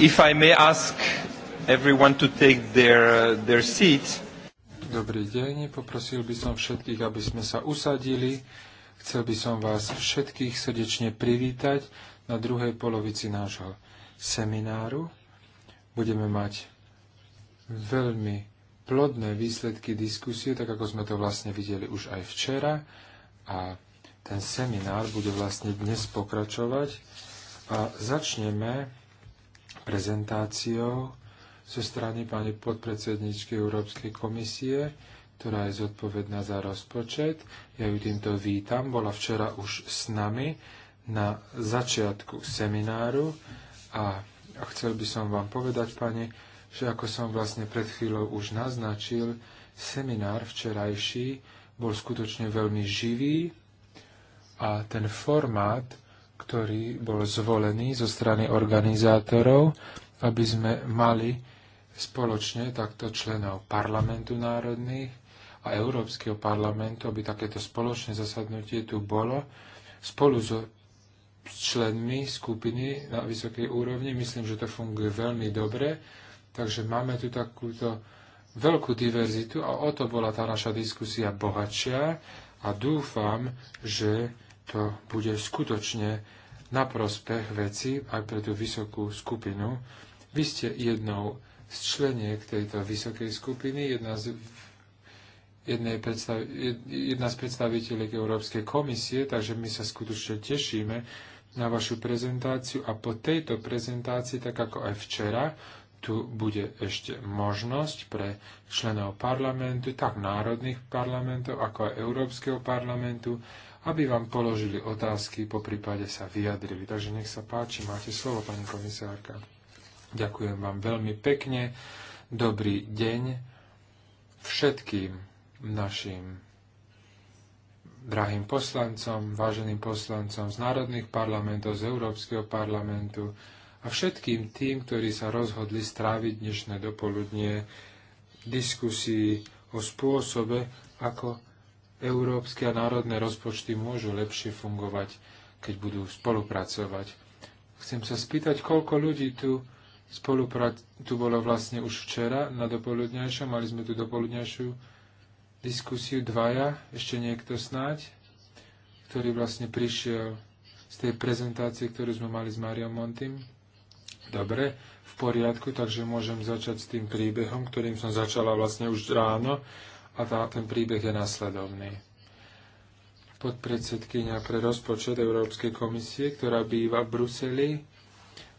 If I may ask everyone to take their, their seats. Dobrý deň, poprosil by som všetkých, aby sme sa usadili. Chcel by som vás všetkých srdečne privítať na druhej polovici nášho semináru. Budeme mať veľmi plodné výsledky diskusie, tak ako sme to vlastne videli už aj včera. A ten seminár bude vlastne dnes pokračovať. A začneme prezentáciou zo strany pani podpredsedničky Európskej komisie, ktorá je zodpovedná za rozpočet. Ja ju týmto vítam. Bola včera už s nami na začiatku semináru a chcel by som vám povedať, pani, že ako som vlastne pred chvíľou už naznačil, seminár včerajší bol skutočne veľmi živý a ten formát ktorý bol zvolený zo strany organizátorov, aby sme mali spoločne takto členov parlamentu národných a Európskeho parlamentu, aby takéto spoločné zasadnutie tu bolo spolu so členmi skupiny na vysokej úrovni. Myslím, že to funguje veľmi dobre, takže máme tu takúto veľkú diverzitu a o to bola tá naša diskusia bohatšia a dúfam, že to bude skutočne na prospech veci aj pre tú vysokú skupinu. Vy ste jednou z členiek tejto vysokej skupiny, jedna z, predstav, jedna z predstaviteľek Európskej komisie, takže my sa skutočne tešíme na vašu prezentáciu a po tejto prezentácii, tak ako aj včera, tu bude ešte možnosť pre členov parlamentu, tak národných parlamentov, ako aj Európskeho parlamentu, aby vám položili otázky, po prípade sa vyjadrili. Takže nech sa páči, máte slovo, pani komisárka. Ďakujem vám veľmi pekne. Dobrý deň všetkým našim drahým poslancom, váženým poslancom z národných parlamentov, z Európskeho parlamentu a všetkým tým, ktorí sa rozhodli stráviť dnešné dopoludnie diskusii o spôsobe, ako európske a národné rozpočty môžu lepšie fungovať, keď budú spolupracovať. Chcem sa spýtať, koľko ľudí tu spoluprac- tu bolo vlastne už včera na dopoludňajšom, mali sme tu dopoludňajšiu diskusiu dvaja, ešte niekto snáď, ktorý vlastne prišiel z tej prezentácie, ktorú sme mali s Mariom Montim. Dobre, v poriadku, takže môžem začať s tým príbehom, ktorým som začala vlastne už ráno a tá, ten príbeh je následovný. Podpredsedkynia pre rozpočet Európskej komisie, ktorá býva v Bruseli,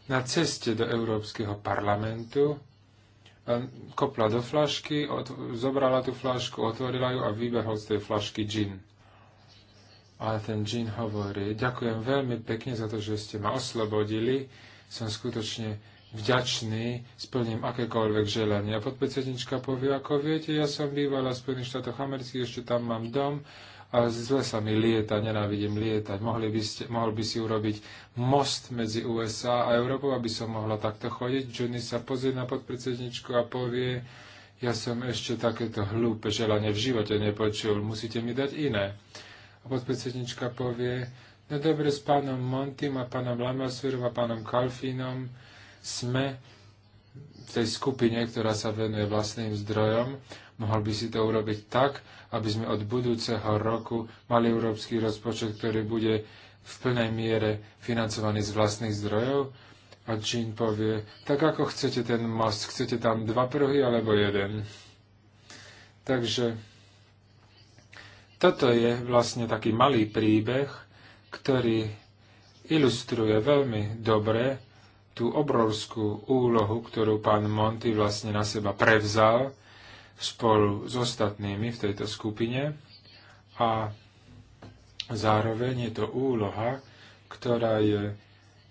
na ceste do Európskeho parlamentu kopla do flašky, od, zobrala tú flašku, otvorila ju a vybehol z tej flašky džin. A ten džin hovorí, ďakujem veľmi pekne za to, že ste ma oslobodili, som skutočne vďačný, splním akékoľvek želanie. A Podpredsednička povie, ako viete, ja som bývala v Spojených štátoch amerických, ešte tam mám dom a zle sa mi lieta, nenávidím lietať. Mohli by ste, mohol by si urobiť most medzi USA a Európou, aby som mohla takto chodiť. Johnny sa pozrie na podpredsedničku a povie, ja som ešte takéto hlúpe želanie v živote nepočul, musíte mi dať iné. A podpredsednička povie, no dobre, s pánom Montym a pánom Lamasverom a pánom Kalfínom, sme v tej skupine, ktorá sa venuje vlastným zdrojom, mohol by si to urobiť tak, aby sme od budúceho roku mali európsky rozpočet, ktorý bude v plnej miere financovaný z vlastných zdrojov. A Jean povie, tak ako chcete ten most, chcete tam dva pruhy alebo jeden. Takže toto je vlastne taký malý príbeh, ktorý ilustruje veľmi dobre tú obrovskú úlohu, ktorú pán Monty vlastne na seba prevzal spolu s ostatnými v tejto skupine a zároveň je to úloha, ktorá je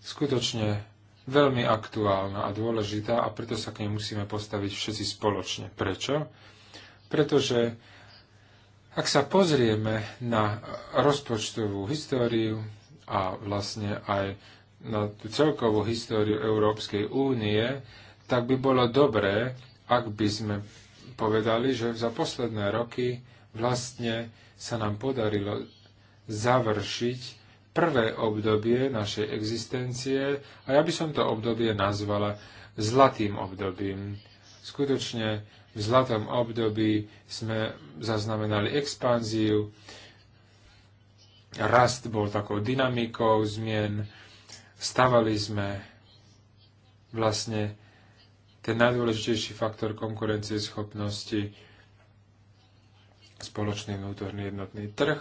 skutočne veľmi aktuálna a dôležitá a preto sa k nej musíme postaviť všetci spoločne. Prečo? Pretože ak sa pozrieme na rozpočtovú históriu a vlastne aj na tú celkovú históriu Európskej únie, tak by bolo dobré, ak by sme povedali, že za posledné roky vlastne sa nám podarilo završiť prvé obdobie našej existencie a ja by som to obdobie nazvala zlatým obdobím. Skutočne v zlatom období sme zaznamenali expanziu, rast bol takou dynamikou zmien, Stavali sme vlastne ten najdôležitejší faktor konkurencieschopnosti spoločný vnútorný jednotný trh,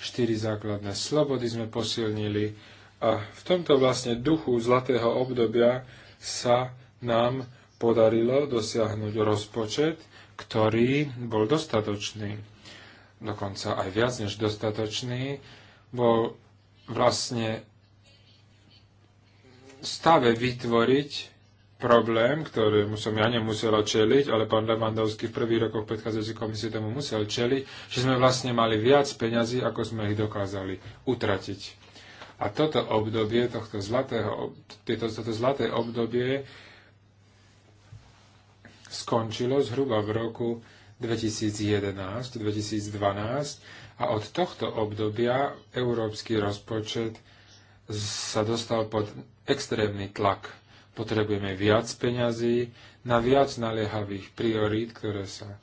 štyri základné slobody sme posilnili a v tomto vlastne duchu zlatého obdobia sa nám podarilo dosiahnuť rozpočet, ktorý bol dostatočný, dokonca aj viac než dostatočný, bol vlastne stave vytvoriť problém, ktorému som ja nemusel čeliť, ale pán Levandovský v prvých rokoch predchádzajúcej komisie tomu musel čeliť, že sme vlastne mali viac peňazí, ako sme ich dokázali utratiť. A toto obdobie, tohto zlatého, tieto, toto zlaté obdobie skončilo zhruba v roku 2011-2012 a od tohto obdobia európsky rozpočet sa dostal pod extrémny tlak. Potrebujeme viac peňazí na viac naliehavých priorít, ktoré sa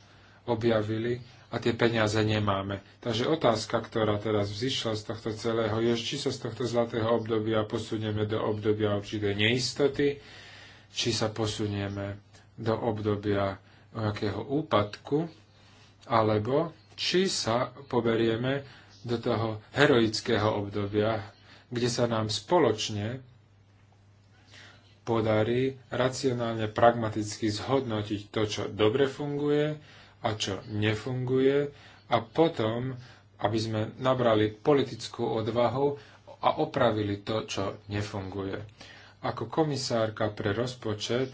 objavili a tie peniaze nemáme. Takže otázka, ktorá teraz vzýšla z tohto celého, je, či sa z tohto zlatého obdobia posunieme do obdobia určitej neistoty, či sa posunieme do obdobia nejakého úpadku, alebo či sa poberieme do toho heroického obdobia, kde sa nám spoločne podarí racionálne, pragmaticky zhodnotiť to, čo dobre funguje a čo nefunguje a potom, aby sme nabrali politickú odvahu a opravili to, čo nefunguje. Ako komisárka pre rozpočet,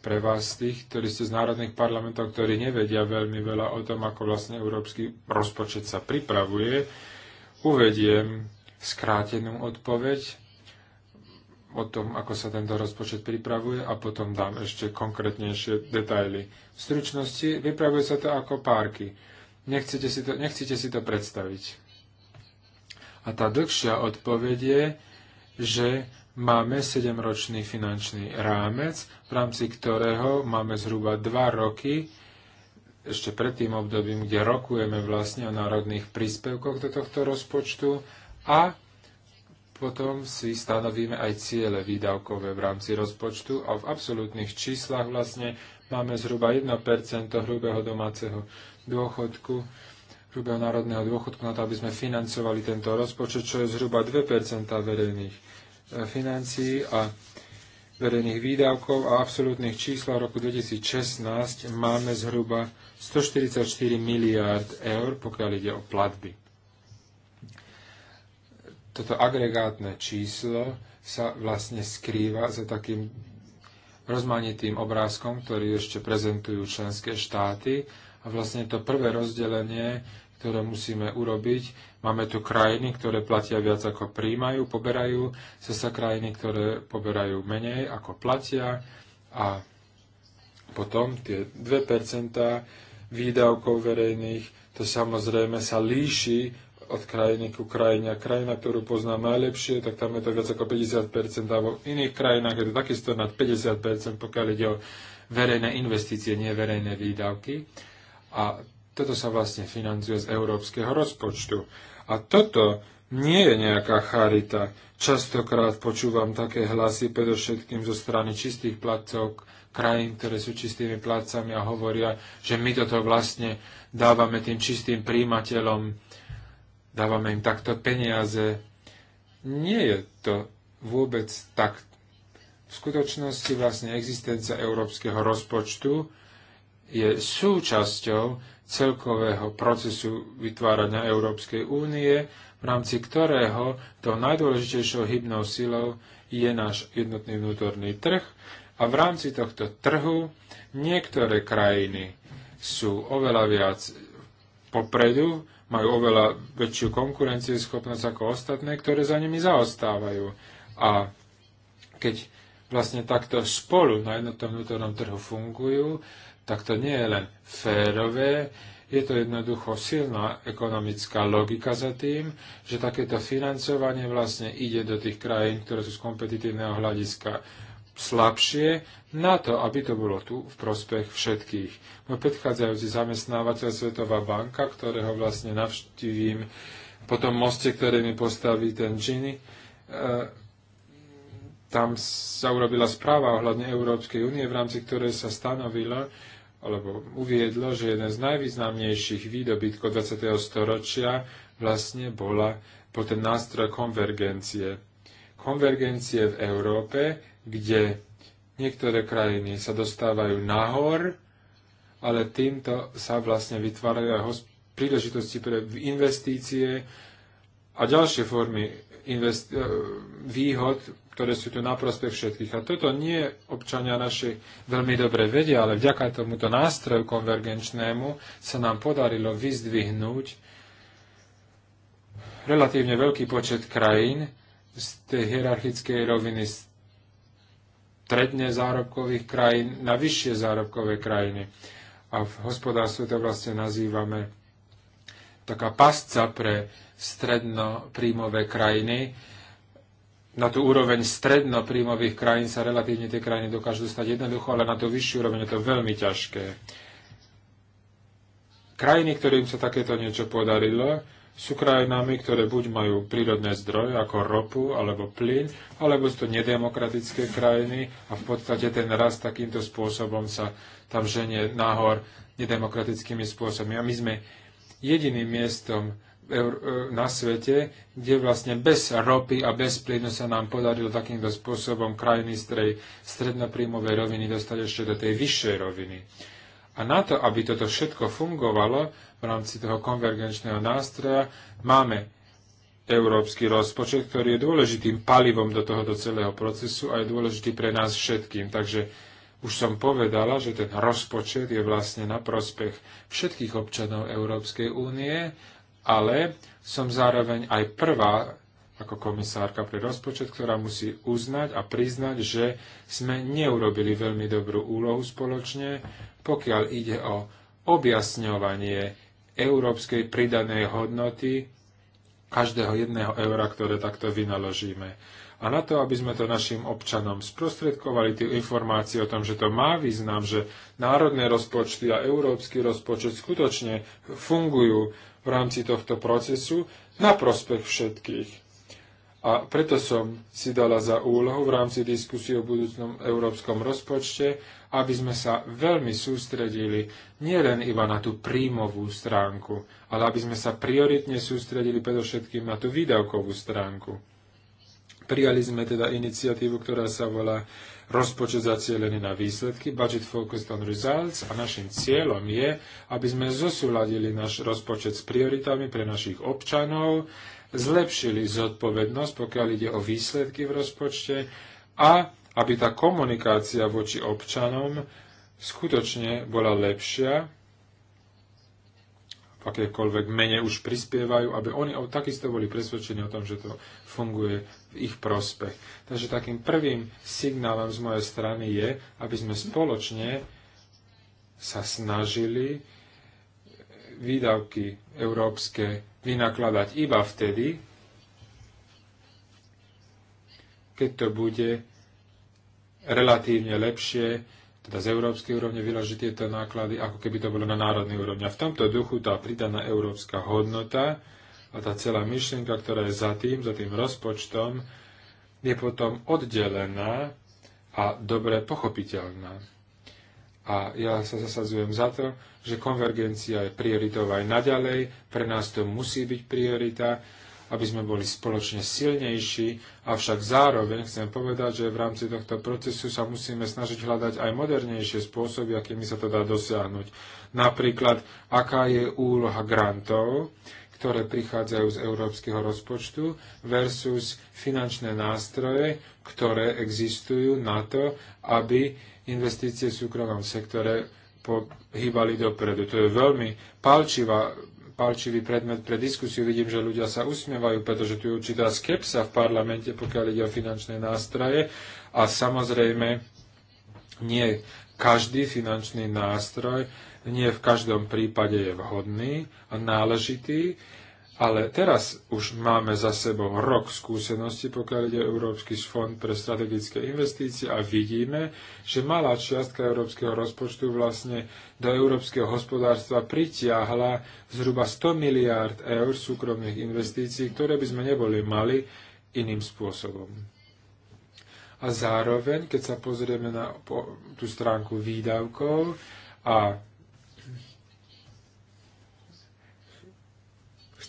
pre vás tých, ktorí ste z národných parlamentov, ktorí nevedia veľmi veľa o tom, ako vlastne európsky rozpočet sa pripravuje, uvediem skrátenú odpoveď, o tom, ako sa tento rozpočet pripravuje a potom dám ešte konkrétnejšie detaily. V stručnosti pripravuje sa to ako párky. Nechcete si to, nechcete si to predstaviť. A tá dlhšia odpoveď je, že máme 7-ročný finančný rámec, v rámci ktorého máme zhruba 2 roky, ešte pred tým obdobím, kde rokujeme vlastne o národných príspevkoch do tohto rozpočtu a potom si stanovíme aj ciele výdavkové v rámci rozpočtu a v absolútnych číslach vlastne máme zhruba 1% hrubého domáceho dôchodku, hrubého národného dôchodku na to, aby sme financovali tento rozpočet, čo je zhruba 2% verejných e, financií a verejných výdavkov a absolútnych čísla roku 2016 máme zhruba 144 miliárd eur, pokiaľ ide o platby toto agregátne číslo sa vlastne skrýva za takým rozmanitým obrázkom, ktorý ešte prezentujú členské štáty. A vlastne to prvé rozdelenie, ktoré musíme urobiť, máme tu krajiny, ktoré platia viac ako príjmajú, poberajú, sa krajiny, ktoré poberajú menej ako platia a potom tie 2% výdavkov verejných, to samozrejme sa líši od krajiny ku krajine. Krajina, ktorú poznám najlepšie, tak tam je to viac ako 50%, a vo iných krajinách je to takisto nad 50%, pokiaľ ide o verejné investície, nie verejné výdavky. A toto sa vlastne financuje z európskeho rozpočtu. A toto nie je nejaká charita. Častokrát počúvam také hlasy, predovšetkým zo strany čistých placov, krajín, ktoré sú čistými placami a hovoria, že my toto vlastne dávame tým čistým príjimateľom dávame im takto peniaze. Nie je to vôbec tak. V skutočnosti vlastne existencia európskeho rozpočtu je súčasťou celkového procesu vytvárania Európskej únie, v rámci ktorého tou najdôležitejšou hybnou silou je náš jednotný vnútorný trh a v rámci tohto trhu niektoré krajiny sú oveľa viac popredu majú oveľa väčšiu konkurencieschopnosť ako ostatné, ktoré za nimi zaostávajú. A keď vlastne takto spolu na jednotnom vnútornom trhu fungujú, tak to nie je len férové, je to jednoducho silná ekonomická logika za tým, že takéto financovanie vlastne ide do tých krajín, ktoré sú z kompetitívneho hľadiska slabšie na to, aby to bolo tu v prospech všetkých. Môj predchádzajúci zamestnávateľ Svetová banka, ktorého vlastne navštívim po tom moste, ktoré mi postaví ten Gini, e, tam sa urobila správa ohľadne Európskej únie, v rámci ktorej sa stanovila, alebo uviedlo, že jeden z najvýznamnejších výdobytkov 20. storočia vlastne bola po ten nástroj konvergencie. Konvergencie v Európe, kde niektoré krajiny sa dostávajú nahor, ale týmto sa vlastne vytvárajú aj príležitosti pre investície a ďalšie formy invest- e, výhod, ktoré sú tu na prospech všetkých. A toto nie občania naši veľmi dobre vedia, ale vďaka tomuto nástroju konvergenčnému sa nám podarilo vyzdvihnúť relatívne veľký počet krajín z tej hierarchickej roviny z stredne zárobkových krajín na vyššie zárobkové krajiny. A v hospodárstve to vlastne nazývame taká pasca pre strednopríjmové krajiny. Na tú úroveň strednopríjmových krajín sa relatívne tie krajiny dokážu dostať jednoducho, ale na tú vyššiu úroveň je to veľmi ťažké. Krajiny, ktorým sa takéto niečo podarilo, sú krajinami, ktoré buď majú prírodné zdroje ako ropu alebo plyn, alebo sú to nedemokratické krajiny a v podstate ten rast takýmto spôsobom sa tam ženie nahor nedemokratickými spôsobmi. A my sme jediným miestom e, na svete, kde vlastne bez ropy a bez plynu sa nám podarilo takýmto spôsobom krajiny z tej strednoprímovej roviny dostať ešte do tej vyššej roviny. A na to, aby toto všetko fungovalo v rámci toho konvergenčného nástroja, máme európsky rozpočet, ktorý je dôležitým palivom do tohoto celého procesu a je dôležitý pre nás všetkým. Takže už som povedala, že ten rozpočet je vlastne na prospech všetkých občanov Európskej únie, ale som zároveň aj prvá ako komisárka pre rozpočet, ktorá musí uznať a priznať, že sme neurobili veľmi dobrú úlohu spoločne, pokiaľ ide o objasňovanie európskej pridanej hodnoty každého jedného eura, ktoré takto vynaložíme. A na to, aby sme to našim občanom sprostredkovali tie informácie o tom, že to má význam, že národné rozpočty a európsky rozpočet skutočne fungujú v rámci tohto procesu na prospech všetkých. A preto som si dala za úlohu v rámci diskusie o budúcnom európskom rozpočte, aby sme sa veľmi sústredili nielen iba na tú príjmovú stránku, ale aby sme sa prioritne sústredili predovšetkým na tú výdavkovú stránku. Prijali sme teda iniciatívu, ktorá sa volá rozpočet zacielený na výsledky, budget focused on results a našim cieľom je, aby sme zosúladili náš rozpočet s prioritami pre našich občanov, zlepšili zodpovednosť, pokiaľ ide o výsledky v rozpočte a aby tá komunikácia voči občanom skutočne bola lepšia, akékoľvek mene už prispievajú, aby oni takisto boli presvedčení o tom, že to funguje v ich prospech. Takže takým prvým signálom z mojej strany je, aby sme spoločne sa snažili výdavky európske vynakladať iba vtedy, keď to bude relatívne lepšie, teda z európskej úrovne vyložiť tieto náklady, ako keby to bolo na národnej úrovni. A v tomto duchu tá pridaná európska hodnota a tá celá myšlienka, ktorá je za tým, za tým rozpočtom, je potom oddelená a dobre pochopiteľná. A ja sa zasadzujem za to, že konvergencia je prioritou aj naďalej, pre nás to musí byť priorita, aby sme boli spoločne silnejší, avšak zároveň chcem povedať, že v rámci tohto procesu sa musíme snažiť hľadať aj modernejšie spôsoby, akými sa to dá dosiahnuť. Napríklad, aká je úloha grantov, ktoré prichádzajú z európskeho rozpočtu versus finančné nástroje, ktoré existujú na to, aby investície v súkromnom sektore pohýbali dopredu. To je veľmi palčivá palčivý predmet pre diskusiu. Vidím, že ľudia sa usmievajú, pretože tu je určitá skepsa v parlamente, pokiaľ ide o finančné nástroje. A samozrejme, nie každý finančný nástroj nie v každom prípade je vhodný a náležitý, ale teraz už máme za sebou rok skúsenosti, pokiaľ ide Európsky fond pre strategické investície a vidíme, že malá čiastka európskeho rozpočtu vlastne do európskeho hospodárstva pritiahla zhruba 100 miliárd eur súkromných investícií, ktoré by sme neboli mali iným spôsobom. A zároveň, keď sa pozrieme na tú stránku výdavkov a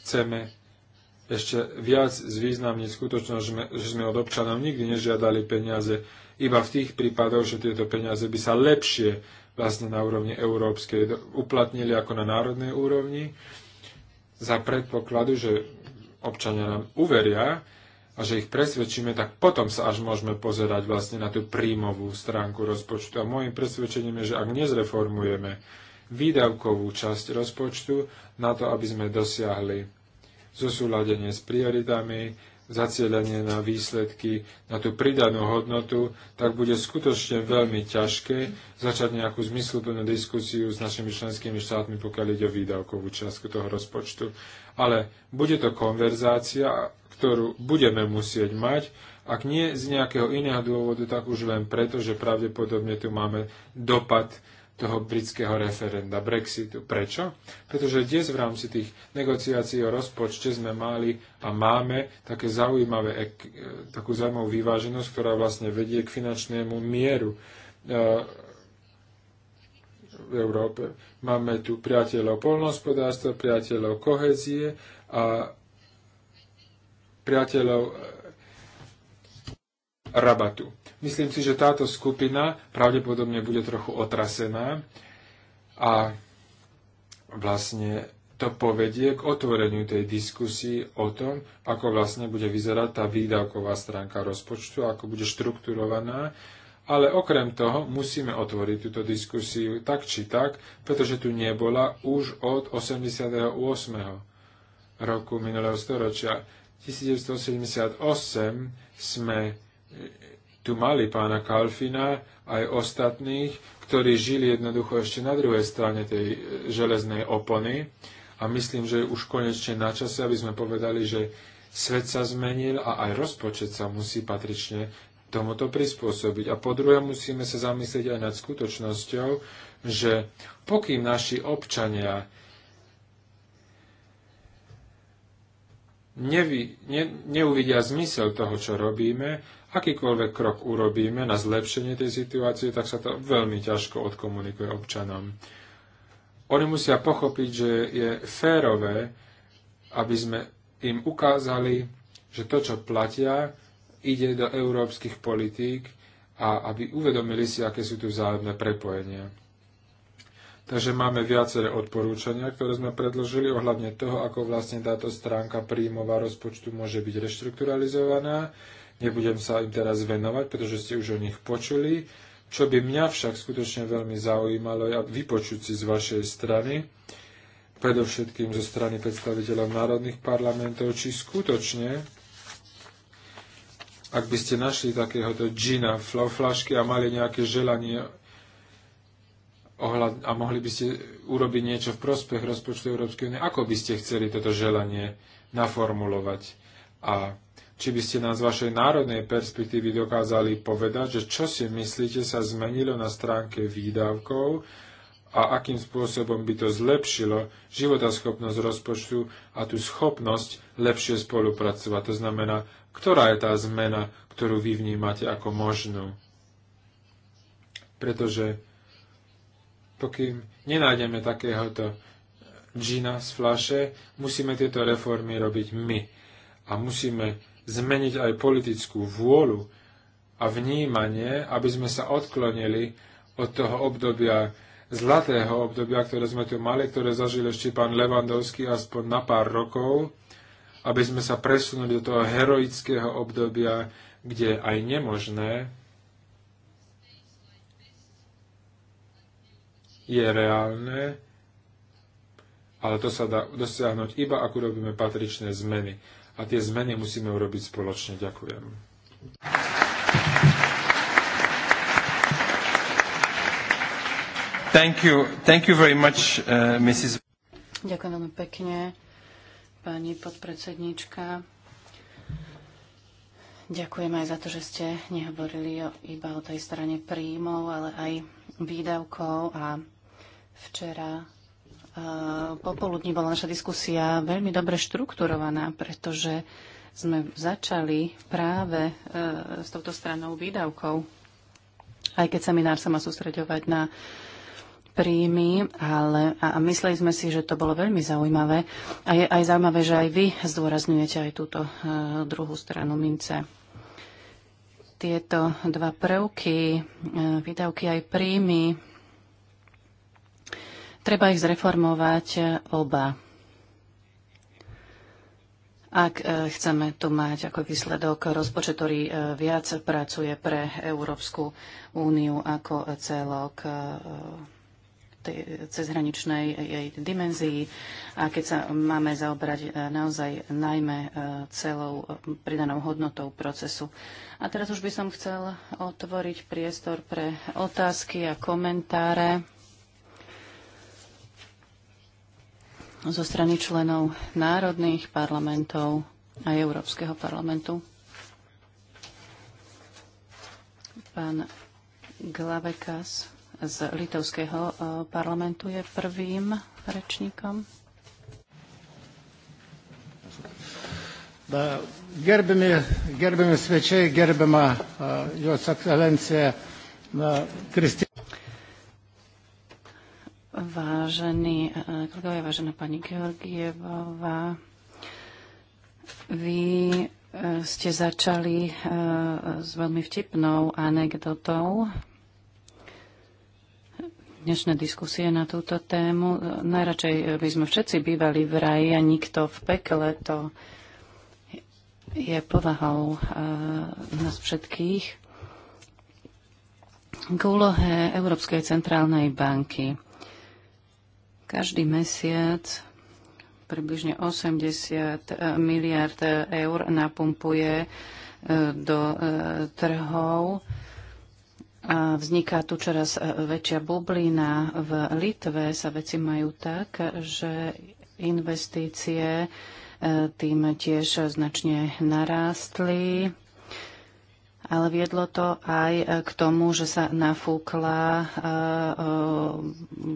chceme ešte viac zvýznamniť skutočnosť, že sme, od občanov nikdy nežiadali peniaze, iba v tých prípadoch, že tieto peniaze by sa lepšie vlastne na úrovni európskej uplatnili ako na národnej úrovni, za predpokladu, že občania nám uveria a že ich presvedčíme, tak potom sa až môžeme pozerať vlastne na tú príjmovú stránku rozpočtu. A môjim presvedčením je, že ak nezreformujeme výdavkovú časť rozpočtu na to, aby sme dosiahli zosúladenie s prioritami, zacielenie na výsledky, na tú pridanú hodnotu, tak bude skutočne veľmi ťažké začať nejakú zmysluplnú diskusiu s našimi členskými štátmi, pokiaľ ide o výdavkovú časť toho rozpočtu. Ale bude to konverzácia, ktorú budeme musieť mať, ak nie z nejakého iného dôvodu, tak už len preto, že pravdepodobne tu máme dopad toho britského referenda Brexitu. Prečo? Pretože dnes v rámci tých negociácií o rozpočte sme mali a máme také zaujímavé, e, takú zaujímavú vyváženosť, ktorá vlastne vedie k finančnému mieru e, v Európe. Máme tu priateľov polnohospodárstva, priateľov kohezie a priateľov e, rabatu. Myslím si, že táto skupina pravdepodobne bude trochu otrasená a vlastne to povedie k otvoreniu tej diskusii o tom, ako vlastne bude vyzerať tá výdavková stránka rozpočtu, ako bude štrukturovaná. Ale okrem toho musíme otvoriť túto diskusiu tak či tak, pretože tu nebola už od 88. roku minulého storočia. 1978 sme tu mali pána Kalfina aj ostatných, ktorí žili jednoducho ešte na druhej strane tej e, železnej opony. A myslím, že už konečne na čase, aby sme povedali, že svet sa zmenil a aj rozpočet sa musí patrične tomuto prispôsobiť. A po druhé musíme sa zamyslieť aj nad skutočnosťou, že pokým naši občania nevy, ne, neuvidia zmysel toho, čo robíme akýkoľvek krok urobíme na zlepšenie tej situácie, tak sa to veľmi ťažko odkomunikuje občanom. Oni musia pochopiť, že je férové, aby sme im ukázali, že to, čo platia, ide do európskych politík a aby uvedomili si, aké sú tu vzájomné prepojenia. Takže máme viaceré odporúčania, ktoré sme predložili ohľadne toho, ako vlastne táto stránka príjmová rozpočtu môže byť reštrukturalizovaná Nebudem sa im teraz venovať, pretože ste už o nich počuli. Čo by mňa však skutočne veľmi zaujímalo, ja vypočuť si z vašej strany, predovšetkým zo strany predstaviteľov národných parlamentov, či skutočne, ak by ste našli takéhoto džina v flašky a mali nejaké želanie ohľad, a mohli by ste urobiť niečo v prospech rozpočtu Európskej únie, ako by ste chceli toto želanie naformulovať. A či by ste nám z vašej národnej perspektívy dokázali povedať, že čo si myslíte sa zmenilo na stránke výdavkov a akým spôsobom by to zlepšilo životaschopnosť rozpočtu a tú schopnosť lepšie spolupracovať. To znamená, ktorá je tá zmena, ktorú vy vnímate ako možnú. Pretože pokým nenájdeme takéhoto džina z flaše, musíme tieto reformy robiť my. A musíme zmeniť aj politickú vôľu a vnímanie, aby sme sa odklonili od toho obdobia, zlatého obdobia, ktoré sme tu mali, ktoré zažil ešte pán Levandovský aspoň na pár rokov, aby sme sa presunuli do toho heroického obdobia, kde aj nemožné je reálne, ale to sa dá dosiahnuť iba, ak urobíme patričné zmeny a tie zmeny musíme urobiť spoločne. Ďakujem. Thank you. Thank you very much, uh, Mrs. Ďakujem veľmi pekne, pani podpredsednička. Ďakujem aj za to, že ste nehovorili iba o tej strane príjmov, ale aj výdavkov. A včera Eh, popoludní bola naša diskusia veľmi dobre štrukturovaná, pretože sme začali práve eh, s touto stranou výdavkov. Aj keď seminár sa má sústreďovať na príjmy, ale a, mysleli sme si, že to bolo veľmi zaujímavé. A je aj zaujímavé, že aj vy zdôrazňujete aj túto e, druhú stranu mince. Tieto dva prvky, e, výdavky aj príjmy, Treba ich zreformovať e, oba. Ak e, chceme tu mať ako výsledok rozpočet, ktorý e, viac pracuje pre Európsku úniu ako celok tej cezhraničnej jej dimenzii. A keď sa máme zaoberať naozaj najmä celou pridanou hodnotou procesu. A teraz už by som chcel otvoriť priestor pre otázky a komentáre. zo strany členov národných parlamentov a Európskeho parlamentu. Pán Glavekas z Litovského eh, parlamentu je prvým rečníkom. Da, gerbimi, gerbimi svečiai, gerbima uh, eh, jos ekscelencija uh, eh, Kristina. Vážení eh, kolegovia, vážená pani Georgievová, vy eh, ste začali eh, s veľmi vtipnou anekdotou. Dnešné diskusie na túto tému. Najradšej by sme všetci bývali v raji a nikto v pekle. To je povahou nás všetkých k úlohe Európskej centrálnej banky. Každý mesiac približne 80 e, miliard e, eur napumpuje e, do trhov. A vzniká tu čoraz väčšia bublina. V Litve sa veci majú tak, že investície tým tiež značne narástli ale viedlo to aj e, k tomu, že sa nafúkla e, e,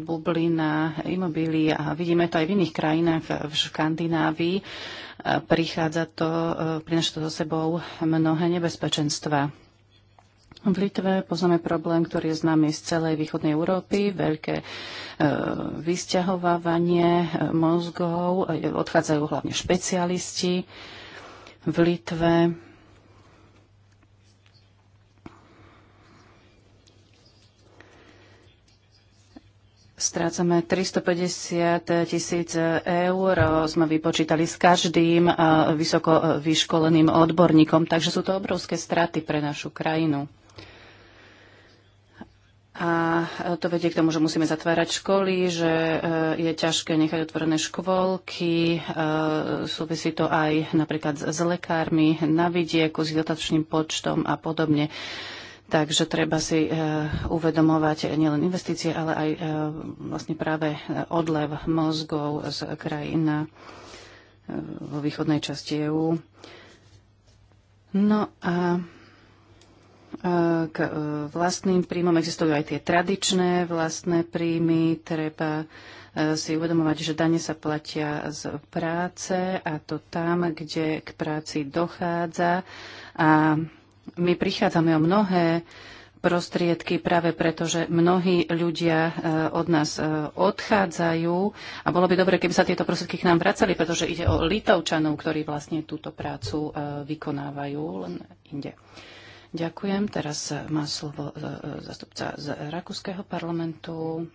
bublina imobilí a vidíme to aj v iných krajinách v Škandinávii. Prichádza to, prináša to so sebou mnohé nebezpečenstva. V Litve poznáme problém, ktorý je známy z celej východnej Európy, veľké vysťahovávanie mozgov, odchádzajú hlavne špecialisti v Litve Strácame 350 tisíc eur, sme vypočítali s každým eh, vysoko eh, vyškoleným odborníkom, takže sú to obrovské straty pre našu krajinu. A eh, to vedie k tomu, že musíme zatvárať školy, že je ťažké nechať otvorené škôlky, súvisí to aj napríklad s lekármi na vidieku, s dotačným počtom a podobne. Takže treba si e, uvedomovať nielen investície, ale aj e, vlastne práve e, odlev mozgov z krajín vo východnej časti EÚ. No a k vlastným príjmom existujú aj tie tradičné vlastné príjmy. Treba si uvedomovať, že dane sa platia z práce a to tam, kde k práci dochádza. A my prichádzame o mnohé prostriedky práve preto, že mnohí ľudia e, od nás e, odchádzajú a bolo by dobre, keby sa tieto prostriedky k nám vracali, pretože ide o Litovčanov, ktorí vlastne túto prácu e, vykonávajú len inde. Ďakujem. Teraz má slovo zastupca z Rakúskeho parlamentu,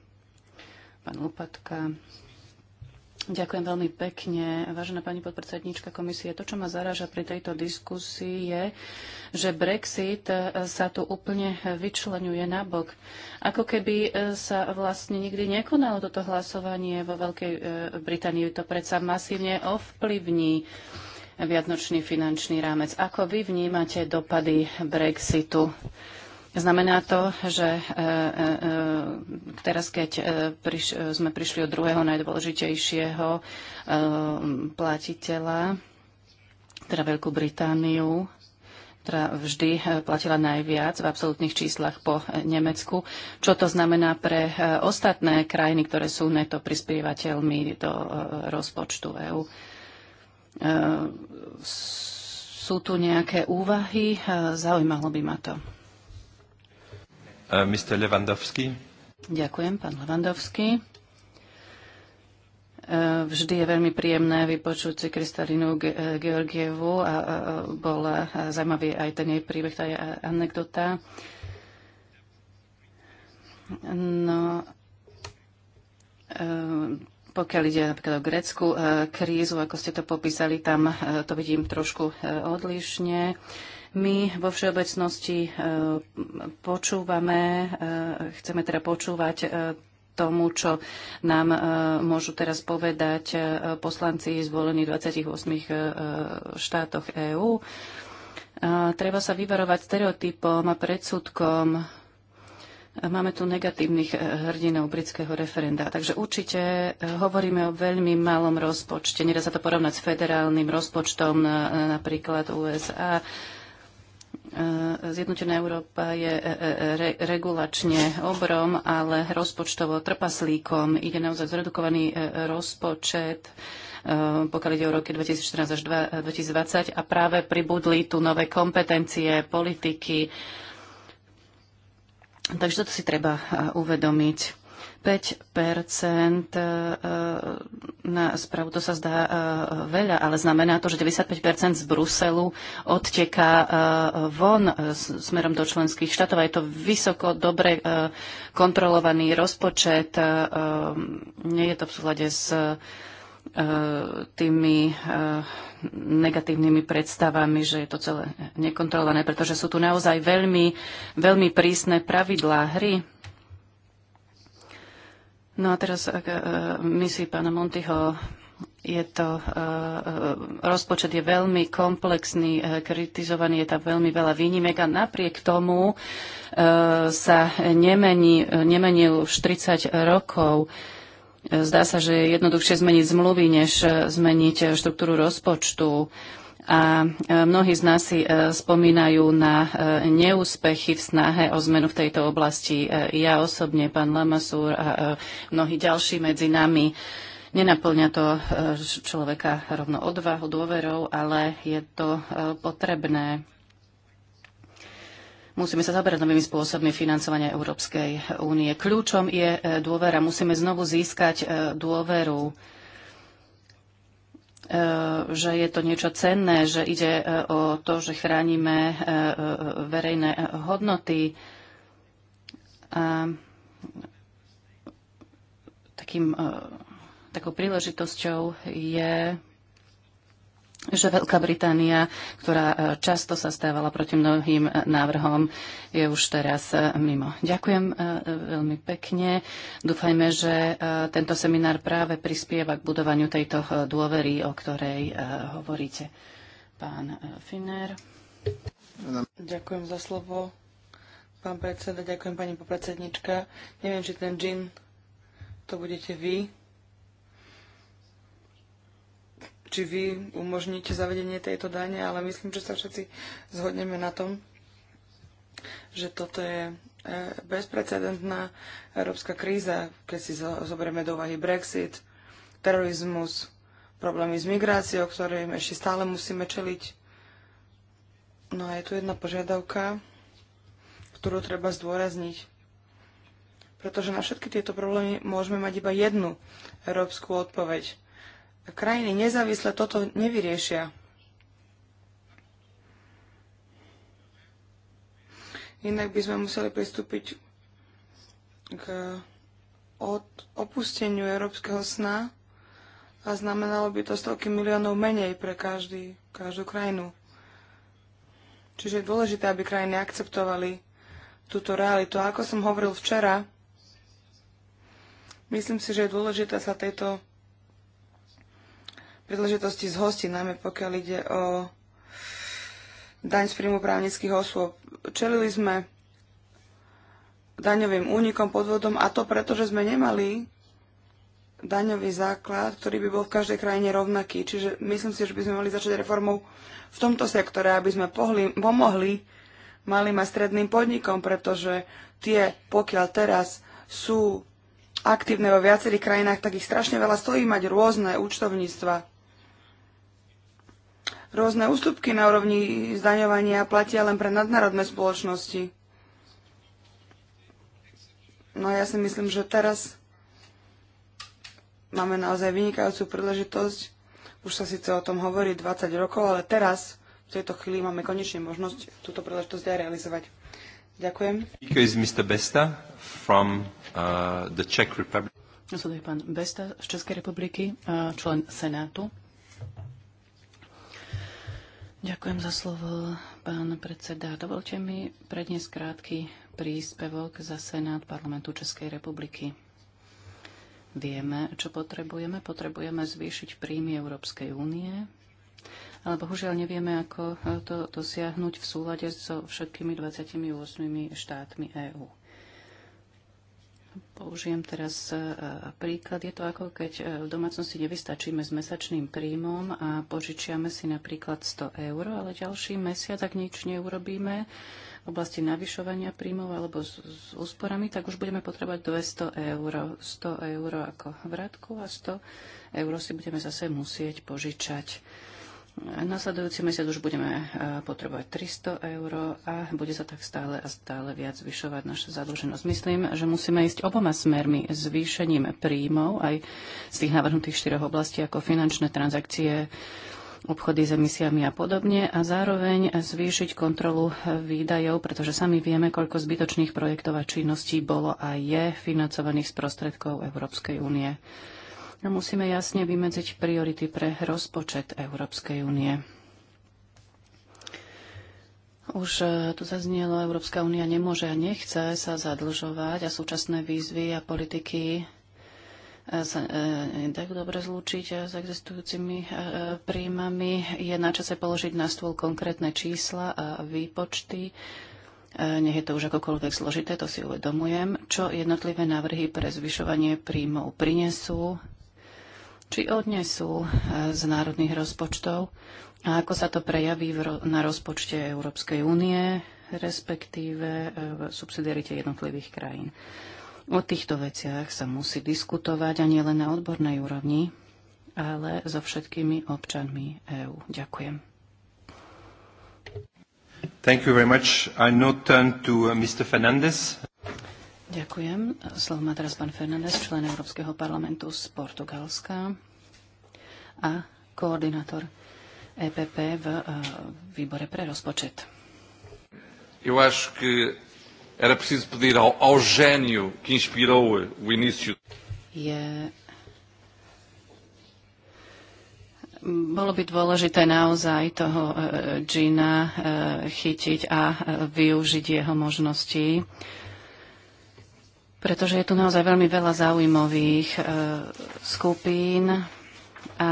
pán Lupatka. Ďakujem veľmi pekne. Vážená pani podpredsedníčka komisie, to, čo ma zaraža pri tejto diskusii, je, že Brexit e, sa tu úplne vyčlenuje nabok. Ako keby e, sa vlastne nikdy nekonalo toto hlasovanie vo Veľkej e, Británii. To predsa masívne ovplyvní viacnočný finančný rámec. Ako vy vnímate dopady Brexitu? Znamená to, že e, e, e, teraz, keď sme prišli od druhého najdôležitejšieho platiteľa, teda Veľkú Britániu, ktorá vždy platila najviac v absolútnych číslach po Nemecku. Čo to znamená pre ostatné krajiny, ktoré sú neto prispievateľmi do rozpočtu EÚ? Sú tu nejaké úvahy? Zaujímalo by ma to. E, Mr. Lewandowski. Ďakujem, pán Lewandowski. E, vždy je veľmi príjemné vypočuť si Kristalinu e, Georgievu a bol zaujímavý aj ten jej príbeh, tá je anekdota. No, pokiaľ ide napríklad o greckú krízu, ako ste to popísali, tam to vidím trošku odlišne. My vo všeobecnosti e, počúvame, e, chceme teda počúvať e, tomu, čo nám môžu teraz povedať poslanci zvolení v 28 štátoch EÚ. Treba sa vyvarovať stereotypom a predsudkom. Máme tu negatívnych hrdinov britského referenda, takže určite hovoríme o veľmi malom rozpočte. Nedá sa to porovnať s federálnym rozpočtom napríklad USA E, zjednotená Európa je e, e, re, regulačne obrom, ale rozpočtovo trpaslíkom. Ide naozaj zredukovaný rozpočet, pokiaľ ide o roky 2014 až 2020 a práve pribudli tu nové kompetencie, politiky. Takže toto si treba uvedomiť. E, na správu. To sa zdá e, veľa, ale znamená to, že 95 z Bruselu odteká e, von smerom do členských štátov. A je to vysoko dobre kontrolovaný rozpočet. Nie je to v súhľade s tými negatívnymi predstavami, že je to celé nekontrolované, pretože sú tu naozaj veľmi, veľmi prísne pravidlá hry No a teraz uh, myslí pána Montyho. Je to, e, e, rozpočet je veľmi komplexný, kritizovaný, je tam veľmi veľa výnimek a napriek tomu sa nemení, nemenil už 30 rokov. Zdá sa, že je jednoduchšie zmeniť zmluvy, než zmeniť štruktúru rozpočtu. A e, mnohí z nás si e, spomínajú na e, neúspechy v snahe o zmenu v tejto oblasti. Ja osobne, pán Lamasúr a mnohí ďalší medzi nami. Nenaplňa to človeka rovno odvahu, dôverou, ale je to potrebné. Musíme sa zaberať novými spôsobmi financovania Európskej únie. Kľúčom je dôvera. Musíme znovu získať dôveru E, že je to niečo cenné, že ide e, o to, že chránime e, verejné hodnoty. A takým, takou príležitosťou je že Veľká Británia, ktorá e, často sa stávala proti mnohým e, návrhom, je už teraz e, mimo. Ďakujem veľmi pekne. Dúfajme, že tento seminár práve prispieva k budovaniu tejto dôvery, o ktorej hovoríte. Pán Finer. Ďakujem za slovo. Pán predseda, ďakujem pani popredsednička. Neviem, či ten džin to budete vy. či vy umožníte zavedenie tejto dane, ale myslím, že sa všetci zhodneme na tom, že toto je e, bezprecedentná európska kríza, keď si zoberieme do úvahy Brexit, terorizmus, problémy s migráciou, ktorým ešte stále musíme čeliť. No a je tu jedna požiadavka, ktorú treba zdôrazniť. Pretože na všetky tieto problémy môžeme mať iba jednu európsku odpoveď krajiny nezávisle toto nevyriešia. Inak by sme museli pristúpiť k od opusteniu európskeho sna a znamenalo by to stovky miliónov menej pre každý, každú krajinu. Čiže je dôležité, aby krajiny akceptovali túto realitu. A ako som hovoril včera, myslím si, že je dôležité sa tejto príležitosti z hostí, najmä pokiaľ ide o daň z príjmu právnických osôb. Čelili sme daňovým únikom, podvodom a to preto, že sme nemali daňový základ, ktorý by bol v každej krajine rovnaký. Čiže myslím si, že by sme mali začať reformou v tomto sektore, aby sme pohli, pomohli malým a stredným podnikom, pretože tie, pokiaľ teraz sú aktívne vo viacerých krajinách, tak ich strašne veľa stojí mať rôzne účtovníctva. Rôzne ústupky na úrovni zdaňovania platia len pre nadnárodné spoločnosti. No ja si myslím, že teraz máme naozaj vynikajúcu príležitosť. Už sa síce o tom hovorí 20 rokov, ale teraz, v tejto chvíli, máme konečne možnosť túto príležitosť aj realizovať. Ďakujem. Uh, Nasleduje pán Besta z Českej republiky, uh, člen Senátu. Ďakujem za slovo, pán predseda. Dovolte mi prednes krátky príspevok za Senát parlamentu Českej republiky. Vieme, čo potrebujeme. Potrebujeme zvýšiť príjmy Európskej únie, ale bohužiaľ nevieme, ako to dosiahnuť v súlade so všetkými 28 štátmi EÚ. Použijem teraz e, e, príklad. Je to ako keď e, v domácnosti nevystačíme s mesačným príjmom a požičiame si napríklad 100 eur, ale ďalší mesiac, ak nič neurobíme v oblasti navyšovania príjmov alebo s, s úsporami, tak už budeme potrebať 200 eur. 100 eur ako vratku a 100 eur si budeme zase musieť požičať. Nasledujúci mesiac už budeme e, potrebovať 300 eur a bude sa tak stále a stále viac zvyšovať naša zadlženosť. Myslím, že musíme ísť oboma smermi zvýšením príjmov aj z tých navrhnutých štyroch oblastí ako finančné transakcie, obchody s emisiami a podobne a zároveň zvýšiť kontrolu výdajov, pretože sami vieme, koľko zbytočných projektov a činností bolo a je financovaných z prostredkov Európskej únie musíme jasne vymedziť priority pre rozpočet Európskej únie. Už e, tu zaznelo, Európska únia nemôže a nechce sa zadlžovať a súčasné výzvy a politiky e, sa tak e, dobre zlúčiť s existujúcimi príjmami. Je na čase položiť na stôl konkrétne čísla a výpočty. Nech je to už akokoľvek zložité, to si uvedomujem. Čo jednotlivé návrhy pre zvyšovanie príjmov prinesú či odnesú e, z národných rozpočtov a ako sa to prejaví na rozpočte Európskej únie, respektíve e, v subsidiarite jednotlivých krajín. O týchto veciach sa musí diskutovať a nie len na odbornej úrovni, ale so všetkými občanmi EÚ. Ďakujem. Thank you very much. I now turn to uh, Mr. Fernandez. Ďakujem. Slovo má teraz pán Fernández, člen Európskeho parlamentu z Portugalska a koordinátor EPP v eh, výbore pre rozpočet. Eu acho que era preciso pedir ao, ao gênio que inspirou o início. Je... Bolo by dôležité naozaj toho eh, Gina eh, chytiť a využiť jeho možnosti pretože je tu naozaj veľmi veľa zaujímavých e, skupín a, a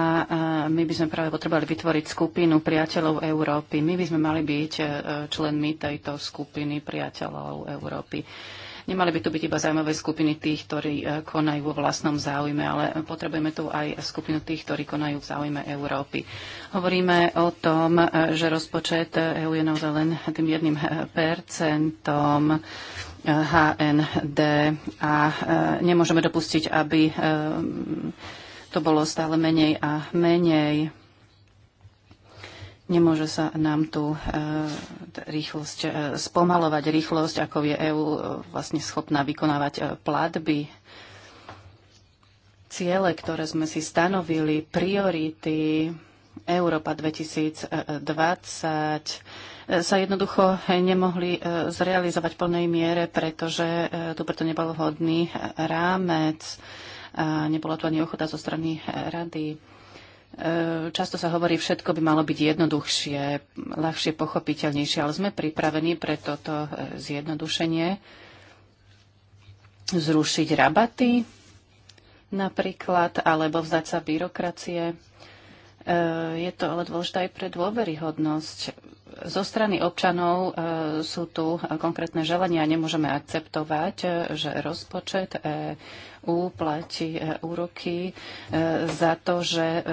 my by sme práve potrebovali vytvoriť skupinu priateľov Európy. My by sme mali byť e, členmi tejto skupiny priateľov Európy. Nemali by tu byť iba zaujímavé skupiny tých, ktorí e, konajú vo vlastnom záujme, ale potrebujeme tu aj skupinu tých, ktorí konajú v záujme Európy. Hovoríme o tom, e, že rozpočet EU je naozaj len tým jedným percentom HND a e, nemôžeme dopustiť, aby e, to bolo stále menej a menej. Nemôže sa nám tu e, rýchlosť spomalovať, rýchlosť, ako je EÚ vlastne schopná vykonávať platby. Ciele, ktoré sme si stanovili, priority Európa 2020, sa jednoducho nemohli e, zrealizovať v plnej miere, pretože e, tu preto nebol vhodný rámec a nebola tu ani ochota zo strany rady. E, často sa hovorí, všetko by malo byť jednoduchšie, ľahšie pochopiteľnejšie, ale sme pripravení pre toto zjednodušenie zrušiť rabaty napríklad, alebo vzdať sa byrokracie je to ale dôležité aj pre dôveryhodnosť. Zo strany občanov e, sú tu konkrétne želania a nemôžeme akceptovať, e, že rozpočet EU platí úroky e za to, že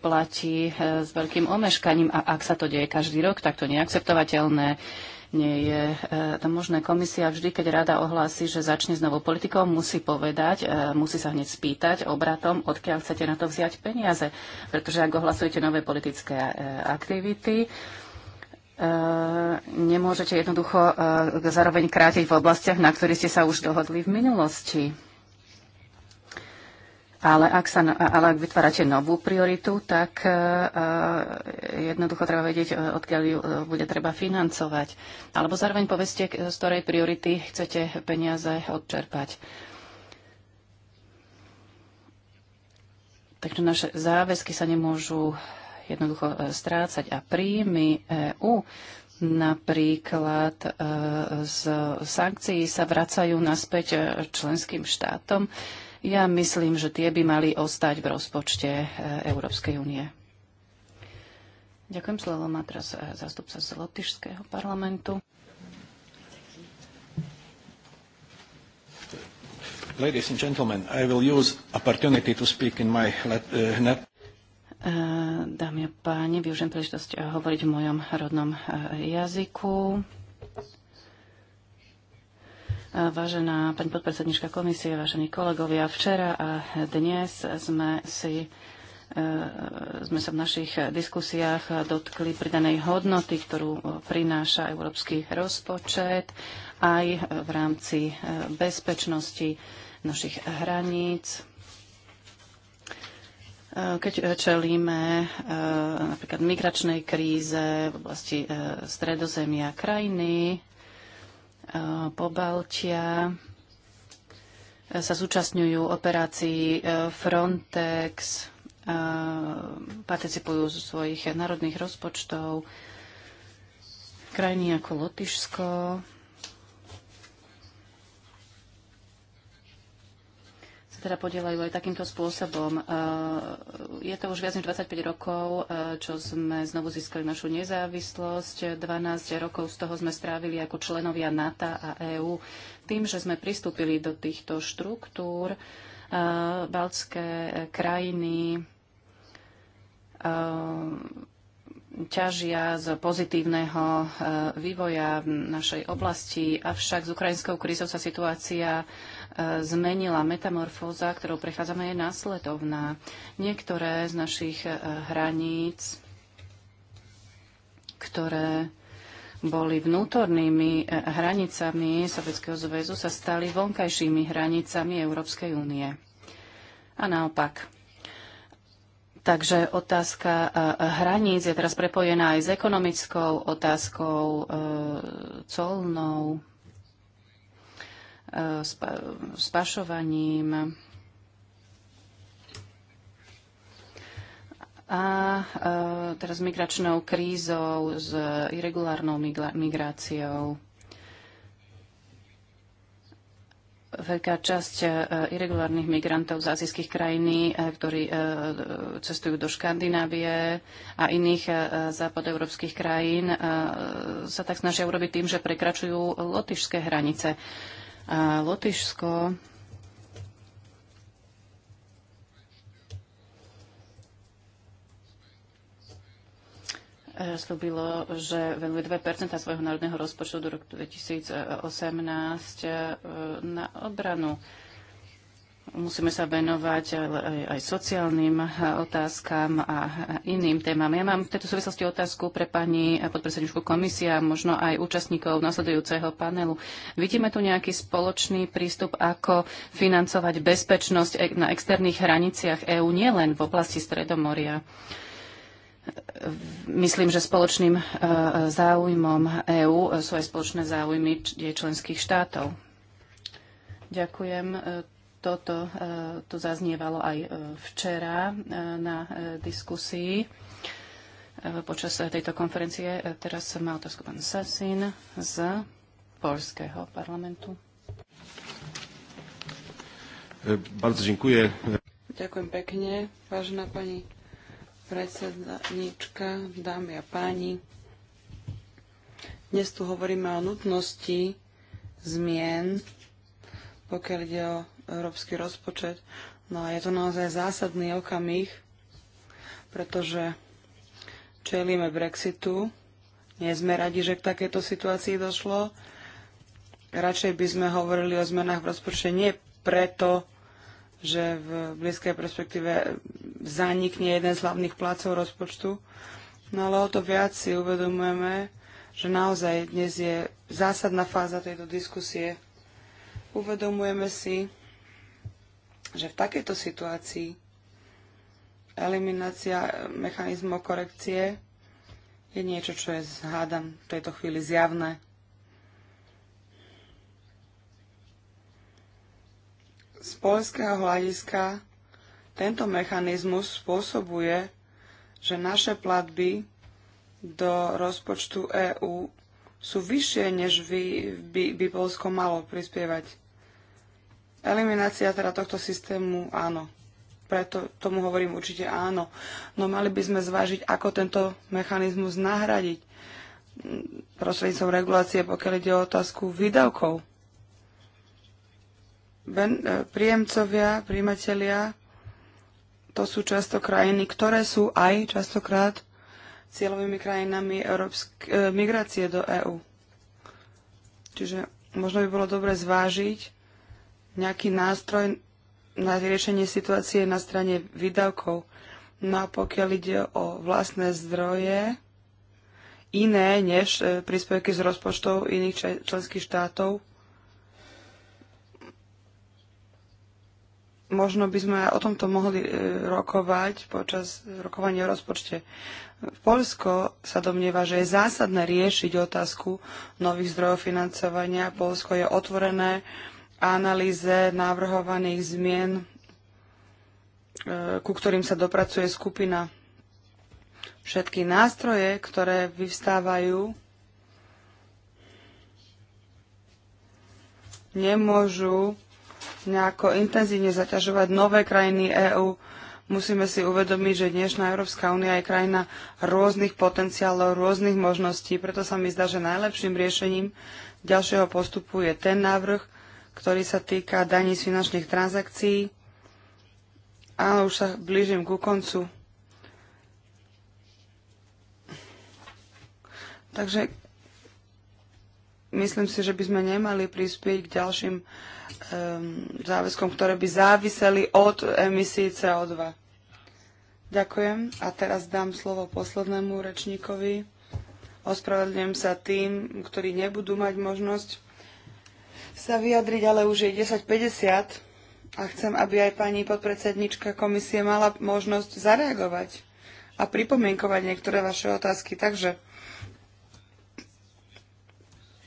platí s veľkým omeškaním a ak sa to deje každý rok, tak to neakceptovateľné nie je e, to možné. Komisia vždy, keď rada ohlási, že začne s novou politikou, musí povedať, e, musí sa hneď spýtať obratom, odkiaľ chcete na to vziať peniaze. Pretože ak ohlasujete nové politické e, aktivity, nemôžete jednoducho zároveň krátiť v oblastiach, na ktorých ste sa už dohodli v minulosti. Ale ak, sa, ale ak vytvárate novú prioritu, tak e, e, jednoducho treba vedieť, e, odkiaľ ju bude treba financovať. Alebo zároveň poveste, z ktorej priority chcete peniaze odčerpať. Takže naše záväzky sa nemôžu jednoducho strácať a príjmy EÚ napríklad z sankcií sa vracajú naspäť členským štátom ja myslím, že tie by mali ostať v rozpočte e, Európskej únie. Ďakujem, slovo má teraz e, zástupca z Lotyšského parlamentu. Ladies and gentlemen, I will use opportunity to speak in my e, net Dámy a páni, využijem príležitosť hovoriť v mojom rodnom jazyku. Vážená pani podpredsednička komisie, vážení kolegovia, včera a dnes sme si e, sme sa v našich diskusiách dotkli pridanej hodnoty, ktorú prináša európsky rozpočet aj v rámci e, bezpečnosti našich hraníc. E, keď čelíme napríklad migračnej kríze v oblasti stredozemia krajiny, Pobaltia sa zúčastňujú operácií e, Frontex, e, participujú zo svojich národných rozpočtov. Krajiny ako Lotyšsko teda podielajú aj takýmto spôsobom. E, je to už viac než 25 rokov, e, čo sme znovu získali našu nezávislosť. 12 rokov z toho sme strávili ako členovia NATO a EÚ. Tým, že sme pristúpili do týchto štruktúr, e, baltské krajiny ťažia z pozitívneho vývoja v našej oblasti, avšak s ukrajinskou krízou sa situácia zmenila. Metamorfóza, ktorou prechádzame, je následovná. Niektoré z našich e, hraníc, ktoré boli vnútornými e, hranicami Sovjetského zväzu, sa stali vonkajšími hranicami Európskej únie. A naopak. Takže otázka e, hraníc je teraz prepojená aj s ekonomickou otázkou, e, colnou, Eh, s pašovaním. a eh, teraz migračnou krízou, s irregulárnou migráciou. Veľká časť eh, irregulárnych migrantov z azijských krajín, ktorí cestujú do Škandinávie a iných západoeurópskych krajín, sa tak snažia urobiť tým, že prekračujú lotyšské hranice. A Lotyšsko e, slúbilo, že venuje 2 svojho národného rozpočtu do roku 2018 e, na obranu. Musíme sa venovať aj, aj sociálnym eh, otázkam a iným témam. Ja mám v tejto súvislosti otázku pre pani podpredsedničku a možno aj účastníkov nasledujúceho panelu. Vidíme tu nejaký spoločný prístup, ako financovať bezpečnosť e- na externých hraniciach EÚ, nielen v oblasti Stredomoria. Myslím, že spoločným eh, záujmom EÚ sú aj spoločné záujmy členských štátov. Ďakujem eh, toto e, to zaznievalo aj e, včera e, na diskusii počas tejto konferencie. Teraz má otázku pán Sasin z polského parlamentu. Bardzo dziękuję. Ďakujem pekne, vážená pani predsedníčka, dámy a páni. Dnes tu hovoríme o nutnosti zmien, pokiaľ ide o európsky rozpočet. No a je to naozaj zásadný okamih, pretože čelíme Brexitu. Nie sme radi, že k takéto situácii došlo. Radšej by sme hovorili o zmenách v rozpočte nie preto, že v blízkej perspektíve zanikne jeden z hlavných plácov rozpočtu, no ale o to viac si uvedomujeme, že naozaj dnes je zásadná fáza tejto diskusie. Uvedomujeme si, že v takejto situácii eliminácia mechanizmov korekcie je niečo, čo je, zhádam v tejto chvíli zjavné. Z polského hľadiska tento mechanizmus spôsobuje, že naše platby do rozpočtu EÚ sú vyššie, než by, by, by Polsko malo prispievať. Eliminácia teda tohto systému, áno. Preto tomu hovorím určite áno. No mali by sme zvážiť, ako tento mechanizmus nahradiť prostredníctvom regulácie, pokiaľ ide o otázku výdavkov. Ben, e, príjemcovia, príjmatelia, to sú často krajiny, ktoré sú aj častokrát cieľovými krajinami európsk- e, migrácie do EÚ. Čiže možno by bolo dobre zvážiť, nejaký nástroj na riešenie situácie na strane výdavkov. No a pokiaľ ide o vlastné zdroje, iné než e, príspevky z rozpočtov iných členských štátov, možno by sme o tomto mohli e, rokovať počas rokovania o rozpočte. Polsko sa domnieva, že je zásadné riešiť otázku nových zdrojov financovania. Polsko je otvorené analýze navrhovaných zmien, e, ku ktorým sa dopracuje skupina. Všetky nástroje, ktoré vyvstávajú, nemôžu nejako intenzívne zaťažovať nové krajiny EÚ. Musíme si uvedomiť, že dnešná Európska únia je krajina rôznych potenciálov, rôznych možností, preto sa mi zdá, že najlepším riešením ďalšieho postupu je ten návrh, ktorý sa týka daní z finančných transakcií. Áno, už sa blížim ku koncu. Takže myslím si, že by sme nemali prispieť k ďalším um, záväzkom, ktoré by záviseli od emisí CO2. Ďakujem a teraz dám slovo poslednému rečníkovi. Ospravedlňujem sa tým, ktorí nebudú mať možnosť sa vyjadriť, ale už je 10.50 a chcem, aby aj pani podpredsednička komisie mala možnosť zareagovať a pripomienkovať niektoré vaše otázky. Takže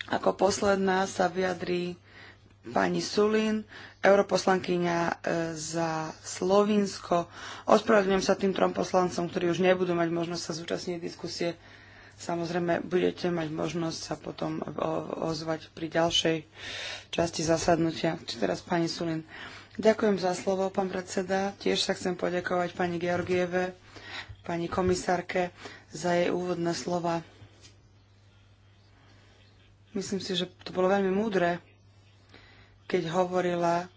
ako posledná sa vyjadrí pani Sulin, europoslankyňa e, za Slovinsko. Ospravedlňujem sa tým trom poslancom, ktorí už nebudú mať možnosť sa zúčastniť diskusie Samozrejme, budete mať možnosť sa potom ozvať pri ďalšej časti zasadnutia. Či teraz pani Sulin. Ďakujem za slovo, pán predseda. Tiež sa chcem poďakovať pani Georgieve, pani komisárke za jej úvodné slova. Myslím si, že to bolo veľmi múdre, keď hovorila,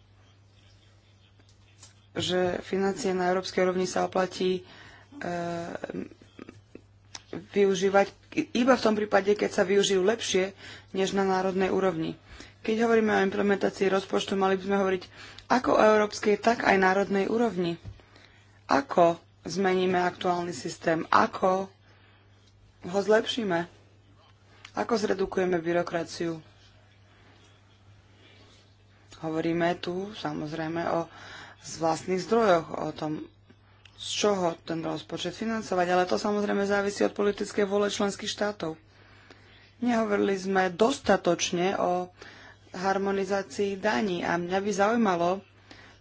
že financie na európskej rovni sa oplatí e, využívať iba v tom prípade, keď sa využijú lepšie než na národnej úrovni. Keď hovoríme o implementácii rozpočtu, mali by sme hovoriť ako o európskej, tak aj národnej úrovni. Ako zmeníme aktuálny systém? Ako ho zlepšíme? Ako zredukujeme byrokraciu? Hovoríme tu samozrejme o z vlastných zdrojoch, o tom z čoho ten rozpočet financovať, ale to samozrejme závisí od politickej vôle členských štátov. Nehovorili sme dostatočne o harmonizácii daní a mňa by zaujímalo,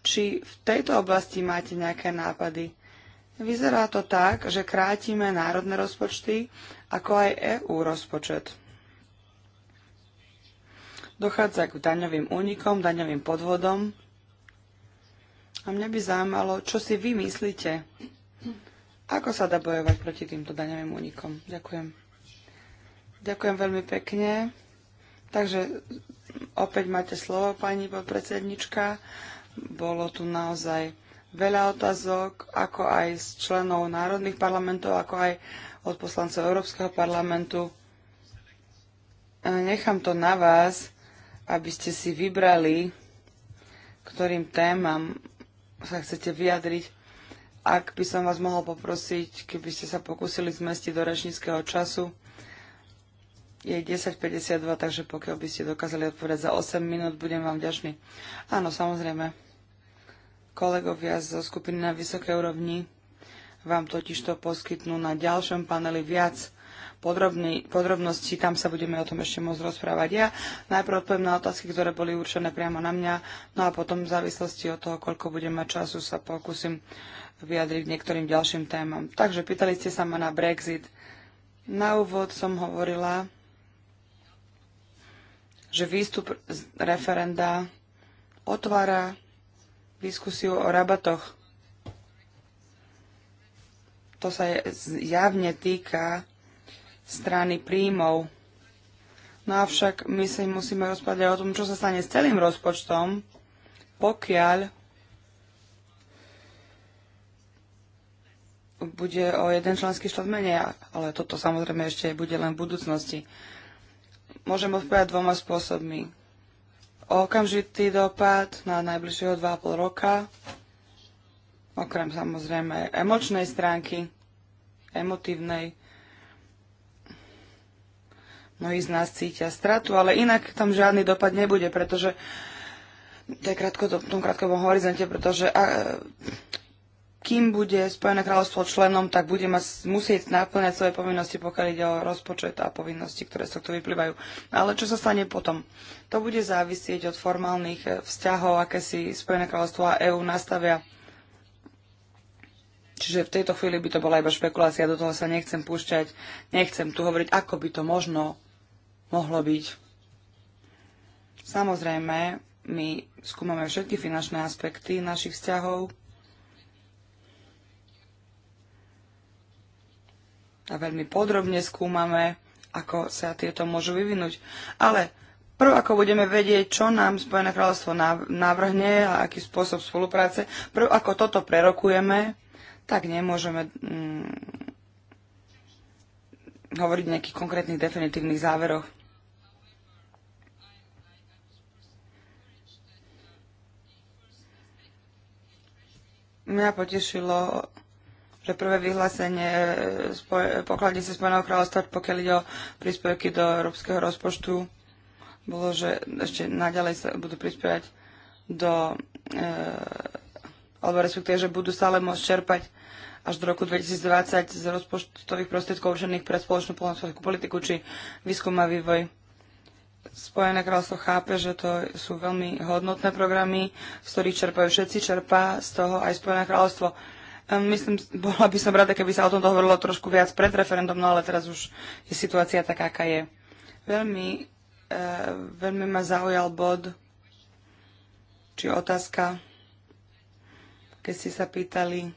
či v tejto oblasti máte nejaké nápady. Vyzerá to tak, že krátime národné rozpočty, ako aj EU rozpočet. Dochádza k daňovým únikom, daňovým podvodom, a mňa by zaujímalo, čo si vy myslíte. Ako sa dá bojovať proti týmto daňovým únikom? Ďakujem. Ďakujem veľmi pekne. Takže opäť máte slovo, pani podpredsednička. Bolo tu naozaj veľa otázok, ako aj z členov národných parlamentov, ako aj od poslancov Európskeho parlamentu. Nechám to na vás, aby ste si vybrali, ktorým témam sa chcete vyjadriť, ak by som vás mohol poprosiť, keby ste sa pokúsili zmestiť do rečníckého času, je 10.52, takže pokiaľ by ste dokázali odpovedať za 8 minút, budem vám vďačný. Áno, samozrejme. Kolegovia zo skupiny na vysokej úrovni vám totiž to poskytnú na ďalšom paneli viac podrobný, podrobnosti, tam sa budeme o tom ešte môcť rozprávať ja. Najprv odpoviem na otázky, ktoré boli určené priamo na mňa, no a potom v závislosti od toho, koľko budem mať času, sa pokúsim vyjadriť niektorým ďalším témam. Takže pýtali ste sa ma na Brexit. Na úvod som hovorila, že výstup z referenda otvára diskusiu o rabatoch. To sa javne týka strany príjmov. No avšak my si musíme rozprávať o tom, čo sa stane s celým rozpočtom, pokiaľ bude o jeden členský štát menej, ale toto samozrejme ešte bude len v budúcnosti. Môžem odpovedať dvoma spôsobmi. Okamžitý dopad na najbližšieho 2,5 roka, okrem samozrejme emočnej stránky, emotívnej, mnohí z nás cítia stratu, ale inak tam žiadny dopad nebude, pretože to je krátko, to, tom krátkom horizonte, pretože a, kým bude Spojené kráľovstvo členom, tak bude mať, musieť naplňať svoje povinnosti, pokiaľ ide o rozpočet a povinnosti, ktoré sa tu vyplývajú. Ale čo sa stane potom? To bude závisieť od formálnych e, vzťahov, aké si Spojené kráľovstvo a EÚ nastavia. Čiže v tejto chvíli by to bola iba špekulácia, do toho sa nechcem púšťať, nechcem tu hovoriť, ako by to možno mohlo byť. Samozrejme, my skúmame všetky finančné aspekty našich vzťahov a veľmi podrobne skúmame, ako sa tieto môžu vyvinúť. Ale Prv, ako budeme vedieť, čo nám Spojené kráľovstvo navrhne a aký spôsob spolupráce, prv, ako toto prerokujeme, tak nemôžeme hm, hovoriť o nejakých konkrétnych definitívnych záveroch. Mňa potešilo, že prvé vyhlásenie e, sa Spojeného kráľovstva, pokiaľ ide o príspevky do európskeho rozpočtu, bolo, že ešte naďalej sa budú prispievať do, e, alebo respektíve, že budú stále môcť čerpať až do roku 2020 z rozpočtových prostriedkov určených pre spoločnú polnohospodárskú politiku či výskum a vývoj. Spojené kráľstvo chápe, že to sú veľmi hodnotné programy, z ktorých čerpajú všetci, čerpá z toho aj Spojené kráľovstvo. Ehm, myslím, bola by som rada, keby sa o tomto hovorilo trošku viac pred referendum, no ale teraz už je situácia taká, aká je. Veľmi, e, veľmi ma zaujal bod, či otázka, keď ste sa pýtali,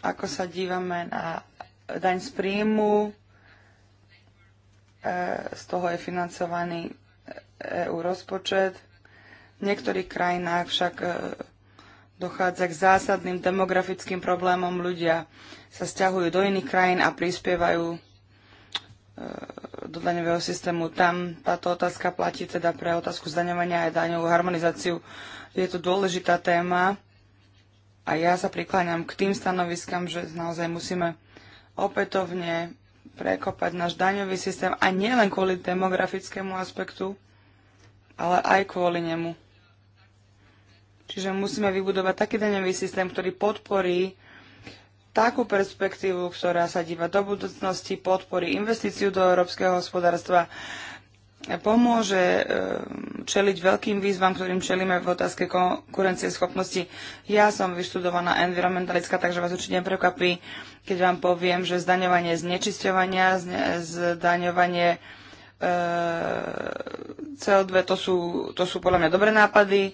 ako sa dívame na daň z príjmu, e, z toho je financovaný EU rozpočet. V niektorých krajinách však e, dochádza k zásadným demografickým problémom. Ľudia sa stiahujú do iných krajín a prispievajú e, do daňového systému. Tam táto otázka platí teda pre otázku zdaňovania a daňovú harmonizáciu. Je to dôležitá téma a ja sa prikláňam k tým stanoviskám, že naozaj musíme opätovne prekopať náš daňový systém a nielen kvôli demografickému aspektu, ale aj kvôli nemu. Čiže musíme vybudovať taký daňový systém, ktorý podporí takú perspektívu, ktorá sa díva do budúcnosti, podporí investíciu do európskeho hospodárstva, pomôže e, čeliť veľkým výzvam, ktorým čelíme v otázke konkurencie schopnosti. Ja som vyštudovaná environmentalistka, takže vás určite neprekvapí, keď vám poviem, že zdaňovanie znečisťovania, zdaňovanie e, CO2, to sú, to sú podľa mňa dobré nápady, e,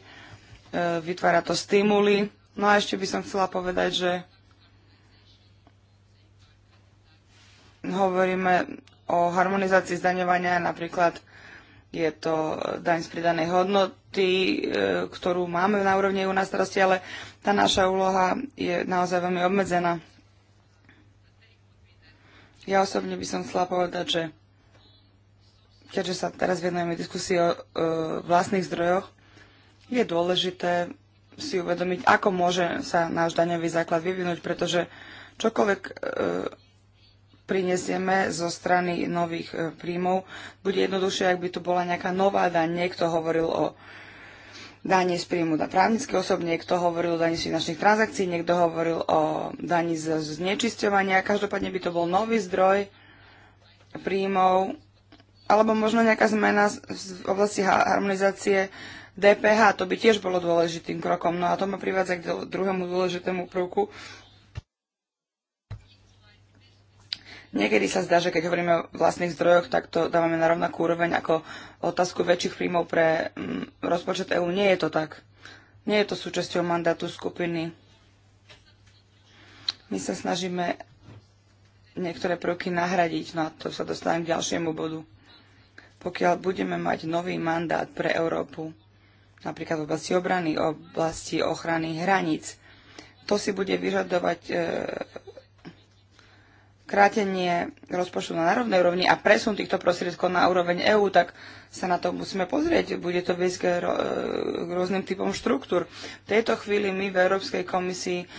vytvára to stimuly. No a ešte by som chcela povedať, že hovoríme o harmonizácii zdaňovania napríklad je to daň z pridanej hodnoty, e, ktorú máme na úrovni EU na starosti, ale tá naša úloha je naozaj veľmi obmedzená. Ja osobne by som chcela povedať, že keďže sa teraz venujeme diskusii o e, vlastných zdrojoch, je dôležité si uvedomiť, ako môže sa náš daňový základ vyvinúť, pretože čokoľvek e, prinesieme zo strany nových e, príjmov. Bude jednoduchšie, ak by tu bola nejaká nová daň. Niekto hovoril o daní z príjmu na právnické osob, niekto hovoril o daní z finančných transakcií, niekto hovoril o daní z znečisťovania. Každopádne by to bol nový zdroj príjmov, alebo možno nejaká zmena v oblasti harmonizácie DPH. To by tiež bolo dôležitým krokom. No a to ma privádza k druhému dôležitému prvku, Niekedy sa zdá, že keď hovoríme o vlastných zdrojoch, tak to dávame na rovnakú úroveň ako otázku väčších príjmov pre mm, rozpočet EÚ. Nie je to tak. Nie je to súčasťou mandátu skupiny. My sa snažíme niektoré prvky nahradiť, no a to sa dostávam k ďalšiemu bodu. Pokiaľ budeme mať nový mandát pre Európu, napríklad v oblasti obrany, oblasti ochrany hraníc, to si bude vyžadovať e, krátenie rozpočtu na národnej úrovni a presun týchto prostriedkov na úroveň EÚ, tak sa na to musíme pozrieť. Bude to viesť k, k rôznym typom štruktúr. V tejto chvíli my v Európskej komisii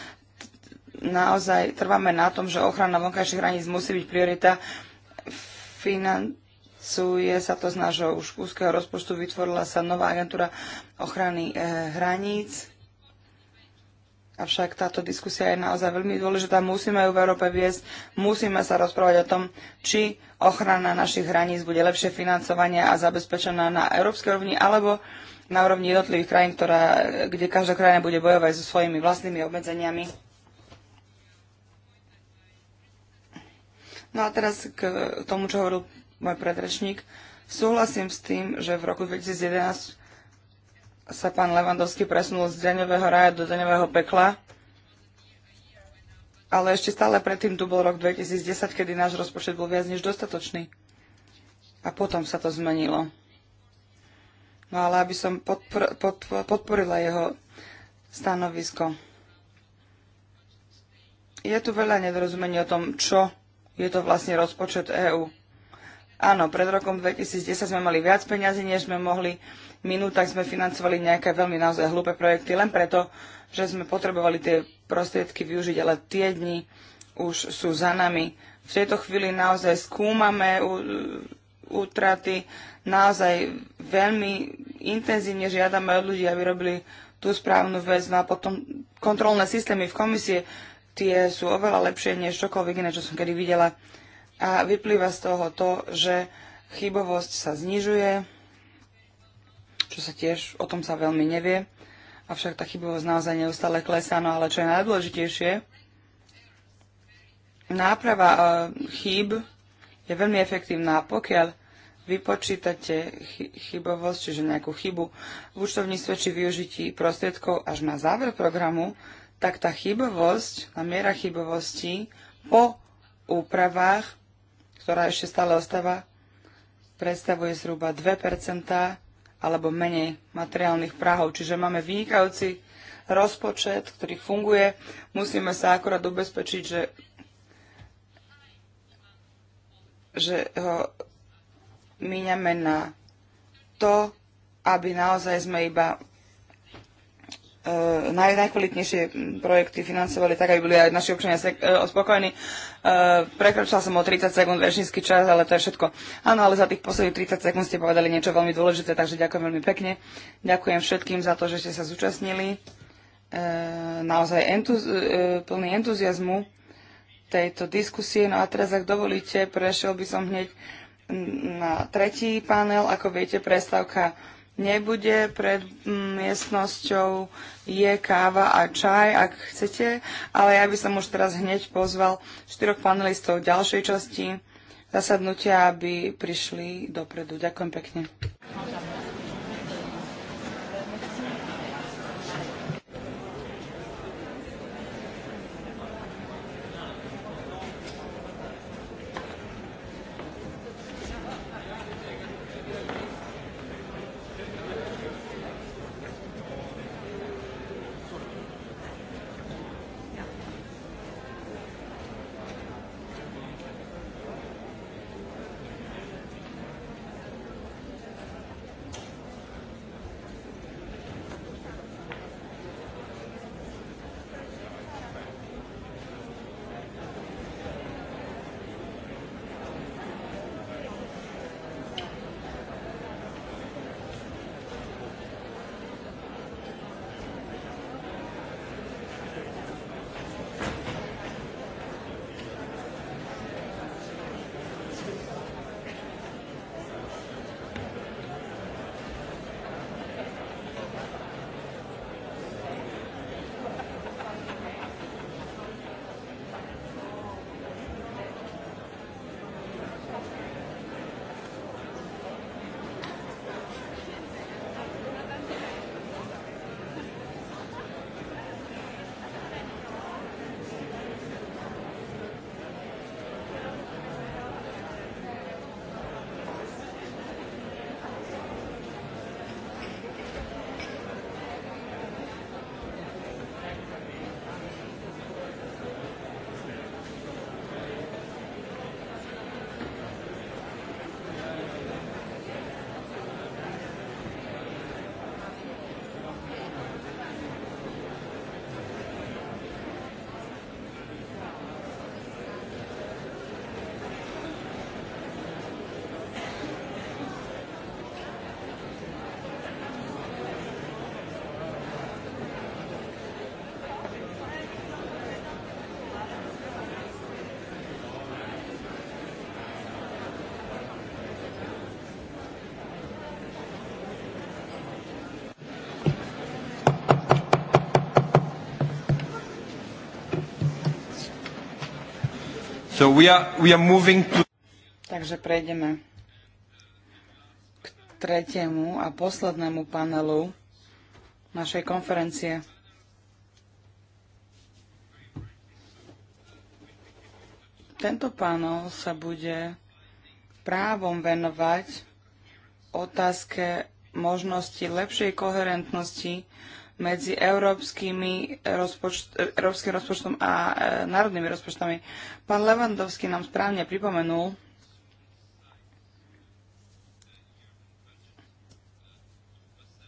naozaj trváme na tom, že ochrana vonkajších hraníc musí byť priorita. Financuje sa to z nášho už úzkeho rozpočtu, vytvorila sa nová agentúra ochrany eh, hraníc Avšak táto diskusia je naozaj veľmi dôležitá. Musíme ju v Európe viesť, musíme sa rozprávať o tom, či ochrana našich hraníc bude lepšie financovanie a zabezpečená na európskej úrovni, alebo na úrovni jednotlivých krajín, ktorá, kde každá krajina bude bojovať so svojimi vlastnými obmedzeniami. No a teraz k tomu, čo hovoril môj predrečník. Súhlasím s tým, že v roku 2011 sa pán Levandovský presunul z daňového raja do daňového pekla, ale ešte stále predtým tu bol rok 2010, kedy náš rozpočet bol viac než dostatočný. A potom sa to zmenilo. No ale aby som podpor, pod, podporila jeho stanovisko. Je tu veľa nedorozumení o tom, čo je to vlastne rozpočet EÚ. Áno, pred rokom 2010 sme mali viac peňazí, než sme mohli minútach sme financovali nejaké veľmi naozaj hlúpe projekty len preto, že sme potrebovali tie prostriedky využiť, ale tie dni už sú za nami. V tejto chvíli naozaj skúmame útraty, naozaj veľmi intenzívne žiadame od ľudí, aby robili tú správnu vec. No a potom kontrolné systémy v komisie, tie sú oveľa lepšie než čokoľvek iné, čo som kedy videla. A vyplýva z toho to, že chybovosť sa znižuje, čo sa tiež o tom sa veľmi nevie. Avšak tá chybovosť naozaj neustále klesá, no ale čo je najdôležitejšie, náprava e, chýb je veľmi efektívna, pokiaľ vypočítate chybovosť, čiže nejakú chybu v účtovníctve či využití prostriedkov až na záver programu, tak tá chybovosť, tá miera chybovosti po úpravách, ktorá ešte stále ostáva, predstavuje zhruba 2 alebo menej materiálnych práhov. Čiže máme vynikajúci rozpočet, ktorý funguje. Musíme sa akorát ubezpečiť, že, že ho míňame na to, aby naozaj sme iba Eh, naj, najkvalitnejšie mm, projekty financovali tak, aby boli aj naši občania sek- eh, spokojní. Eh, prekročila som o 30 sekúnd väčšinský čas, ale to je všetko. Áno, ale za tých posledných 30 sekúnd ste povedali niečo veľmi dôležité, takže ďakujem veľmi pekne. Ďakujem všetkým za to, že ste sa zúčastnili. E, naozaj entuz- e, plný entuziasmu tejto diskusie. No a teraz, ak dovolíte, prešiel by som hneď na tretí panel. Ako viete, prestávka nebude pred mm, miestnosťou je káva a čaj, ak chcete, ale ja by som už teraz hneď pozval štyroch panelistov ďalšej časti zasadnutia, aby prišli dopredu. Ďakujem pekne. So we are, we are moving to... Takže prejdeme k tretiemu a poslednému panelu našej konferencie. Tento panel sa bude právom venovať otázke možnosti lepšej koherentnosti medzi európskymi rozpočt, európskym rozpočtom a e, národnými rozpočtami. Pán Levandovský nám správne pripomenul,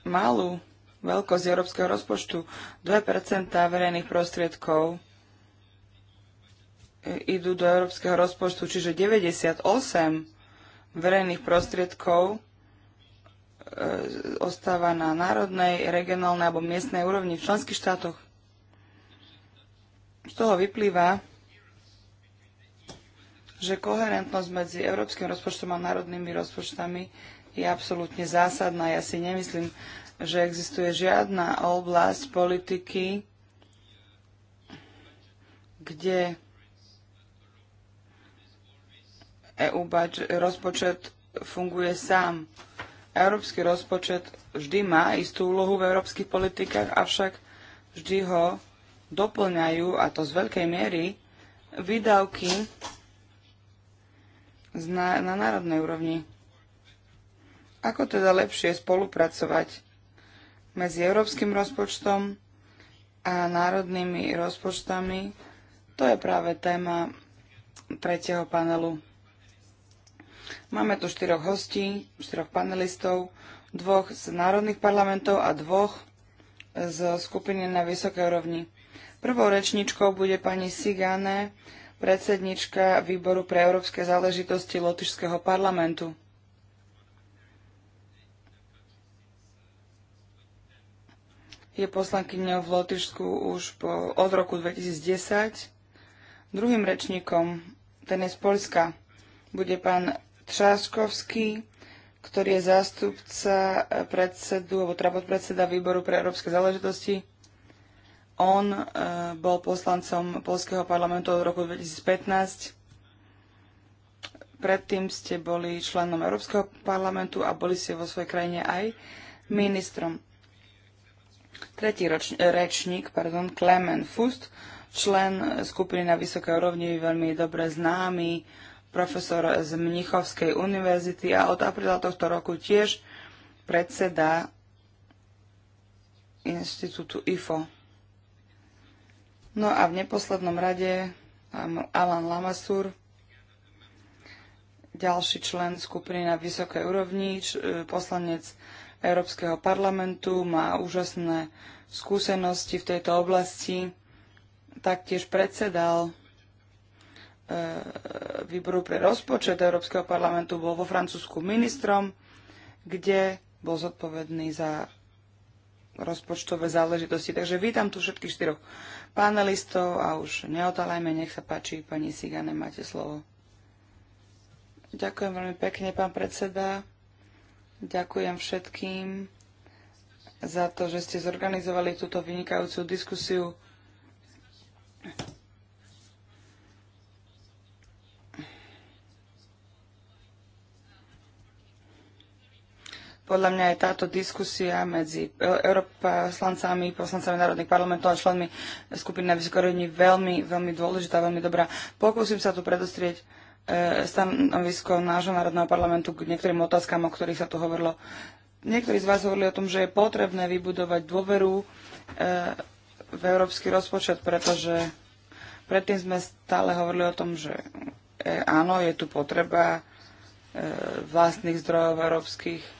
malú veľkosť európskeho rozpočtu. 2% verejných prostriedkov e, idú do európskeho rozpočtu, čiže 98 verejných prostriedkov E, ostáva na národnej, regionálnej alebo miestnej úrovni v členských štátoch. Z toho vyplýva, že koherentnosť medzi európskym rozpočtom a národnými rozpočtami je absolútne zásadná. Ja si nemyslím, že existuje žiadna oblasť politiky, kde EU rozpočet funguje sám. Európsky rozpočet vždy má istú úlohu v európskych politikách, avšak vždy ho doplňajú, a to z veľkej miery, výdavky na, na národnej úrovni. Ako teda lepšie spolupracovať medzi európskym rozpočtom a národnými rozpočtami? To je práve téma tretieho panelu. Máme tu štyroch hostí, štyroch panelistov, dvoch z národných parlamentov a dvoch z skupiny na vysokej úrovni. Prvou rečničkou bude pani Sigane, predsednička Výboru pre európske záležitosti Lotyšského parlamentu. Je poslankyňou v Lotyšsku už po, od roku 2010. Druhým rečníkom, ten je z Polska, bude pán Čáškovský, ktorý je zástupca eh, predsedu, alebo teda podpredseda výboru pre európske záležitosti. On e, bol poslancom Polského parlamentu od roku 2015. Predtým ste boli členom Európskeho parlamentu a boli ste vo svojej krajine aj ministrom. Tretí roč, eh, rečník, pardon, Clement Fust, člen skupiny na vysokej úrovni, veľmi dobre známy, profesor z Mnichovskej univerzity a od apríla tohto roku tiež predseda inštitútu IFO. No a v neposlednom rade Alan Lamasur, ďalší člen skupiny na vysokej úrovni, e, poslanec Európskeho parlamentu, má úžasné skúsenosti v tejto oblasti, taktiež predsedal E, výboru pre rozpočet Európskeho parlamentu, bol vo Francúzsku ministrom, kde bol zodpovedný za rozpočtové záležitosti. Takže vítam tu všetkých štyroch panelistov a už neotalajme, nech sa páči, pani Sigane, máte slovo. Ďakujem veľmi pekne, pán predseda. Ďakujem všetkým za to, že ste zorganizovali túto vynikajúcu diskusiu. Podľa mňa je táto diskusia medzi europoslancami, poslancami národných parlamentov a členmi skupiny na vysokorodní veľmi, veľmi dôležitá, veľmi dobrá. Pokúsim sa tu predostrieť e, stanovisko nášho národného parlamentu k niektorým otázkam, o ktorých sa tu hovorilo. Niektorí z vás hovorili o tom, že je potrebné vybudovať dôveru e, v európsky rozpočet, pretože predtým sme stále hovorili o tom, že e, áno, je tu potreba vlastných zdrojov európskych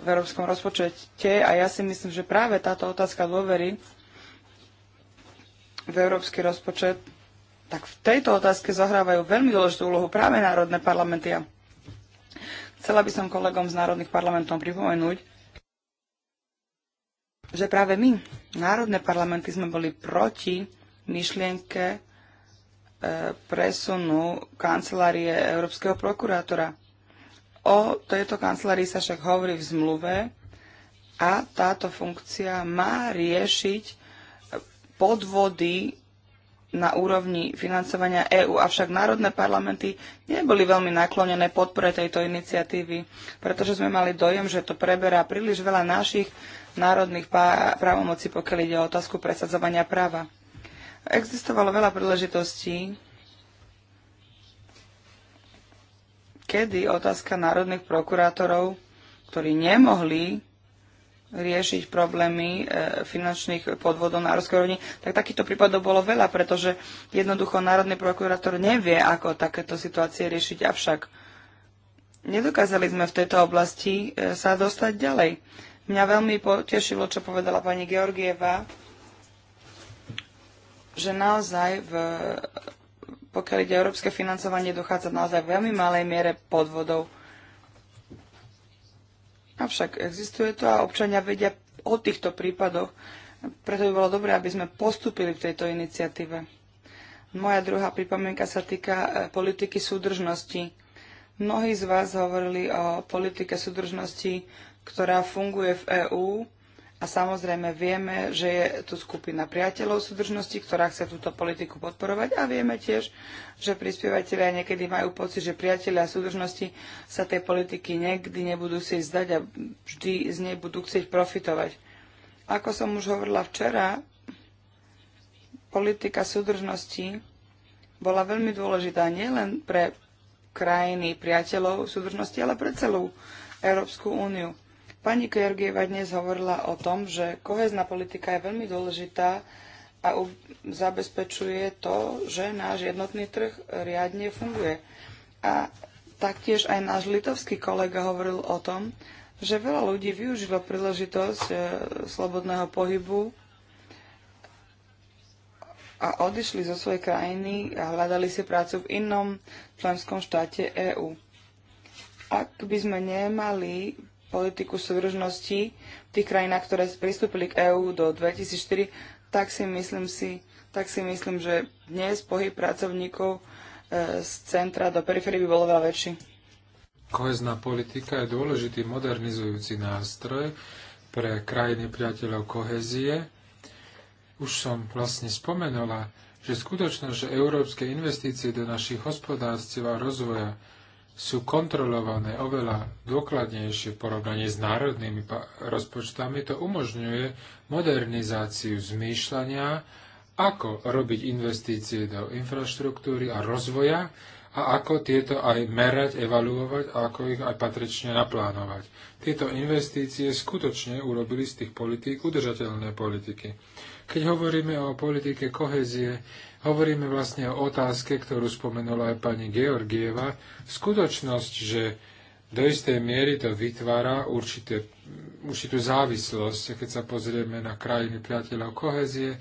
v európskom rozpočete a ja si myslím, že práve táto otázka dôvery v európsky rozpočet, tak v tejto otázke zohrávajú veľmi dôležitú úlohu práve národné parlamenty. A chcela by som kolegom z národných parlamentov pripomenúť, že práve my, národné parlamenty, sme boli proti myšlienke e, presunu kancelárie Európskeho prokurátora. O tejto kancelárii sa však hovorí v zmluve a táto funkcia má riešiť podvody na úrovni financovania EÚ, avšak národné parlamenty neboli veľmi naklonené podpore tejto iniciatívy, pretože sme mali dojem, že to preberá príliš veľa našich národných právomocí, pokiaľ ide o otázku presadzovania práva. Existovalo veľa príležitostí kedy otázka národných prokurátorov, ktorí nemohli riešiť problémy e, finančných podvodov na európskej tak takýchto prípadov bolo veľa, pretože jednoducho národný prokurátor nevie, ako takéto situácie riešiť. Avšak nedokázali sme v tejto oblasti e, sa dostať ďalej. Mňa veľmi potešilo, čo povedala pani Georgieva, že naozaj v pokiaľ ide o európske financovanie, dochádza naozaj v veľmi malej miere podvodov. Avšak existuje to a občania vedia o týchto prípadoch, preto by bolo dobré, aby sme postupili v tejto iniciatíve. Moja druhá pripomienka sa týka e, politiky súdržnosti. Mnohí z vás hovorili o politike súdržnosti, ktorá funguje v EÚ a samozrejme vieme, že je tu skupina priateľov súdržnosti, ktorá chce túto politiku podporovať a vieme tiež, že prispievateľia niekedy majú pocit, že priateľia súdržnosti sa tej politiky niekdy nebudú si zdať a vždy z nej budú chcieť profitovať. Ako som už hovorila včera, politika súdržnosti bola veľmi dôležitá nielen pre krajiny priateľov súdržnosti, ale pre celú Európsku úniu. Pani Georgieva dnes hovorila o tom, že kohezná politika je veľmi dôležitá a zabezpečuje to, že náš jednotný trh riadne funguje. A taktiež aj náš litovský kolega hovoril o tom, že veľa ľudí využilo príležitosť e, slobodného pohybu a odišli zo svojej krajiny a hľadali si prácu v inom členskom štáte EÚ. Ak by sme nemali politiku súdržnosti v tých krajinách, ktoré pristúpili k EÚ do 2004, tak si myslím, si, tak si myslím že dnes pohyb pracovníkov e, z centra do periférie by bolo veľa väčší. Kohezná politika je dôležitý modernizujúci nástroj pre krajiny priateľov kohezie. Už som vlastne spomenula, že skutočnosť, že európske investície do našich hospodárstiev a rozvoja sú kontrolované oveľa dôkladnejšie v porovnaní s národnými rozpočtami, to umožňuje modernizáciu zmýšľania, ako robiť investície do infraštruktúry a rozvoja a ako tieto aj merať, evaluovať a ako ich aj patrične naplánovať. Tieto investície skutočne urobili z tých politík udržateľné politiky. Keď hovoríme o politike kohezie, Hovoríme vlastne o otázke, ktorú spomenula aj pani Georgieva. Skutočnosť, že do istej miery to vytvára určité, určitú závislosť. Keď sa pozrieme na krajiny priateľov kohezie,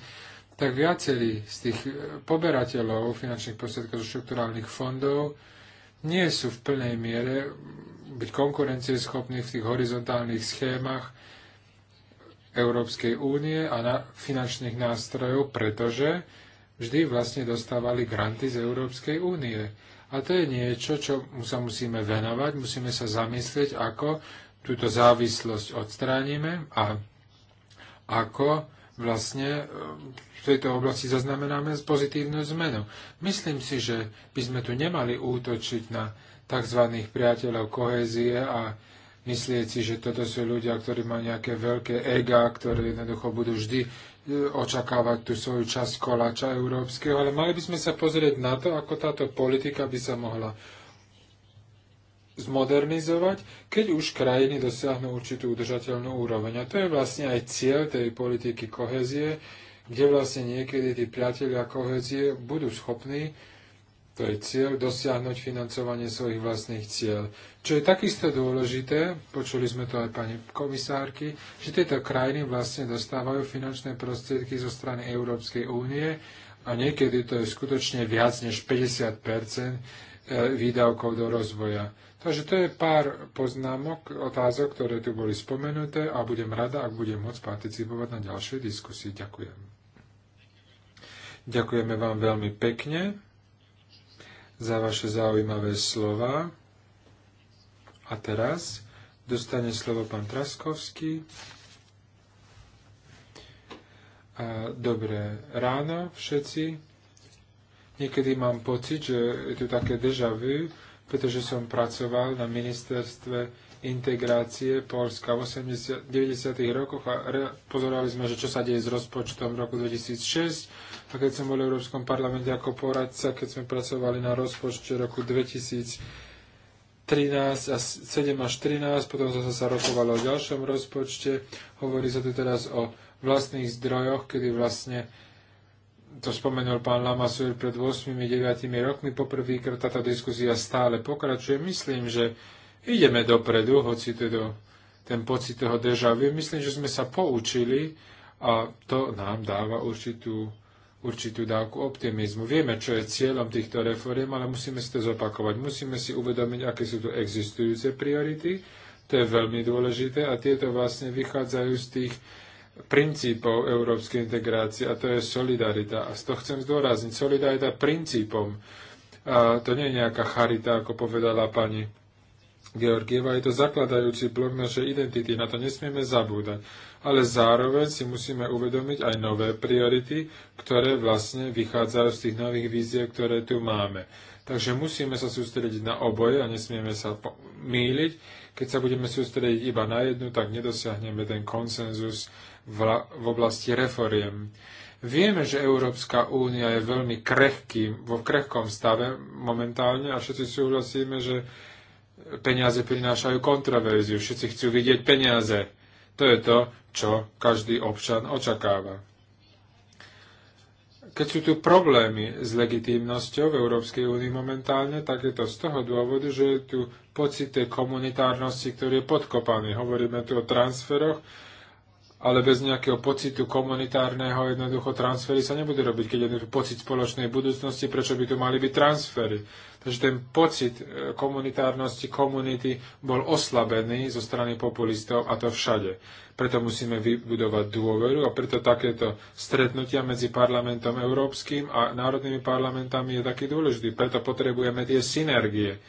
tak viacerí z tých poberateľov finančných prostriedkov zo štrukturálnych fondov nie sú v plnej miere byť konkurencieschopní v tých horizontálnych schémach Európskej únie a na finančných nástrojov, pretože vždy vlastne dostávali granty z Európskej únie. A to je niečo, čo mu sa musíme venovať, musíme sa zamyslieť, ako túto závislosť odstránime a ako vlastne e, v tejto oblasti zaznamenáme pozitívnu zmenu. Myslím si, že by sme tu nemali útočiť na tzv. priateľov kohézie a myslieť si, že toto sú ľudia, ktorí majú nejaké veľké ega, ktoré jednoducho budú vždy očakávať tú svoju časť koláča európskeho, ale mali by sme sa pozrieť na to, ako táto politika by sa mohla zmodernizovať, keď už krajiny dosiahnu určitú udržateľnú úroveň. A to je vlastne aj cieľ tej politiky kohezie, kde vlastne niekedy tí priatelia kohezie budú schopní to je cieľ, dosiahnuť financovanie svojich vlastných cieľ. Čo je takisto dôležité, počuli sme to aj pani komisárky, že tieto krajiny vlastne dostávajú finančné prostriedky zo strany Európskej únie a niekedy to je skutočne viac než 50 eh, výdavkov do rozvoja. Takže to je pár poznámok, otázok, ktoré tu boli spomenuté a budem rada, ak budem môcť participovať na ďalšej diskusii. Ďakujem. Ďakujeme vám veľmi pekne za vaše zaujímavé slova. A teraz dostane slovo pán Traskovský. dobré ráno všetci. Niekedy mám pocit, že je tu také deja vu, pretože som pracoval na ministerstve integrácie Polska v 80, 90. rokoch a re, pozorovali sme, že čo sa deje s rozpočtom v roku 2006 a keď som bol v Európskom parlamente ako poradca, keď sme pracovali na rozpočte roku 2013 a 7 až 13, potom zase sa rokovalo o ďalšom rozpočte. Hovorí sa tu teraz o vlastných zdrojoch, kedy vlastne to spomenul pán Lamasur pred 8-9 rokmi. Poprvýkrát táto diskusia stále pokračuje. Myslím, že ideme dopredu, hoci teda ten pocit toho deja vu, myslím, že sme sa poučili a to nám dáva určitú, určitú dávku optimizmu. Vieme, čo je cieľom týchto reforiem, ale musíme si to zopakovať. Musíme si uvedomiť, aké sú tu existujúce priority. To je veľmi dôležité a tieto vlastne vychádzajú z tých princípov európskej integrácie a to je solidarita. A z toho chcem zdôrazniť. Solidarita princípom. A to nie je nejaká charita, ako povedala pani Georgieva. Je to zakladajúci blok našej identity, na to nesmieme zabúdať. Ale zároveň si musíme uvedomiť aj nové priority, ktoré vlastne vychádzajú z tých nových víziev, ktoré tu máme. Takže musíme sa sústrediť na oboje a nesmieme sa míliť. Keď sa budeme sústrediť iba na jednu, tak nedosiahneme ten konsenzus v oblasti reforiem. Vieme, že Európska únia je veľmi krehkým, vo krehkom stave momentálne a všetci súhlasíme, že peniaze prinášajú kontroverziu. Všetci chcú vidieť peniaze. To je to, čo každý občan očakáva. Keď sú tu problémy s legitímnosťou v Európskej únii momentálne, tak je to z toho dôvodu, že je tu pocit tej komunitárnosti, ktorý je podkopaný. Hovoríme tu o transferoch, ale bez nejakého pocitu komunitárneho jednoducho transfery sa nebudú robiť. Keď je pocit spoločnej budúcnosti, prečo by tu mali byť transfery? Takže ten pocit e, komunitárnosti, komunity bol oslabený zo strany populistov a to všade. Preto musíme vybudovať dôveru a preto takéto stretnutia medzi parlamentom európskym a národnými parlamentami je taký dôležitý. Preto potrebujeme tie synergie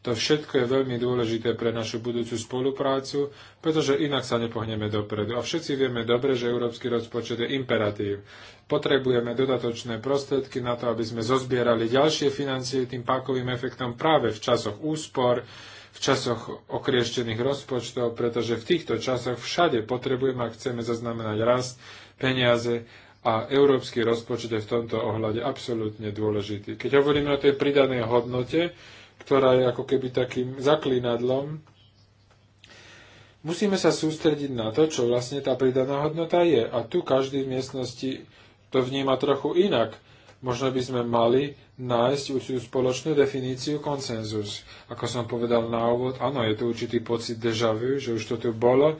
to všetko je veľmi dôležité pre našu budúcu spoluprácu, pretože inak sa nepohneme dopredu. A všetci vieme dobre, že európsky rozpočet je imperatív. Potrebujeme dodatočné prostriedky na to, aby sme zozbierali ďalšie financie tým pákovým efektom práve v časoch úspor, v časoch okrieštených rozpočtov, pretože v týchto časoch všade potrebujeme, a chceme zaznamenať rast, peniaze a európsky rozpočet je v tomto ohľade absolútne dôležitý. Keď hovoríme o tej pridanej hodnote, ktorá je ako keby takým zaklínadlom. Musíme sa sústrediť na to, čo vlastne tá pridaná hodnota je. A tu každý v miestnosti to vníma trochu inak. Možno by sme mali nájsť určitú spoločnú definíciu konsenzus. Ako som povedal na úvod, áno, je tu určitý pocit deja vu, že už to tu bolo,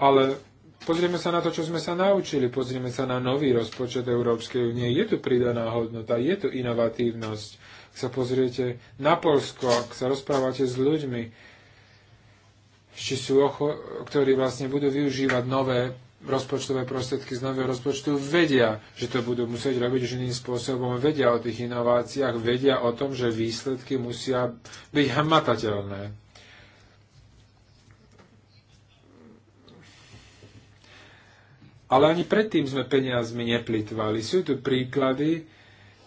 ale Pozrieme sa na to, čo sme sa naučili, pozrieme sa na nový rozpočet Európskej únie. Je tu pridaná hodnota, je tu inovatívnosť. Ak sa pozriete na Polsko, ak sa rozprávate s ľuďmi, či sú ocho- ktorí vlastne budú využívať nové rozpočtové prostriedky z nového rozpočtu vedia, že to budú musieť robiť už iným spôsobom, vedia o tých inováciách, vedia o tom, že výsledky musia byť hmatateľné. Ale ani predtým sme peniazmi neplitvali. Sú tu príklady,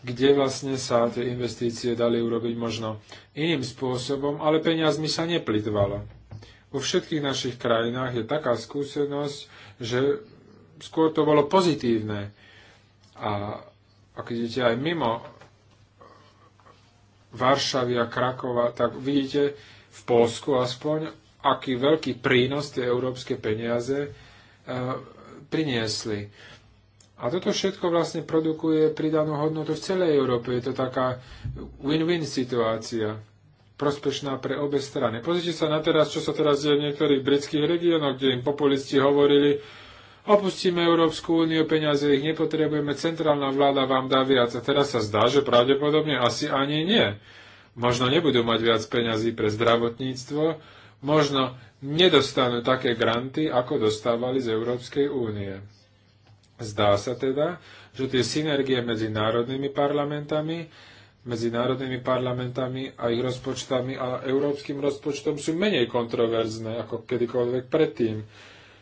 kde vlastne sa tie investície dali urobiť možno iným spôsobom, ale peniazmi sa neplitvalo. Vo všetkých našich krajinách je taká skúsenosť, že skôr to bolo pozitívne. A ak idete aj mimo Varšavy a Krakova, tak vidíte v Polsku aspoň, aký veľký prínos tie európske peniaze e, priniesli. A toto všetko vlastne produkuje pridanú hodnotu v celej Európe. Je to taká win-win situácia, prospešná pre obe strany. Pozrite sa na teraz, čo sa teraz deje v niektorých britských regiónoch, kde im populisti hovorili, opustíme Európsku úniu, peniaze ich nepotrebujeme, centrálna vláda vám dá viac. A teraz sa zdá, že pravdepodobne asi ani nie. Možno nebudú mať viac peňazí pre zdravotníctvo, možno nedostanú také granty, ako dostávali z Európskej únie. Zdá sa teda, že tie synergie medzi národnými parlamentami, medzi národnými parlamentami a ich rozpočtami a európskym rozpočtom sú menej kontroverzné ako kedykoľvek predtým.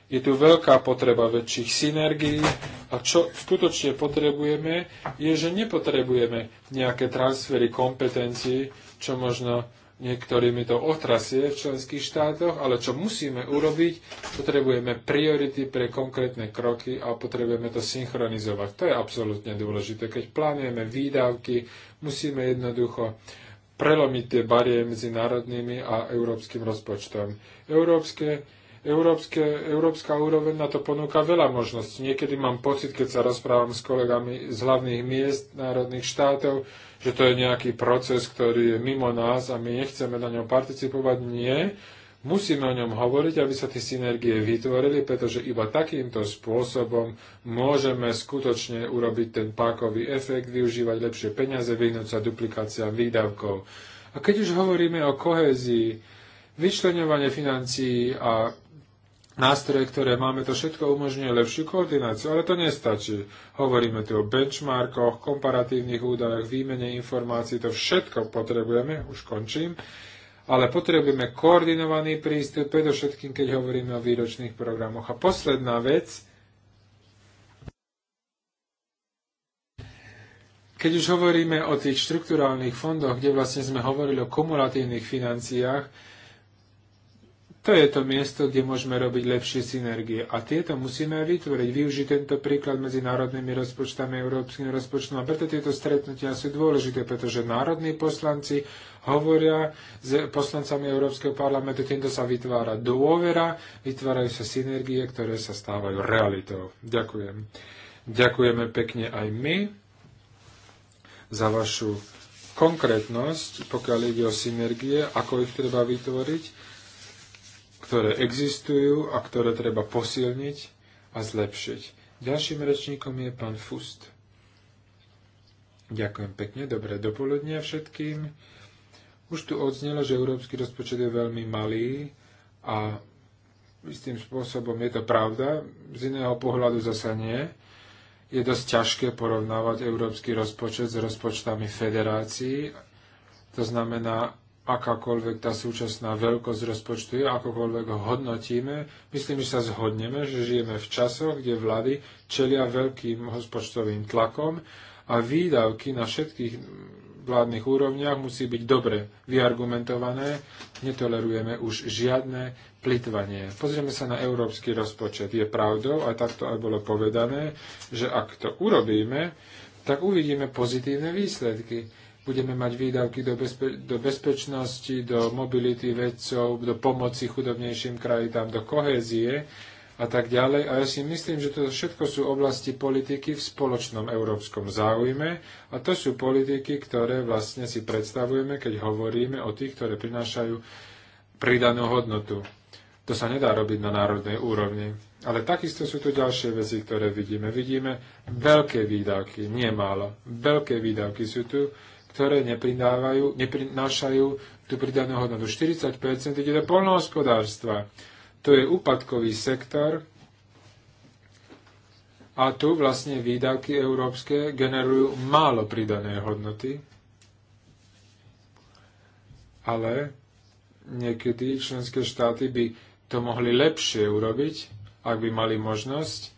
Je tu veľká potreba väčších synergií a čo skutočne potrebujeme, je, že nepotrebujeme nejaké transfery kompetencií, čo možno Niektorými to otrasie v členských štátoch, ale čo musíme urobiť, potrebujeme priority pre konkrétne kroky a potrebujeme to synchronizovať. To je absolútne dôležité. Keď plánujeme výdavky, musíme jednoducho prelomiť tie bariéry medzi národnými a európskym rozpočtom. Európske Európske, európska úroveň na to ponúka veľa možností. Niekedy mám pocit, keď sa rozprávam s kolegami z hlavných miest národných štátov, že to je nejaký proces, ktorý je mimo nás a my nechceme na ňom participovať. Nie. Musíme o ňom hovoriť, aby sa tie synergie vytvorili, pretože iba takýmto spôsobom môžeme skutočne urobiť ten pákový efekt, využívať lepšie peniaze, vyhnúť sa duplikáciám výdavkov. A keď už hovoríme o kohézii, vyčlenovanie financií a nástroje, ktoré máme, to všetko umožňuje lepšiu koordináciu, ale to nestačí. Hovoríme tu o benchmarkoch, komparatívnych údajoch, výmene informácií, to všetko potrebujeme, už končím, ale potrebujeme koordinovaný prístup, predovšetkým, keď hovoríme o výročných programoch. A posledná vec, keď už hovoríme o tých štruktúrálnych fondoch, kde vlastne sme hovorili o kumulatívnych financiách, to je to miesto, kde môžeme robiť lepšie synergie. A tieto musíme aj vytvoriť, využiť tento príklad medzi národnými rozpočtami a európskym rozpočtom. A preto tieto stretnutia sú dôležité, pretože národní poslanci hovoria s poslancami Európskeho parlamentu, týmto sa vytvára dôvera, vytvárajú sa synergie, ktoré sa stávajú realitou. Ďakujem. Ďakujeme pekne aj my za vašu konkrétnosť, pokiaľ ide o synergie, ako ich treba vytvoriť ktoré existujú a ktoré treba posilniť a zlepšiť. Ďalším rečníkom je pán Fust. Ďakujem pekne, dobré dopoludne všetkým. Už tu odznelo, že európsky rozpočet je veľmi malý a istým spôsobom je to pravda, z iného pohľadu zasa nie. Je dosť ťažké porovnávať európsky rozpočet s rozpočtami federácií. To znamená, akákoľvek tá súčasná veľkosť rozpočtu je, akokoľvek ho hodnotíme, myslím, že sa zhodneme, že žijeme v časoch, kde vlády čelia veľkým rozpočtovým tlakom a výdavky na všetkých vládnych úrovniach musí byť dobre vyargumentované. Netolerujeme už žiadne plitvanie. Pozrieme sa na európsky rozpočet. Je pravdou, a takto aj bolo povedané, že ak to urobíme, tak uvidíme pozitívne výsledky budeme mať výdavky do, bezpe- do bezpečnosti, do mobility vedcov, do pomoci chudobnejším krajinám, do kohézie a tak ďalej. A ja si myslím, že to všetko sú oblasti politiky v spoločnom európskom záujme a to sú politiky, ktoré vlastne si predstavujeme, keď hovoríme o tých, ktoré prinášajú pridanú hodnotu. To sa nedá robiť na národnej úrovni. Ale takisto sú tu ďalšie veci, ktoré vidíme. Vidíme veľké výdavky, nie málo. Veľké výdavky sú tu ktoré neprinášajú tú pridanú hodnotu. 40% ide do polnohospodárstva. To je úpadkový sektor a tu vlastne výdavky európske generujú málo pridané hodnoty, ale niekedy členské štáty by to mohli lepšie urobiť, ak by mali možnosť,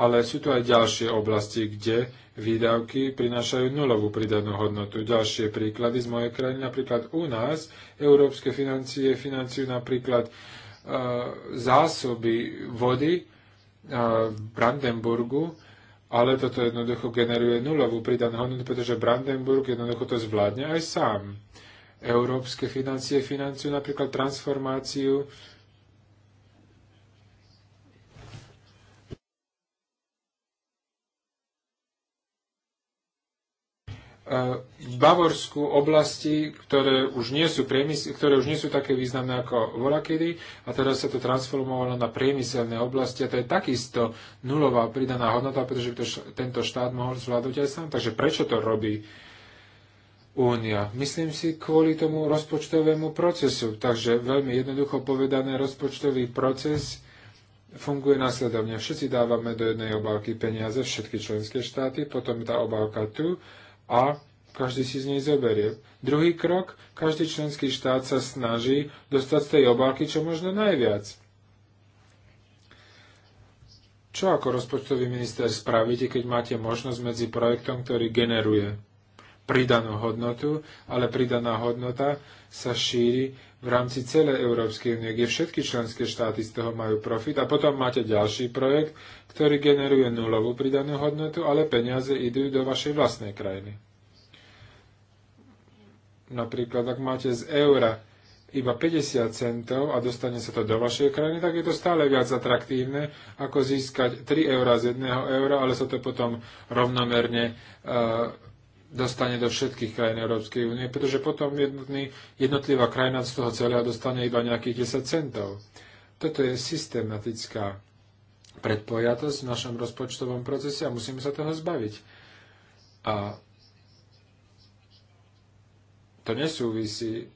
ale sú tu aj ďalšie oblasti, kde výdavky prinášajú nulovú pridanú hodnotu. Ďalšie príklady z mojej krajiny, napríklad u nás, európske financie financujú napríklad e, zásoby vody e, v Brandenburgu, ale toto jednoducho generuje nulovú pridanú hodnotu, pretože Brandenburg jednoducho to zvládne aj sám. Európske financie financujú napríklad transformáciu v Bavorsku oblasti, ktoré už nie sú, priemys- ktoré už nie sú také významné ako volakedy a teraz sa to transformovalo na priemyselné oblasti a to je takisto nulová pridaná hodnota, pretože to, tento štát mohol zvládnuť aj sám. Takže prečo to robí Únia? Myslím si kvôli tomu rozpočtovému procesu. Takže veľmi jednoducho povedané, rozpočtový proces funguje následovne. Všetci dávame do jednej obálky peniaze, všetky členské štáty, potom tá obálka tu a každý si z nej zoberie. Druhý krok, každý členský štát sa snaží dostať z tej obálky čo možno najviac. Čo ako rozpočtový minister spravíte, keď máte možnosť medzi projektom, ktorý generuje pridanú hodnotu, ale pridaná hodnota sa šíri v rámci celej Európskej únie, kde všetky členské štáty z toho majú profit a potom máte ďalší projekt, ktorý generuje nulovú pridanú hodnotu, ale peniaze idú do vašej vlastnej krajiny. Napríklad, ak máte z eura iba 50 centov a dostane sa to do vašej krajiny, tak je to stále viac atraktívne, ako získať 3 eura z 1 eura, ale sa to potom rovnomerne uh, dostane do všetkých krajín Európskej únie, pretože potom jednotný, jednotlivá krajina z toho celého dostane iba nejakých 10 centov. Toto je systematická predpojatosť v našom rozpočtovom procese a musíme sa toho zbaviť. A to nesúvisí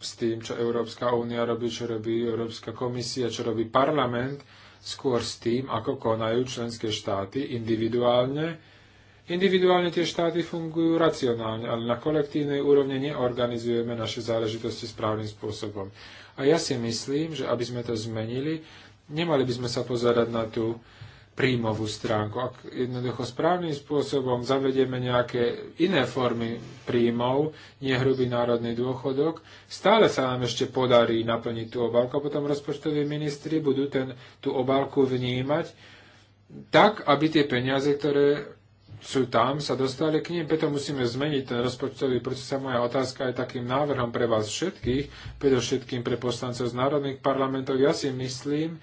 s tým, čo Európska únia robí, čo robí Európska komisia, čo robí parlament, skôr s tým, ako konajú členské štáty individuálne, Individuálne tie štáty fungujú racionálne, ale na kolektívnej úrovne neorganizujeme naše záležitosti správnym spôsobom. A ja si myslím, že aby sme to zmenili, nemali by sme sa pozerať na tú príjmovú stránku. Ak jednoducho správnym spôsobom zavedieme nejaké iné formy príjmov, nehrubý národný dôchodok, stále sa nám ešte podarí naplniť tú obálku a potom rozpočtoví ministri budú ten, tú obálku vnímať tak, aby tie peniaze, ktoré sú tam, sa dostali k ním, preto musíme zmeniť ten rozpočtový proces. moja otázka je takým návrhom pre vás všetkých, predovšetkým pre poslancov z národných parlamentov. Ja si myslím,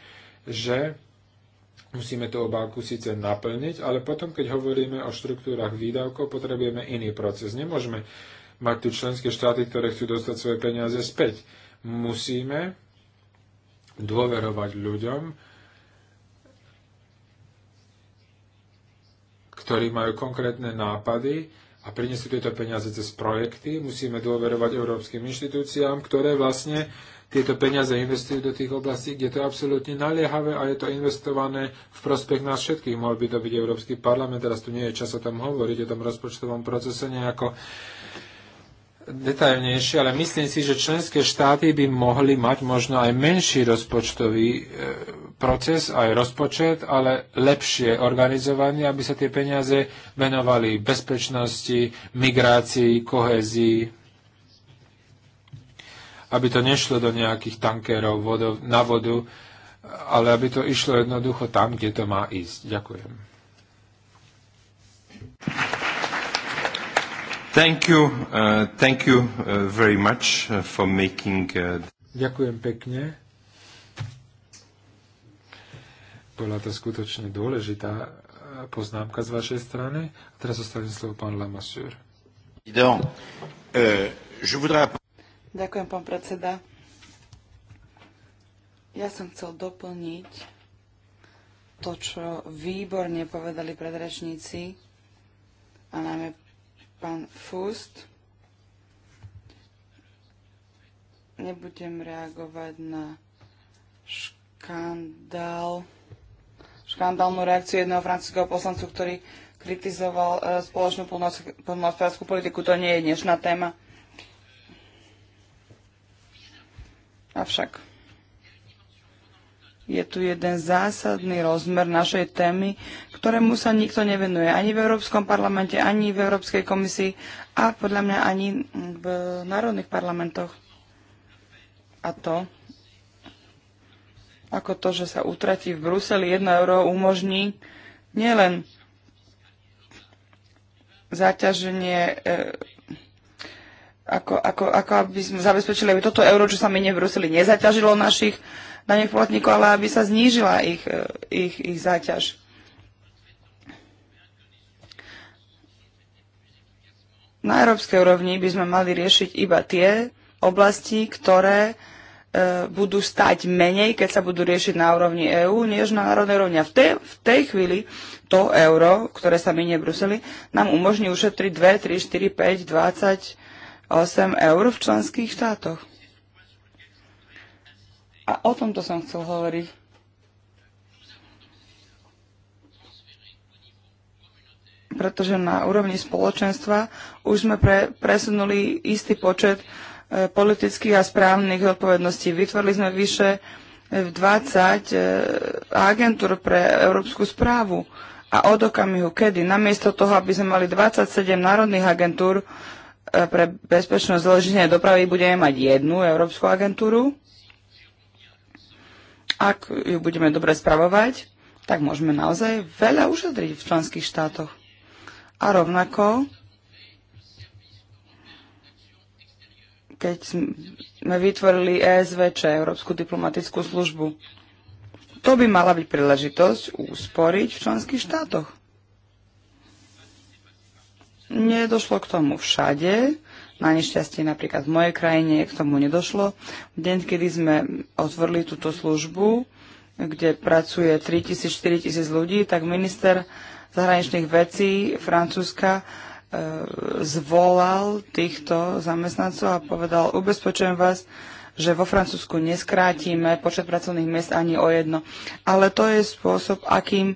že musíme tú obálku síce naplniť, ale potom, keď hovoríme o štruktúrach výdavkov, potrebujeme iný proces. Nemôžeme mať tu členské štáty, ktoré chcú dostať svoje peniaze späť. Musíme dôverovať ľuďom, ktorí majú konkrétne nápady a prinesú tieto peniaze cez projekty. Musíme dôverovať európskym inštitúciám, ktoré vlastne tieto peniaze investujú do tých oblastí, kde to je absolútne naliehavé a je to investované v prospech nás všetkých. Mohol by to byť Európsky parlament, teraz tu nie je čas o tom hovoriť, o tom rozpočtovom procese nejako detailnejšie, ale myslím si, že členské štáty by mohli mať možno aj menší rozpočtový e, proces, aj rozpočet, ale lepšie organizovaný, aby sa tie peniaze venovali bezpečnosti, migrácii, kohezii, aby to nešlo do nejakých tankerov vodov, na vodu, ale aby to išlo jednoducho tam, kde to má ísť. Ďakujem. Thank you, uh, thank you uh, very much uh, for making... Uh... Ďakujem pekne Bola to skutočne dôležitá e, poznámka z vašej strany. A teraz zostavím slovo pán Lamassur. Euh, Ďakujem, pán predseda. Ja som chcel doplniť to, čo výborne povedali predrečníci a najmä pán Fust. Nebudem reagovať na škandál škandálnu reakciu jedného francúzského poslancu, ktorý kritizoval e, spoločnú poľnohospodárskú politiku. To nie je dnešná téma. Avšak je tu jeden zásadný rozmer našej témy, ktorému sa nikto nevenuje ani v Európskom parlamente, ani v Európskej komisii a podľa mňa ani v národných parlamentoch. A to ako to, že sa utratí v Bruseli 1 euro, umožní nielen zaťaženie, e, ako, ako, ako aby sme zabezpečili, aby toto euro, čo sa minie v Bruseli, nezaťažilo našich daných platníkov, ale aby sa znížila ich, e, ich, ich záťaž. Na európskej úrovni by sme mali riešiť iba tie oblasti, ktoré E, budú stať menej, keď sa budú riešiť na úrovni EÚ, než na národnej úrovni. A v tej, v tej chvíli to euro, ktoré sa minie v Bruseli, nám umožní ušetriť 2, 3, 4, 5, 28 eur v členských štátoch. A o tomto som chcel hovoriť. Pretože na úrovni spoločenstva už sme pre, presunuli istý počet uh, E, politických a správnych odpovedností. Vytvorili sme vyše 20 e, agentúr pre európsku správu a od okamihu kedy, namiesto toho, aby sme mali 27 národných agentúr e, pre bezpečnosť zloženia dopravy, budeme mať jednu európsku agentúru. Ak ju budeme dobre spravovať, tak môžeme naozaj veľa ušetriť v členských štátoch. A rovnako keď sme vytvorili ESVČ, Európsku diplomatickú službu. To by mala byť príležitosť úsporiť v členských štátoch. Nedošlo k tomu všade. Na nešťastie napríklad v mojej krajine k tomu nedošlo. V deň, kedy sme otvorili túto službu, kde pracuje 3000-4000 ľudí, tak minister zahraničných vecí Francúzska E, zvolal týchto zamestnancov a povedal, ubezpečujem vás, že vo Francúzsku neskrátime počet pracovných miest ani o jedno. Ale to je spôsob, akým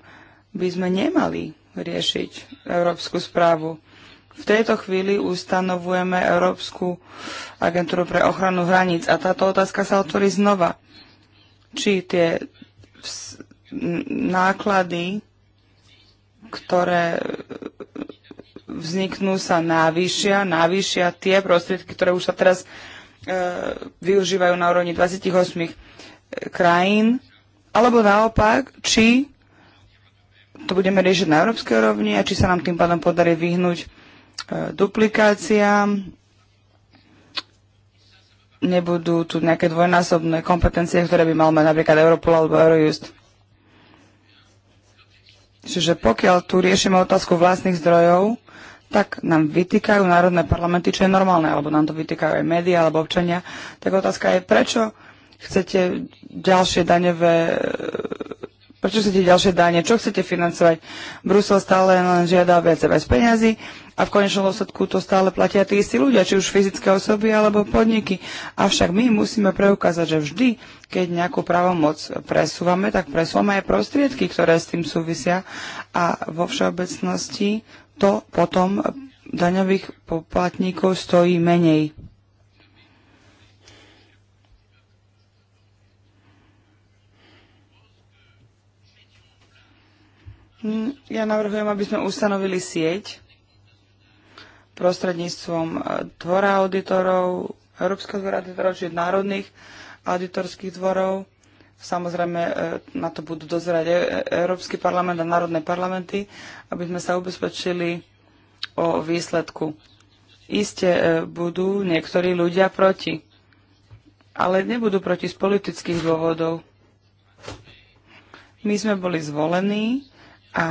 by sme nemali riešiť európsku správu. V tejto chvíli ustanovujeme Európsku agentúru pre ochranu hraníc a táto otázka sa otvorí znova. Či tie náklady, ktoré vzniknú, sa navýšia, navýšia tie prostriedky, ktoré už sa teraz e, využívajú na úrovni 28 e, krajín, alebo naopak, či to budeme riešiť na európskej úrovni a či sa nám tým pádom podarí vyhnúť e, duplikáciám, nebudú tu nejaké dvojnásobné kompetencie, ktoré by mal mať napríklad Europol alebo Eurojust. Čiže pokiaľ tu riešime otázku vlastných zdrojov, tak nám vytýkajú národné parlamenty, čo je normálne, alebo nám to vytýkajú aj médiá, alebo občania. Tak otázka je, prečo chcete ďalšie daňové e, prečo chcete ďalšie dáne, čo chcete financovať. Brusel stále len žiada viac bez peniazy peňazí a v konečnom dôsledku to stále platia tí istí ľudia, či už fyzické osoby alebo podniky. Avšak my musíme preukázať, že vždy, keď nejakú právomoc presúvame, tak presúvame aj prostriedky, ktoré s tým súvisia a vo všeobecnosti to potom daňových poplatníkov stojí menej. Hm, ja navrhujem, aby sme ustanovili sieť prostredníctvom e, dvora auditorov, Európskeho dvora auditorov, čiže národných auditorských dvorov Samozrejme, e, na to budú dozerať e, Európsky parlament a národné parlamenty, aby sme sa ubezpečili o výsledku. Iste e, budú niektorí ľudia proti, ale nebudú proti z politických dôvodov. My sme boli zvolení a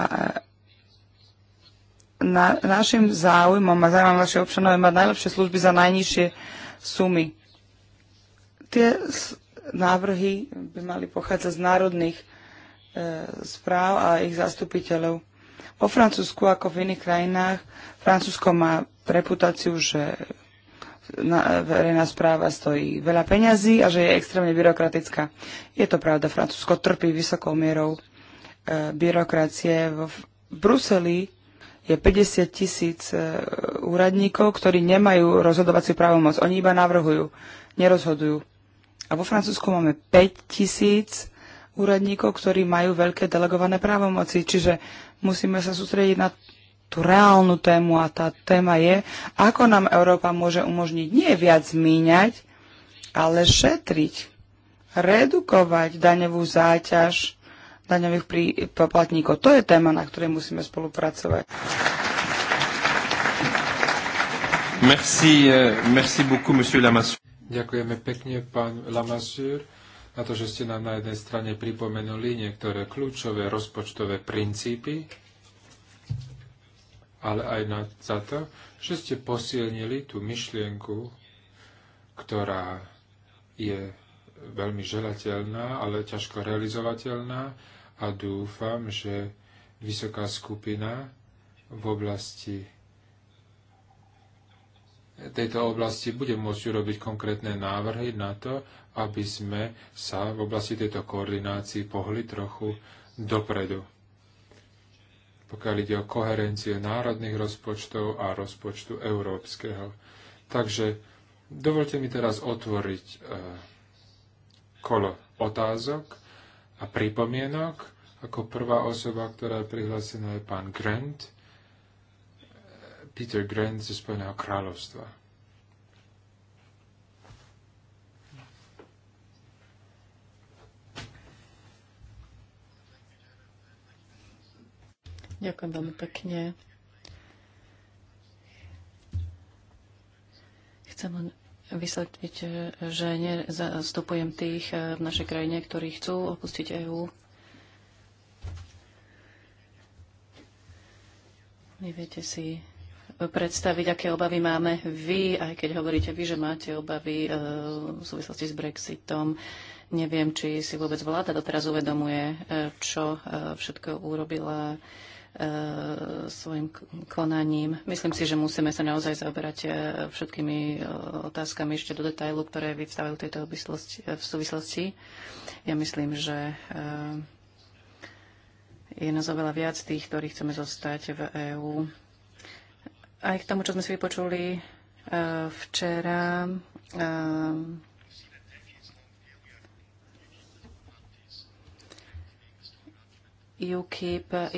na, našim záujmom a záujmom naše občanov je mať najlepšie služby za najnižšie sumy. Tie návrhy by mali pochádzať z národných e, správ a ich zastupiteľov. Po Francúzsku, ako v iných krajinách, Francúzsko má reputáciu, že na, verejná správa stojí veľa peňazí a že je extrémne byrokratická. Je to pravda, Francúzsko trpí vysokou mierou e, byrokracie. V, v Bruseli je 50 tisíc e, úradníkov, ktorí nemajú rozhodovaciu právomoc. Oni iba navrhujú, nerozhodujú. A vo Francúzsku máme 5000 úradníkov, ktorí majú veľké delegované právomoci, čiže musíme sa sústrediť na tú reálnu tému a tá téma je, ako nám Európa môže umožniť nie viac míňať, ale šetriť, redukovať daňovú záťaž daňových poplatníkov. To je téma, na ktorej musíme spolupracovať. Merci, euh, merci beaucoup, monsieur Lamassou. Ďakujeme pekne, pán Lamassur, na to, že ste nám na jednej strane pripomenuli niektoré kľúčové rozpočtové princípy, ale aj na, za to, že ste posilnili tú myšlienku, ktorá je veľmi želateľná, ale ťažko realizovateľná a dúfam, že vysoká skupina v oblasti tejto oblasti bude môcť urobiť konkrétne návrhy na to, aby sme sa v oblasti tejto koordinácii pohli trochu dopredu. Pokiaľ ide o koherenciu národných rozpočtov a rozpočtu európskeho. Takže dovolte mi teraz otvoriť e, kolo otázok a pripomienok. Ako prvá osoba, ktorá je prihlásená, je pán Grant Peter Grant ze Spojeného kráľovstva. Ďakujem veľmi pekne. Chcem len vysvetliť, že nezastupujem tých eh, v našej krajine, ktorí chcú opustiť EÚ. Vy viete si, predstaviť, aké obavy máme vy, aj keď hovoríte vy, že máte obavy e, v súvislosti s Brexitom. Neviem, či si vôbec vláda doteraz uvedomuje, e, čo e, všetko urobila svojim konaním. Myslím si, že musíme sa naozaj zaoberať všetkými otázkami ešte do detailu, ktoré vyvstávajú tejto v súvislosti. Ja myslím, že je nás oveľa viac tých, ktorí chceme zostať v EÚ aj k tomu, čo sme si vypočuli eh, včera. Eh, UKIP eh,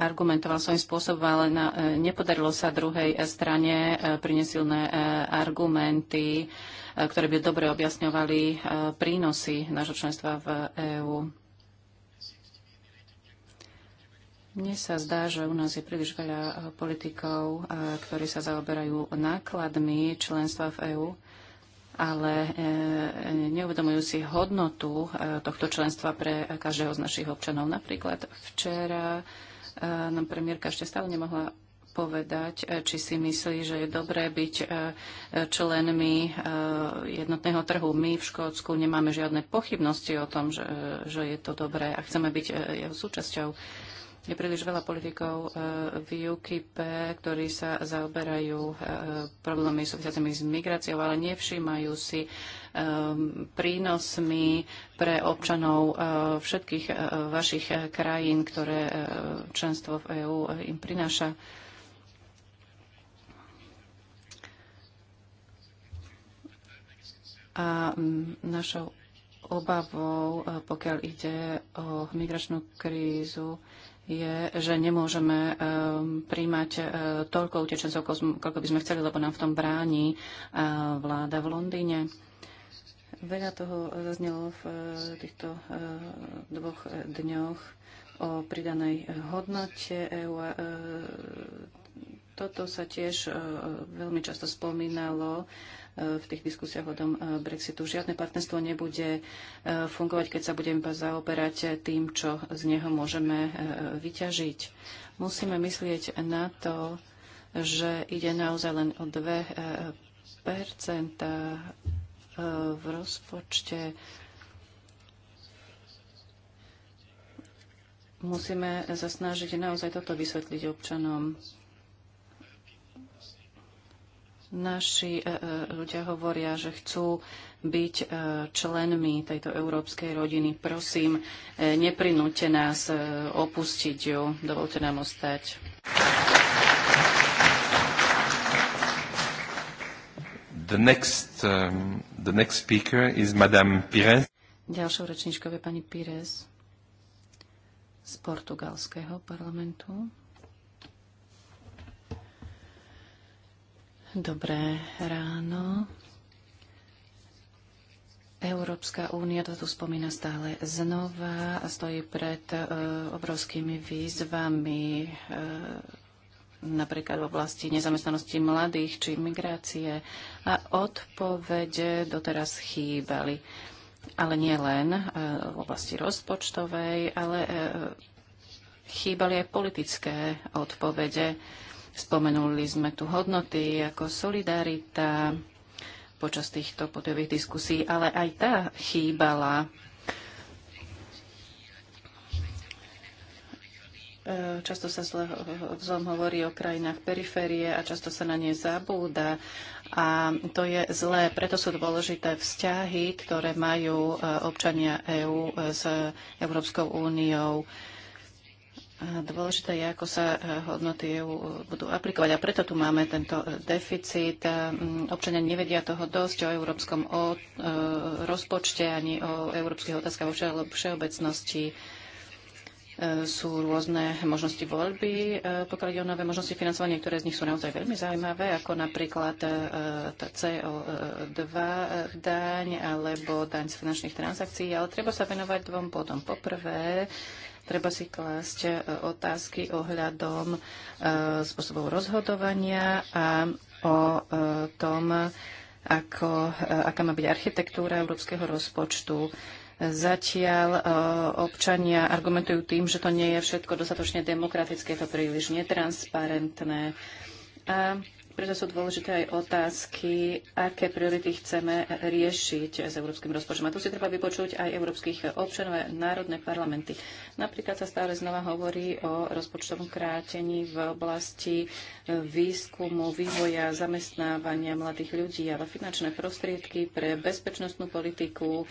argumentoval svojím spôsobom, ale na, nepodarilo sa druhej strane priniesť silné argumenty, ktoré by dobre objasňovali prínosy nášho členstva v EÚ. Mne sa zdá, že u nás je príliš veľa eh, politikov, eh, ktorí sa zaoberajú nákladmi členstva v EÚ, ale eh, neuvedomujú si hodnotu tohto členstva pre každého z našich občanov. Napríklad včera nám premiérka ešte stále nemohla povedať, či si myslí, že je dobré byť členmi jednotného trhu. My v Škótsku nemáme žiadne pochybnosti o tom, že, že je to dobré a chceme byť jeho súčasťou je príliš veľa politikov eh, v UKIP, ktorí sa zaoberajú eh, problémami súvisiacimi s migráciou, ale nevšímajú si eh, prínosmi pre občanov všetkých vašich krajín, ktoré členstvo v EÚ im prináša. A mm, našou obavou, pokiaľ ide o migračnú krízu, je, že nemôžeme eh, príjmať eh, toľko utečencov, koľko by sme chceli, lebo nám v tom bráni eh, vláda v Londýne. Veľa toho zaznelo v týchto dvoch dňoch o pridanej hodnote EU. Toto sa tiež veľmi často spomínalo v tých diskusiách o tom e, Brexitu. Žiadne partnerstvo nebude e, fungovať, keď sa budeme zaoberať e, tým, čo z neho môžeme vyťažiť. Musíme myslieť na to, že ide naozaj len o 2 v rozpočte. Musíme sa snažiť naozaj toto vysvetliť občanom. Naši e, e, ľudia hovoria, že chcú byť e, členmi tejto európskej rodiny. Prosím, neprinúte nás opustiť ju. Dovolte nám ostať. The next, um, the next speaker is Madame Pires. Ďalšou rečničkou je pani Pires z portugalského parlamentu. Dobré ráno. Európska únia, to tu spomína stále znova, stojí pred e, obrovskými výzvami, e, napríklad v oblasti nezamestnanosti mladých či migrácie. A odpovede doteraz chýbali. Ale nie len e, v oblasti rozpočtovej, ale e, chýbali aj politické odpovede. E, Spomenuli sme tu hodnoty ako solidarita počas týchto potových diskusí, ale aj tá chýbala. E, často sa zlom hovorí o krajinách periférie a často sa na ne zabúda. A to je zlé, preto sú dôležité vzťahy, ktoré majú e, občania EÚ e, s Európskou úniou. Dôležité je, ako sa e, hodnoty EU e, budú aplikovať. A preto tu máme tento e, deficit. Občania nevedia toho dosť o európskom o, rozpočte ani o európskych otázkach vo všeobecnosti. Sú rôzne možnosti voľby, pokiaľ ide o nové možnosti financovania, ktoré z nich sú naozaj veľmi zaujímavé, ako napríklad tá CO2 daň alebo daň z finančných transakcií. Ale treba sa venovať dvom bodom. Poprvé, Treba si klásť e, otázky ohľadom e, spôsobov rozhodovania a o e, tom, ako, aká má byť architektúra európskeho rozpočtu. Zatiaľ občania argumentujú tým, že to nie je všetko dostatočne demokratické, to príliš netransparentné a preto sú dôležité aj otázky, aké priority chceme riešiť s európskym rozpočtom. A tu si treba vypočuť aj európskych občanov a národné parlamenty. Napríklad sa stále znova hovorí o rozpočtovom krátení v oblasti výskumu, vývoja, zamestnávania mladých ľudí, ale finančné prostriedky pre bezpečnostnú politiku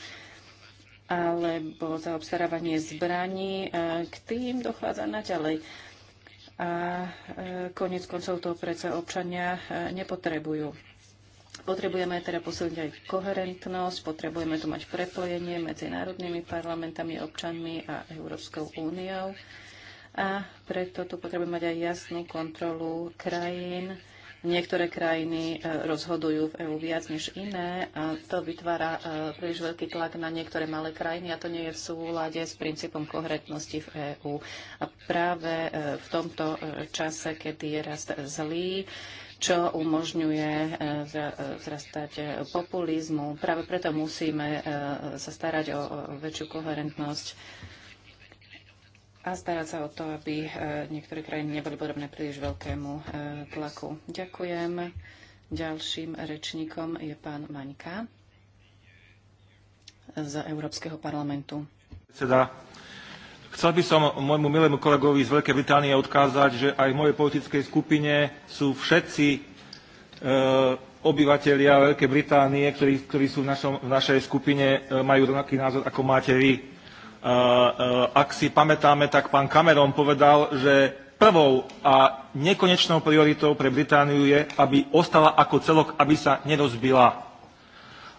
alebo za obstarávanie zbraní. K tým dochádza naďalej a e, konec koncov to predsa občania e, nepotrebujú. Potrebujeme teda posilniť aj koherentnosť, potrebujeme tu mať prepojenie medzi národnými parlamentami, občanmi a Európskou úniou. A preto tu potrebujeme mať aj jasnú kontrolu krajín, Niektoré krajiny e, rozhodujú v EÚ viac než iné a to vytvára e, príliš veľký tlak na niektoré malé krajiny a to nie je v súlade s princípom kohretnosti v EÚ. A práve e, v tomto čase, kedy je rast zlý, čo umožňuje vzrastať populizmu. Práve preto musíme sa starať o väčšiu koherentnosť a starať sa o to, aby e, niektoré krajiny neboli podobné príliš veľkému e, tlaku. Ďakujem. Ďalším rečníkom je pán Maňka z Európskeho parlamentu. Teda, chcel by som môjmu milému kolegovi z Veľkej Británie odkázať, že aj v mojej politickej skupine sú všetci e, obyvateľia Veľkej Británie, ktorí, ktorí sú v, našom, v našej skupine, e, majú rovnaký názor, ako máte vy. Ak si pamätáme, tak pán Cameron povedal, že prvou a nekonečnou prioritou pre Britániu je, aby ostala ako celok, aby sa nerozbila.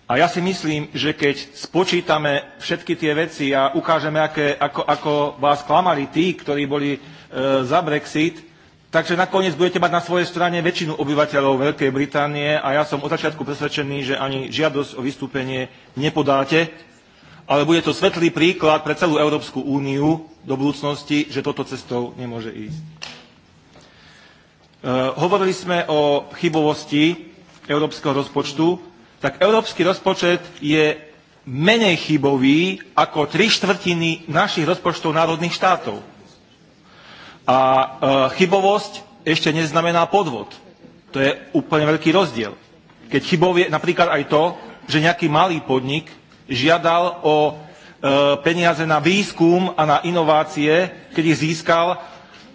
A ja si myslím, že keď spočítame všetky tie veci a ukážeme, aké, ako, ako vás klamali tí, ktorí boli e, za Brexit, takže nakoniec budete mať na svojej strane väčšinu obyvateľov Veľkej Británie a ja som od začiatku presvedčený, že ani žiadosť o vystúpenie nepodáte, ale bude to svetlý príklad pre celú Európsku úniu do budúcnosti, že toto cestou nemôže ísť. E, hovorili sme o chybovosti európskeho rozpočtu, tak európsky rozpočet je menej chybový ako tri štvrtiny našich rozpočtov národných štátov. A e, chybovosť ešte neznamená podvod. To je úplne veľký rozdiel. Keď chybov je napríklad aj to, že nejaký malý podnik žiadal o e, peniaze na výskum a na inovácie, keď ich získal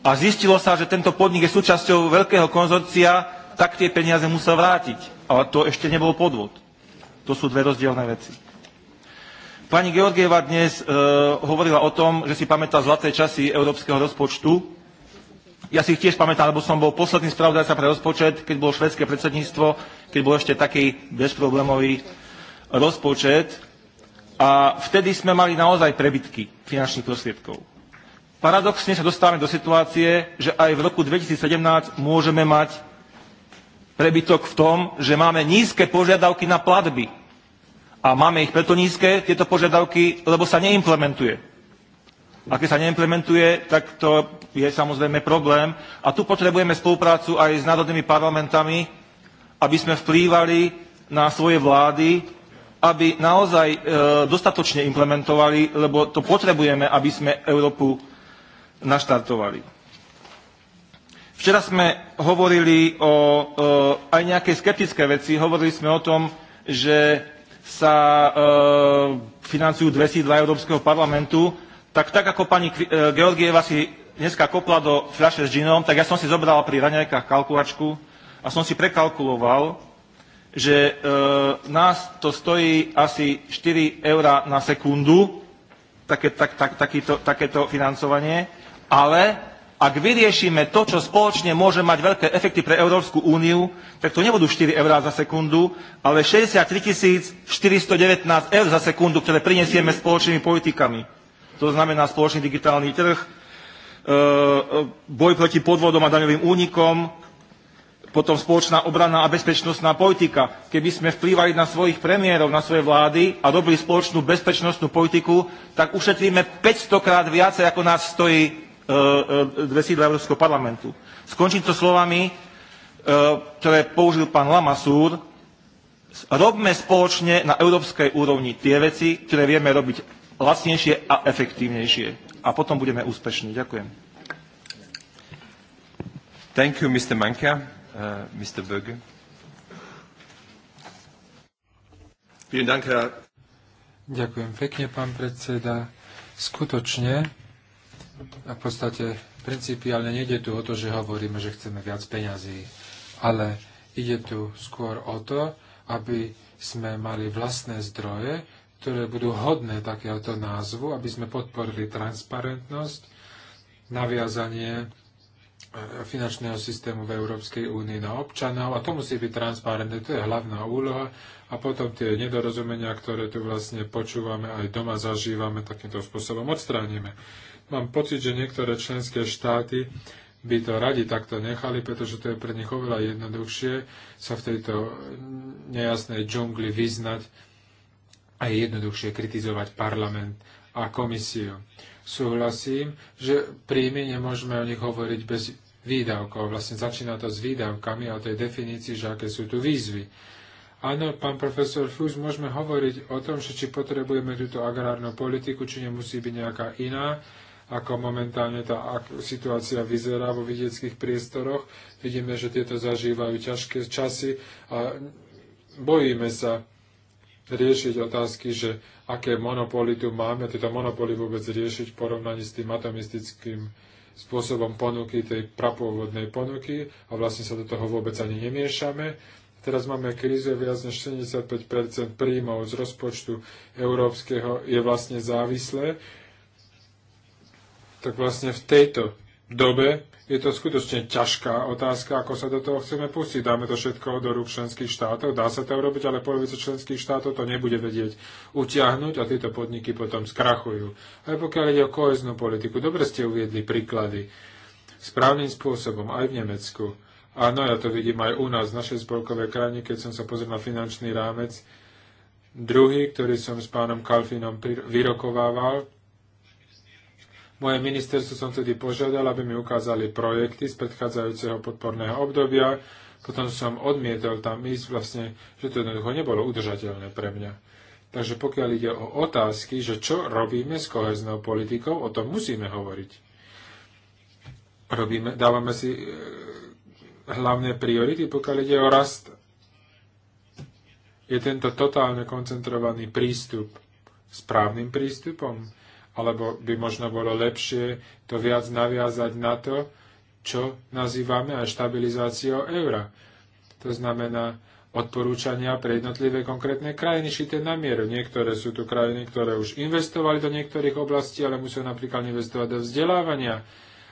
a zistilo sa, že tento podnik je súčasťou veľkého konzorcia, tak tie peniaze musel vrátiť. Ale to ešte nebol podvod. To sú dve rozdielne veci. Pani Georgieva dnes e, hovorila o tom, že si pamätá zlaté časy európskeho rozpočtu. Ja si ich tiež pamätám, lebo som bol posledný spravodajca pre rozpočet, keď bolo švedské predsedníctvo, keď bol ešte taký bezproblémový rozpočet a vtedy sme mali naozaj prebytky finančných prostriedkov. Paradoxne sa dostávame do situácie, že aj v roku 2017 môžeme mať prebytok v tom, že máme nízke požiadavky na platby. A máme ich preto nízke, tieto požiadavky, lebo sa neimplementuje. A keď sa neimplementuje, tak to je samozrejme problém. A tu potrebujeme spoluprácu aj s národnými parlamentami, aby sme vplývali na svoje vlády aby naozaj e, dostatočne implementovali, lebo to potrebujeme, aby sme Európu naštartovali. Včera sme hovorili o e, aj nejakej skeptické veci. Hovorili sme o tom, že sa e, financujú dve sídla Európskeho parlamentu. Tak tak ako pani Georgieva si dneska kopla do fľaše s džinom, tak ja som si zobral pri raňajkách kalkulačku a som si prekalkuloval, že e, nás to stojí asi 4 eur na sekundu, také, tak, tak, takýto, takéto financovanie, ale ak vyriešime to, čo spoločne môže mať veľké efekty pre Európsku úniu, tak to nebudú 4 eurá za sekundu, ale 63 419 eur za sekundu, ktoré prinesieme spoločnými politikami. To znamená spoločný digitálny trh, e, e, boj proti podvodom a daňovým únikom, potom spoločná obranná a bezpečnostná politika. Keby sme vplývali na svojich premiérov, na svoje vlády a robili spoločnú bezpečnostnú politiku, tak ušetríme 500 krát viacej, ako nás stojí e, e, dve sídla Európskeho parlamentu. Skončím to slovami, e, ktoré použil pán Lamasúr. Robme spoločne na európskej úrovni tie veci, ktoré vieme robiť lacnejšie a efektívnejšie. A potom budeme úspešní. Ďakujem. Thank you, Mr. Manka. Uh, Mr. Böge. Ďakujem pekne, pán predseda. Skutočne a v podstate principiálne nejde tu o to, že hovoríme, že chceme viac peňazí, ale ide tu skôr o to, aby sme mali vlastné zdroje, ktoré budú hodné takéhoto názvu, aby sme podporili transparentnosť, naviazanie finančného systému v Európskej únii na občanov a to musí byť transparentné, to je hlavná úloha a potom tie nedorozumenia, ktoré tu vlastne počúvame aj doma zažívame, takýmto spôsobom odstránime. Mám pocit, že niektoré členské štáty by to radi takto nechali, pretože to je pre nich oveľa jednoduchšie sa v tejto nejasnej džungli vyznať a je jednoduchšie kritizovať parlament a komisiu súhlasím, že príjmy nemôžeme o nich hovoriť bez výdavkov. Vlastne začína to s výdavkami a tej definícii, že aké sú tu výzvy. Áno, pán profesor Fus, môžeme hovoriť o tom, že či potrebujeme túto agrárnu politiku, či nemusí byť nejaká iná, ako momentálne tá situácia vyzerá vo vidieckých priestoroch. Vidíme, že tieto zažívajú ťažké časy a bojíme sa riešiť otázky, že aké monopoly tu máme, tieto monopoly vôbec riešiť v porovnaní s tým atomistickým spôsobom ponuky, tej prapôvodnej ponuky a vlastne sa do toho vôbec ani nemiešame. Teraz máme krízu, viac než 75 príjmov z rozpočtu európskeho je vlastne závislé. Tak vlastne v tejto dobe je to skutočne ťažká otázka, ako sa do toho chceme pustiť. Dáme to všetko do rúk členských štátov, dá sa to urobiť, ale polovica členských štátov to nebude vedieť utiahnuť a tieto podniky potom skrachujú. Aj pokiaľ ide o koheznú politiku, dobre ste uviedli príklady. Správnym spôsobom, aj v Nemecku. Áno, ja to vidím aj u nás, v našej spolkovej krajine, keď som sa pozrel na finančný rámec. Druhý, ktorý som s pánom Kalfinom vyrokovával, moje ministerstvo som tedy požiadal, aby mi ukázali projekty z predchádzajúceho podporného obdobia. Potom som odmietol tam ísť vlastne, že to jednoducho nebolo udržateľné pre mňa. Takže pokiaľ ide o otázky, že čo robíme s koheznou politikou, o tom musíme hovoriť. Robíme, dávame si e, hlavné priority, pokiaľ ide o rast. Je tento totálne koncentrovaný prístup správnym prístupom? alebo by možno bolo lepšie to viac naviazať na to, čo nazývame aj štabilizáciou eura. To znamená odporúčania pre jednotlivé konkrétne krajiny šité na mieru. Niektoré sú tu krajiny, ktoré už investovali do niektorých oblastí, ale musia napríklad investovať do vzdelávania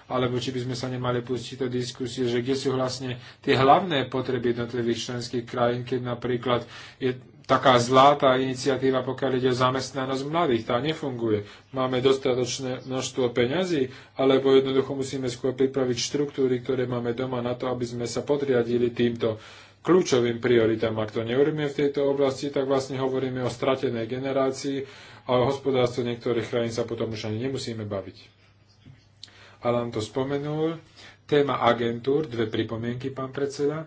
alebo či by sme sa nemali pustiť do diskusie, že kde sú vlastne tie hlavné potreby jednotlivých členských krajín, keď napríklad je taká zlá tá iniciatíva, pokiaľ ide o zamestnanosť mladých. Tá nefunguje. Máme dostatočné množstvo peňazí, alebo jednoducho musíme skôr pripraviť štruktúry, ktoré máme doma na to, aby sme sa podriadili týmto kľúčovým prioritám. Ak to neurobíme v tejto oblasti, tak vlastne hovoríme o stratenej generácii a o hospodárstve niektorých krajín sa potom už ani nemusíme baviť. Alan to spomenul. Téma agentúr, dve pripomienky, pán predseda.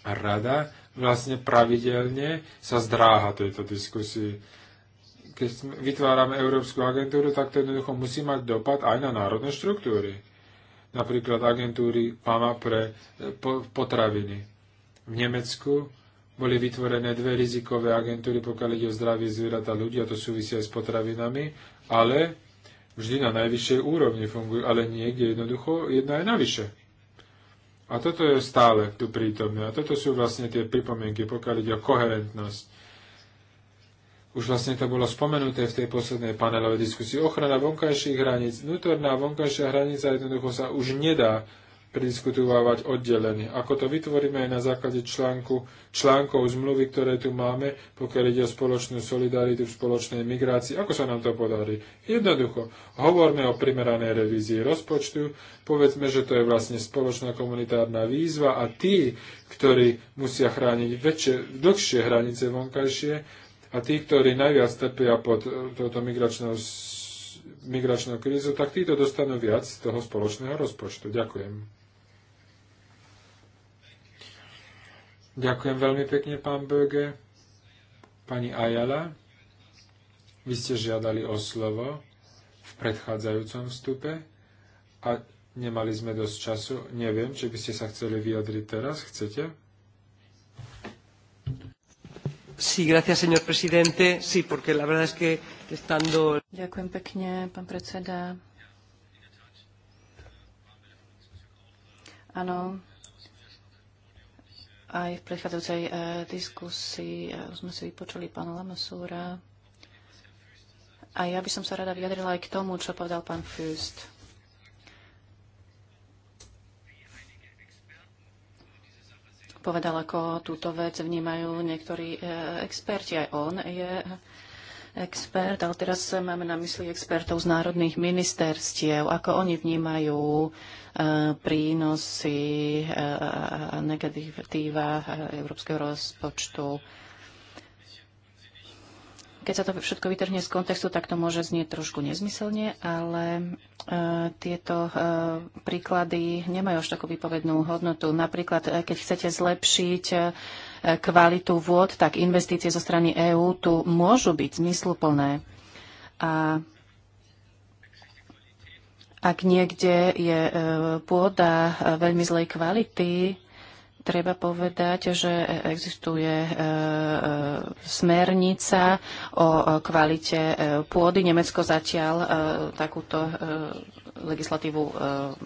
Rada vlastne pravidelne sa zdráha tejto diskusii. Keď vytvárame Európsku agentúru, tak to jednoducho musí mať dopad aj na národné štruktúry. Napríklad agentúry PAMA pre e, potraviny. V Nemecku boli vytvorené dve rizikové agentúry, pokiaľ ide o zdravie zvieratá ľudí, a to súvisia aj s potravinami, ale vždy na najvyššej úrovni fungujú, ale niekde jednoducho jedna je navyše. A toto je stále tu prítomné. A toto sú vlastne tie pripomienky, pokiaľ ide o koherentnosť. Už vlastne to bolo spomenuté v tej poslednej panelovej diskusii. Ochrana vonkajších hraníc. Vnútorná vonkajšia hranica jednoducho sa už nedá prediskutovávať oddelenie. Ako to vytvoríme aj na základe článku, článkov zmluvy, ktoré tu máme, pokiaľ ide o spoločnú solidaritu v spoločnej migrácii, ako sa nám to podarí? Jednoducho, hovorme o primeranej revízii rozpočtu, povedzme, že to je vlastne spoločná komunitárna výzva a tí, ktorí musia chrániť väčšie, dlhšie hranice vonkajšie a tí, ktorí najviac trpia pod eh, touto migračnou migračnú krízu, tak títo dostanú viac z toho spoločného rozpočtu. Ďakujem. Ďakujem veľmi pekne, pán Böge. Pani Ajala, vy ste žiadali o slovo v predchádzajúcom vstupe a nemali sme dosť času. Neviem, či by ste sa chceli vyjadriť teraz. Chcete? Sí, gracias, señor presidente. Sí, porque la verdad es que estando... Ďakujem pekne, pán predseda. Áno, aj v predchádzajúcej e, diskusii e, sme si vypočuli pána Lamasúra. A ja by som sa rada vyjadrila aj k tomu, čo povedal pán Fürst. Povedal, ako túto vec vnímajú niektorí e, experti. Aj on je expert, ale teraz máme na mysli expertov z národných ministerstiev, ako oni vnímajú eh, prínosy a eh, negatíva eh, európskeho rozpočtu. Keď sa to všetko vytrhne z kontextu, tak to môže znieť trošku nezmyselne, ale tieto príklady nemajú až takú výpovednú hodnotu. Napríklad, keď chcete zlepšiť kvalitu vôd, tak investície zo strany EÚ tu môžu byť zmysluplné. A ak niekde je e, pôda e, veľmi zlej kvality, treba povedať, že existuje e, smernica o kvalite pôdy. Nemecko zatiaľ takúto legislatívu e,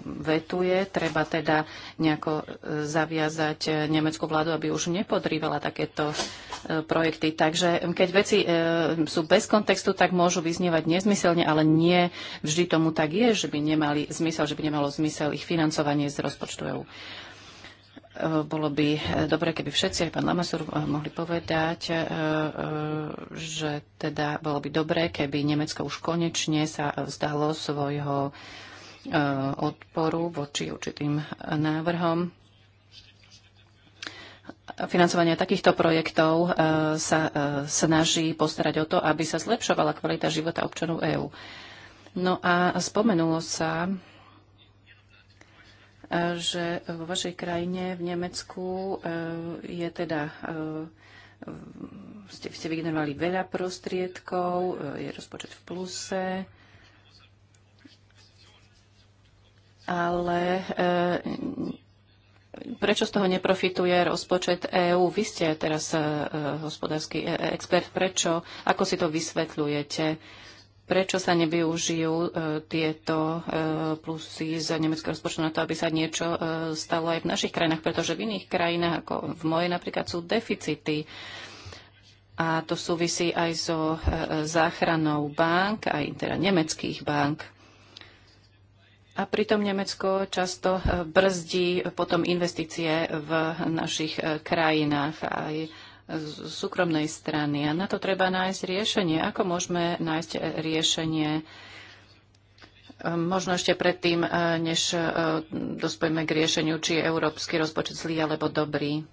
vetuje. Treba teda nejako e, zaviazať e, nemeckú vládu, aby už nepodrývala takéto projekty. Takže keď veci sú bez kontextu, tak môžu vyznievať nezmyselne, ale nie vždy tomu tak je, že by nemali zmysel, že by nemalo zmysel ich financovanie z rozpočtu EU bolo by dobre, keby všetci, aj pán Lamasur, mohli povedať, že teda bolo by dobre, keby Nemecko už konečne sa vzdalo svojho E, odporu voči určitým návrhom. Financovanie takýchto projektov e, sa e, snaží postarať o to, aby sa zlepšovala kvalita života občanov EÚ. No a spomenulo sa, že vo vašej krajine v Nemecku je teda ste, ste vygenerovali veľa prostriedkov, je rozpočet v pluse, ale e, prečo z toho neprofituje rozpočet EÚ? Vy ste teraz e, hospodársky e, expert. Prečo? Ako si to vysvetľujete? Prečo sa nevyužijú tieto plusy z nemeckého rozpočtu na to, aby sa niečo stalo aj v našich krajinách? Pretože v iných krajinách, ako v mojej napríklad, sú deficity. A to súvisí aj so záchranou bank, aj teda nemeckých bank. A pritom Nemecko často e, brzdí potom investície v našich e, krajinách aj z súkromnej strany. A na to treba nájsť riešenie. Ako môžeme nájsť e, riešenie? Možno ešte predtým, než dospojme k riešeniu, či je európsky rozpočet zlý alebo dobrý.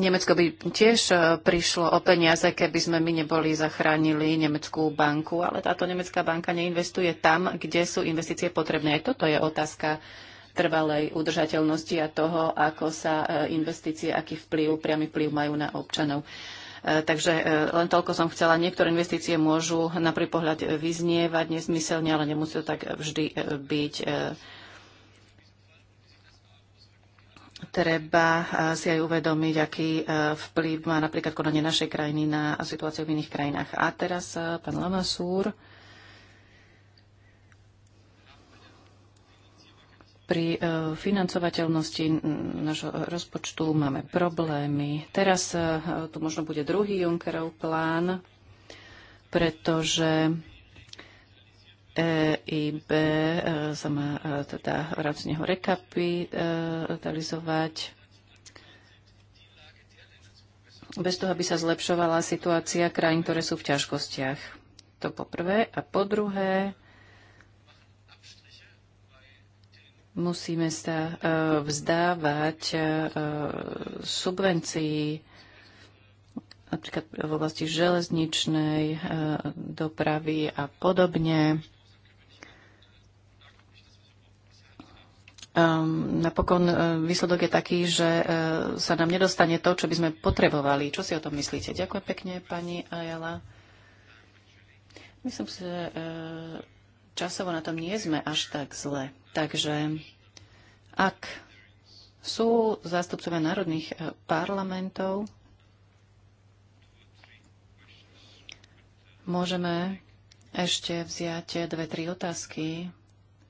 Nemecko by tiež e, prišlo o peniaze, keby sme my neboli zachránili nemeckú banku, ale táto nemecká banka neinvestuje tam, kde sú investície potrebné. Aj toto je otázka trvalej udržateľnosti a toho, ako sa e, investície, aký vplyv, priamy vplyv majú na občanov. E, takže len toľko som chcela. Niektoré investície môžu na prvý pohľad vyznievať nesmyselne, ale nemusí to tak vždy byť treba eh, si aj uvedomiť, aký eh, vplyv má napríklad konanie našej krajiny na situáciu v iných krajinách. A teraz eh, pán Lamasúr. Pri financovateľnosti nášho rozpočtu máme problémy. Teraz tu možno bude druhý Junckerov plán, pretože EIB e, sa má e, teda v rámci neho rekapitalizovať bez toho, aby sa zlepšovala situácia krajín, ktoré sú v ťažkostiach. To po prvé. A po druhé, musíme sa e, vzdávať subvencií napríklad v oblasti železničnej dopravy a podobne. Um, napokon uh, výsledok je taký, že uh, sa nám nedostane to, čo by sme potrebovali. Čo si o tom myslíte? Ďakujem pekne, pani Ajala. Myslím si, že uh, časovo na tom nie sme až tak zle. Takže ak sú zástupcovia národných parlamentov, môžeme ešte vziať dve, tri otázky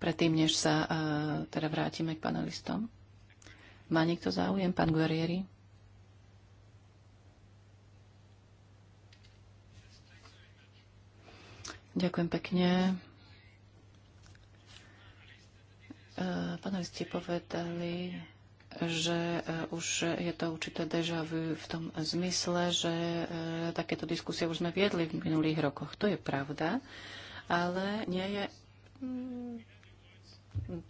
predtým, než sa e, teda vrátime k panelistom. Má niekto záujem? Pán Guerrieri? Ďakujem pekne. E, panelisti povedali, že e, už je to určité deja vu v tom zmysle, že takéto diskusie už sme viedli v minulých rokoch. To je pravda, ale nie je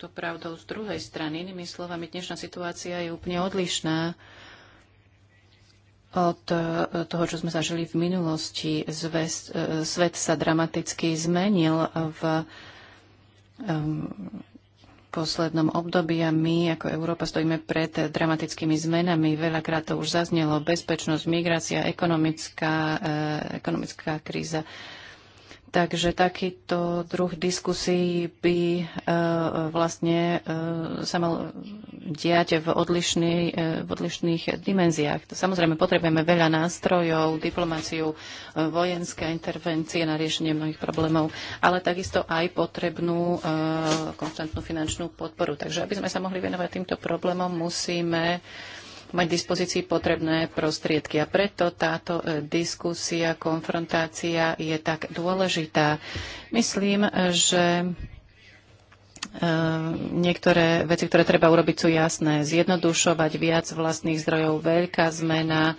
to pravdou z druhej strany. Inými slovami, dnešná situácia je úplne odlišná od e, toho, čo sme zažili v minulosti. Zves, e, svet sa dramaticky zmenil v um, poslednom období a my ako Európa stojíme pred dramatickými zmenami. Veľakrát to už zaznelo. Bezpečnosť, migrácia, ekonomická, e, ekonomická kríza. Takže takýto druh diskusí by e, vlastne e, sa mal diať v, odlišný, e, v odlišných dimenziách. Samozrejme, potrebujeme veľa nástrojov, diplomáciu, vojenské intervencie na riešenie mnohých problémov, ale takisto aj potrebnú konštantnú finančnú podporu. Takže aby sme sa mohli venovať týmto problémom, musíme mať dispozícii potrebné prostriedky. A preto táto e, diskusia, konfrontácia je tak dôležitá. Myslím, že e, niektoré veci, ktoré treba urobiť, sú jasné. Zjednodušovať viac vlastných zdrojov, veľká zmena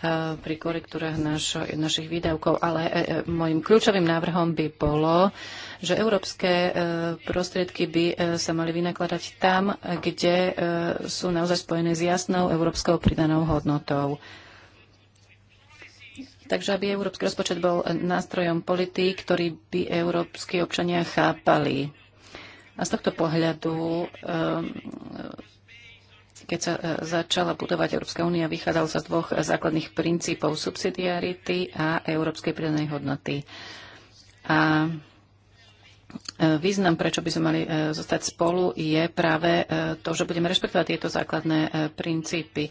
Eh, pri korektúrach naš, našich výdavkov, ale eh, eh, môjim kľúčovým návrhom by bolo, že európske prostriedky by sa mali vynakladať tam, kde sú naozaj spojené s jasnou európskou pridanou hodnotou. Takže aby európsky rozpočet bol nástrojom politík, ktorý by európsky občania chápali. A z tohto pohľadu um, keď sa e, začala budovať Európska únia, vychádzal sa z dvoch e, základných princípov subsidiarity a európskej pridanej hodnoty. A e, Význam, prečo by sme mali zostať spolu, je práve to, že budeme rešpektovať tieto základné princípy.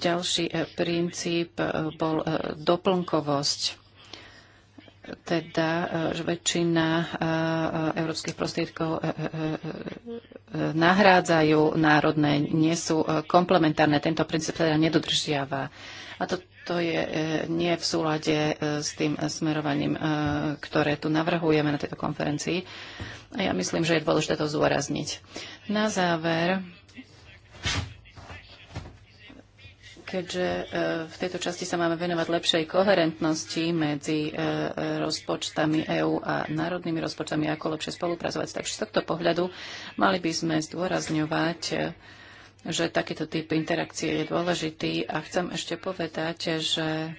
Ďalší princíp bol doplnkovosť teda, e, že väčšina e, e, európskych prostriedkov nahrádzajú národné, nie sú komplementárne. Tento princíp teda nedodržiava. A to, to je nie v súlade s tým smerovaním, ktoré tu navrhujeme na tejto konferencii. A ja myslím, že je dôležité to zúrazniť. Na záver keďže e, v tejto časti sa máme venovať lepšej koherentnosti medzi e, rozpočtami EÚ a národnými rozpočtami, ako lepšie spolupracovať. Takže z tohto pohľadu mali by sme zdôrazňovať, e, že takýto typ interakcie je dôležitý. A chcem ešte povedať, že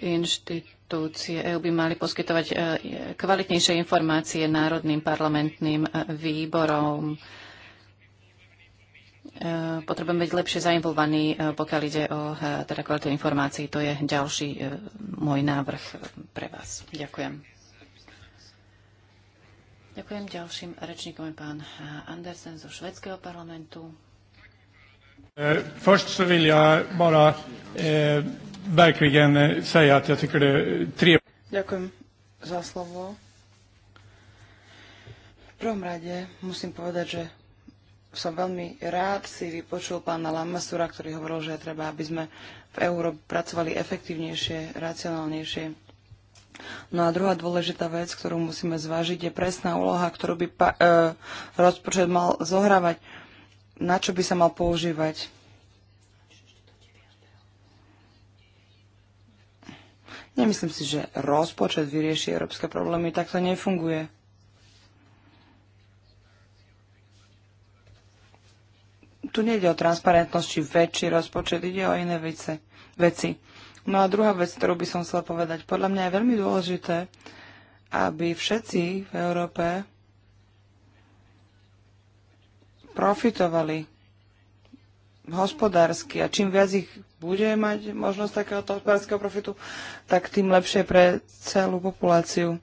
inštitúcie EÚ by mali poskytovať kvalitnejšie informácie národným parlamentným výborom Eh, potrebujeme byť lepšie zainvolvaní, eh, pokiaľ ide o eh, teda kvalitu informácií. To je ďalší môj návrh pre vás. Ďakujem. Ďakujem ďalším rečníkom je pán Andersen zo švedského parlamentu. Först så vill jag bara eh, verkligen säga att jag tycker det är trevligt. Ďakujem za slovo. V prvom rade musím povedať, že som veľmi rád si vypočul pána Lamasura, ktorý hovoril, že treba, aby sme v Európe pracovali efektívnejšie, racionálnejšie. No a druhá dôležitá vec, ktorú musíme zvážiť, je presná úloha, ktorú by pa, e, rozpočet mal zohrávať, na čo by sa mal používať. Nemyslím si, že rozpočet vyrieši európske problémy, tak to nefunguje. tu nejde o transparentnosť či väčší rozpočet, ide o iné veci. veci. No a druhá vec, ktorú by som chcela povedať, podľa mňa je veľmi dôležité, aby všetci v Európe profitovali hospodársky a čím viac ich bude mať možnosť takéhoto hospodárskeho profitu, tak tým lepšie pre celú populáciu.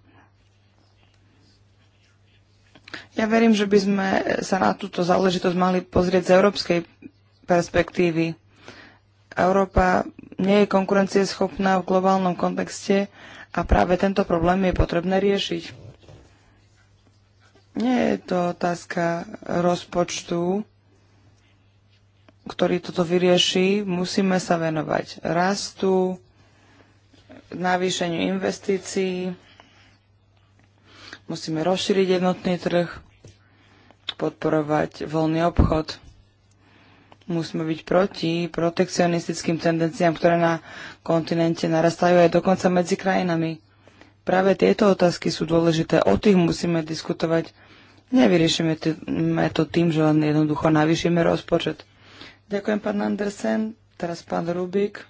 Ja verím, že by sme sa na túto záležitosť mali pozrieť z európskej perspektívy. Európa nie je konkurencieschopná v globálnom kontexte a práve tento problém je potrebné riešiť. Nie je to otázka rozpočtu, ktorý toto vyrieši. Musíme sa venovať rastu, navýšeniu investícií, Musíme rozšíriť jednotný trh, podporovať voľný obchod. Musíme byť proti protekcionistickým tendenciám, ktoré na kontinente narastajú aj dokonca medzi krajinami. Práve tieto otázky sú dôležité, o tých musíme diskutovať. Nevyriešime to tým, že len jednoducho navýšime rozpočet. Ďakujem, pán Andersen. Teraz pán Rubik.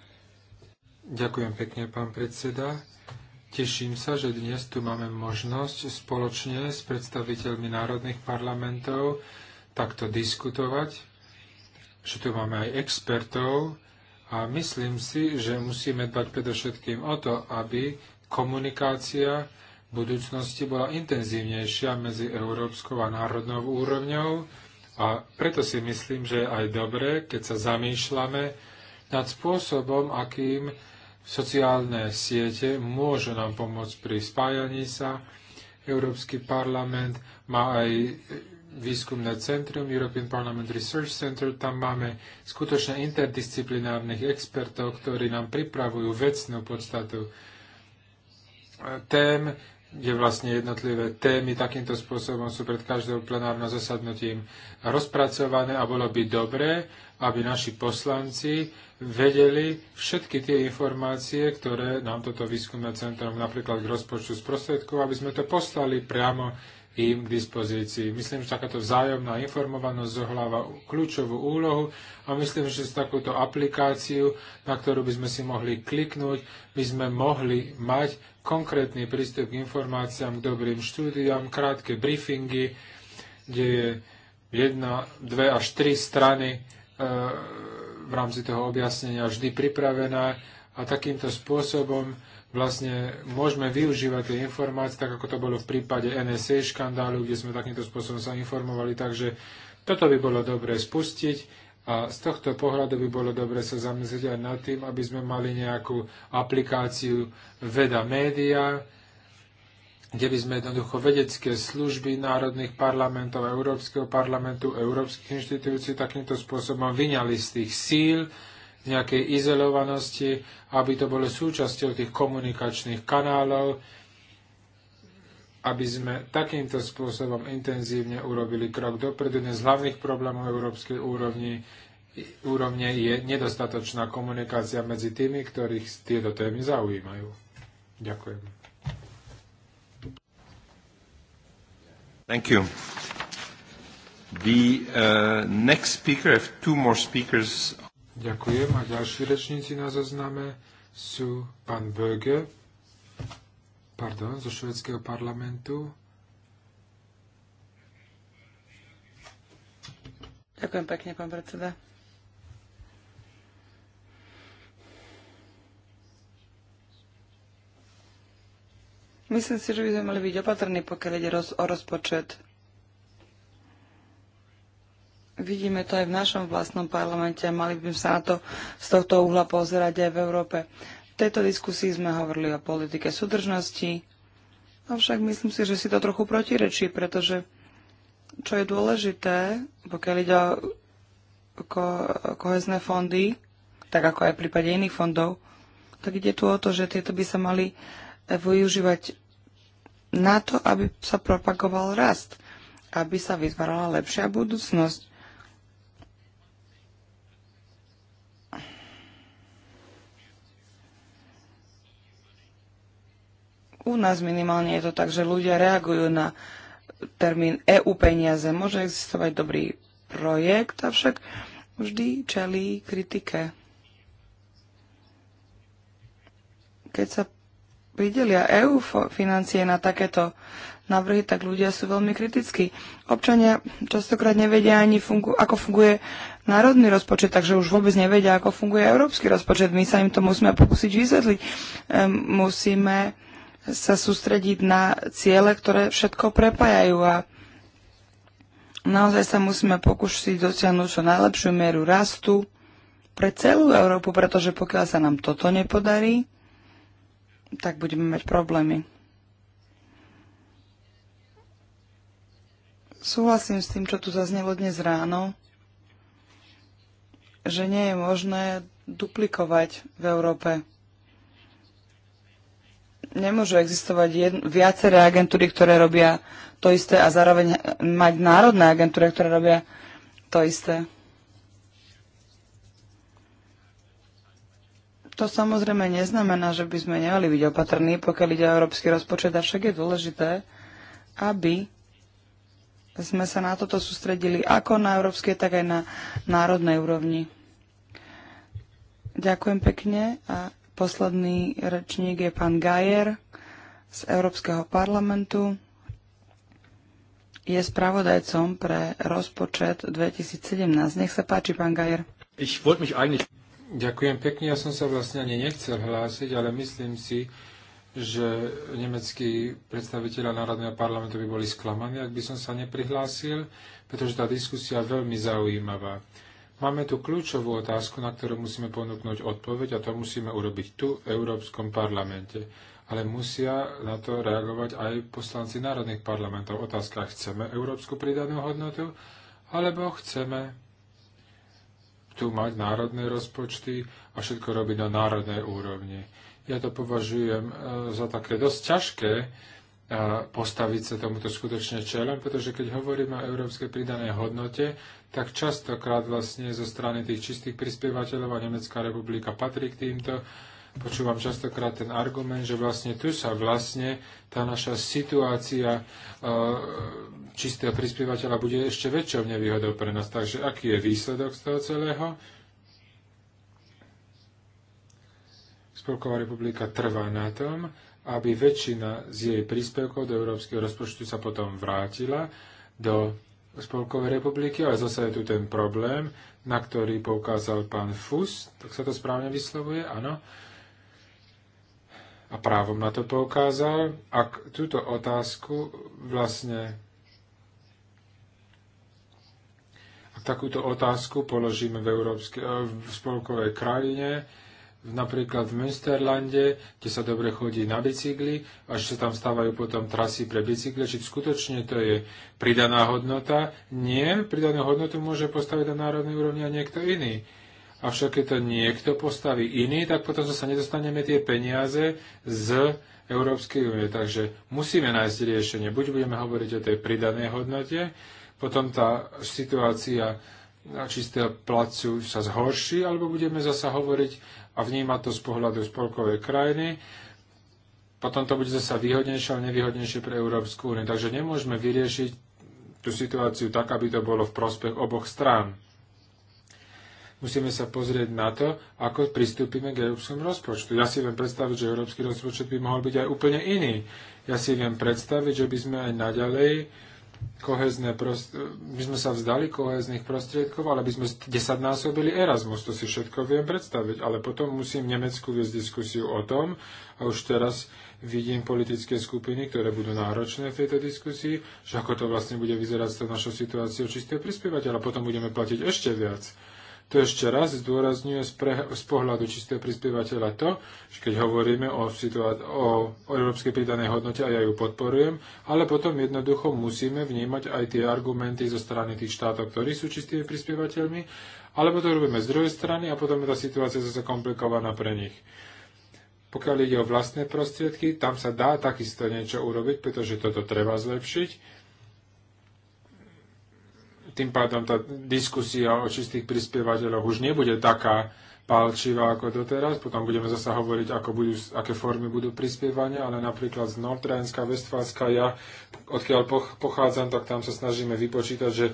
Ďakujem pekne, pán predseda. Teším sa, že dnes tu máme možnosť spoločne s predstaviteľmi národných parlamentov takto diskutovať, že tu máme aj expertov a myslím si, že musíme dbať predovšetkým o to, aby komunikácia v budúcnosti bola intenzívnejšia medzi európskou a národnou úrovňou a preto si myslím, že je aj dobre, keď sa zamýšľame nad spôsobom, akým Sociálne siete môže nám pomôcť pri spájaní sa. Európsky parlament má aj výskumné centrum, European Parliament Research Center. Tam máme skutočne interdisciplinárnych expertov, ktorí nám pripravujú vecnú podstatu tém, kde vlastne jednotlivé témy takýmto spôsobom sú pred každou plenárnym zasadnutím rozpracované a bolo by dobré, aby naši poslanci vedeli všetky tie informácie, ktoré nám toto výskumné centrum napríklad k rozpočtu z prostriedkov, aby sme to poslali priamo im k dispozícii. Myslím, že takáto vzájomná informovanosť zohláva kľúčovú úlohu a myslím, že z takúto aplikáciu, na ktorú by sme si mohli kliknúť, by sme mohli mať konkrétny prístup k informáciám, k dobrým štúdiám, krátke briefingy, kde je jedna, dve až tri strany e, v rámci toho objasnenia vždy pripravená a takýmto spôsobom vlastne môžeme využívať tie informácie, tak ako to bolo v prípade NSA škandálu, kde sme takýmto spôsobom sa informovali, takže toto by bolo dobré spustiť a z tohto pohľadu by bolo dobre sa zamyslieť aj nad tým, aby sme mali nejakú aplikáciu veda média, kde by sme jednoducho vedecké služby národných parlamentov, Európskeho parlamentu, európskych inštitúcií takýmto spôsobom vyňali z tých síl, z nejakej izolovanosti, aby to bolo súčasťou tých komunikačných kanálov, aby sme takýmto spôsobom intenzívne urobili krok dopredu. Jeden z hlavných problémov európskej úrovni, úrovne je nedostatočná komunikácia medzi tými, ktorých tieto témy zaujímajú. Ďakujem. Thank you. The uh, next speaker, have two more speakers. Ďakujem. A ďalší rečníci na zozname sú pán Böge, pardon, zo švedského parlamentu. Ďakujem pekne, pán predseda. Myslím si, že by sme mali byť opatrní, pokiaľ ide roz, o rozpočet. Vidíme to aj v našom vlastnom parlamente a mali by sme sa na to z tohto uhla pozerať aj v Európe tejto diskusii sme hovorili o politike súdržnosti, avšak myslím si, že si to trochu protirečí, pretože čo je dôležité, pokiaľ ide o ko- kohezné fondy, tak ako aj v prípade iných fondov, tak ide tu o to, že tieto by sa mali využívať na to, aby sa propagoval rast, aby sa vytvárala lepšia budúcnosť. U nás minimálne je to tak, že ľudia reagujú na termín EU peniaze. Môže existovať dobrý projekt, avšak vždy čelí kritike. Keď sa pridelia EU financie na takéto návrhy, tak ľudia sú veľmi kritickí. Občania častokrát nevedia ani, fungu- ako funguje národný rozpočet, takže už vôbec nevedia, ako funguje európsky rozpočet. My sa im to musíme pokúsiť vysvetliť. Musíme sa sústrediť na ciele, ktoré všetko prepájajú a naozaj sa musíme pokúsiť dosiahnuť čo najlepšiu mieru rastu pre celú Európu, pretože pokiaľ sa nám toto nepodarí, tak budeme mať problémy. Súhlasím s tým, čo tu zaznelo dnes ráno, že nie je možné duplikovať v Európe nemôžu existovať viaceré agentúry, ktoré robia to isté a zároveň mať národné agentúry, ktoré robia to isté. To samozrejme neznamená, že by sme nemali byť opatrní, pokiaľ ide o európsky rozpočet, a však je dôležité, aby sme sa na toto sústredili ako na európskej, tak aj na národnej úrovni. Ďakujem pekne a Posledný rečník je pán Gajer z Európskeho parlamentu. Je spravodajcom pre rozpočet 2017. Nech sa páči, pán Gajer. Ďakujem pekne, ja som sa vlastne ani nechcel hlásiť, ale myslím si, že nemeckí predstaviteľa Národného parlamentu by boli sklamaní, ak by som sa neprihlásil, pretože tá diskusia je veľmi zaujímavá. Máme tu kľúčovú otázku, na ktorú musíme ponúknuť odpoveď a to musíme urobiť tu, v Európskom parlamente. Ale musia na to reagovať aj poslanci národných parlamentov. Otázka, chceme európsku pridanú hodnotu, alebo chceme tu mať národné rozpočty a všetko robiť na národnej úrovni. Ja to považujem eh, za také dosť ťažké, postaviť sa tomuto skutočne čelom, pretože keď hovoríme o európskej pridanej hodnote, tak častokrát vlastne zo strany tých čistých prispievateľov a Nemecká republika patrí k týmto. Počúvam častokrát ten argument, že vlastne tu sa vlastne tá naša situácia e, čistého prispievateľa bude ešte väčšou nevýhodou pre nás. Takže aký je výsledok z toho celého? Spolková republika trvá na tom, aby väčšina z jej príspevkov do európskeho rozpočtu sa potom vrátila do Spolkovej republiky, ale zase je tu ten problém, na ktorý poukázal pán Fus, tak sa to správne vyslovuje, áno, a právom na to poukázal, ak túto otázku vlastne ak takúto otázku položíme v, Európske, v spolkovej krajine, napríklad v Münsterlande, kde sa dobre chodí na bicykli a že sa tam stávajú potom trasy pre bicykle, či skutočne to je pridaná hodnota. Nie, pridanú hodnotu môže postaviť na národnej úrovni a niekto iný. Avšak keď to niekto postaví iný, tak potom sa nedostaneme tie peniaze z Európskej únie. Takže musíme nájsť riešenie. Buď budeme hovoriť o tej pridanej hodnote, potom tá situácia čistého placu sa zhorší, alebo budeme zasa hovoriť a vníma to z pohľadu spolkovej krajiny, potom to bude zase výhodnejšie, ale nevýhodnejšie pre Európsku úniu. Takže nemôžeme vyriešiť tú situáciu tak, aby to bolo v prospech oboch strán. Musíme sa pozrieť na to, ako pristúpime k európskom rozpočtu. Ja si viem predstaviť, že európsky rozpočet by mohol byť aj úplne iný. Ja si viem predstaviť, že by sme aj naďalej uh, kohezné prost- by sme sa vzdali kohezných prostriedkov, ale by sme desaťnásobili Erasmus, to si všetko viem predstaviť. Ale potom musím v Nemecku viesť diskusiu o tom, a už teraz vidím politické skupiny, ktoré budú náročné v tejto diskusii, že ako to vlastne bude vyzerať s tou našou situáciou čistého prispievateľa. Potom budeme platiť ešte viac. To ešte raz zdôrazňuje z, pre, z pohľadu čistého prispievateľa to, že keď hovoríme o, situá- o, o európskej pridanej hodnote a ja ju podporujem, ale potom jednoducho musíme vnímať aj tie argumenty zo strany tých štátov, ktorí sú čistými prispievateľmi, alebo to robíme z druhej strany a potom je tá situácia zase komplikovaná pre nich. Pokiaľ ide o vlastné prostriedky, tam sa dá takisto niečo urobiť, pretože toto treba zlepšiť tým pádom tá diskusia o čistých prispievateľoch už nebude taká palčivá ako doteraz. Potom budeme zasa hovoriť, ako budú, aké formy budú prispievania, ale napríklad z Nordránska, Vestfálska, ja odkiaľ pochádzam, tak tam sa snažíme vypočítať, že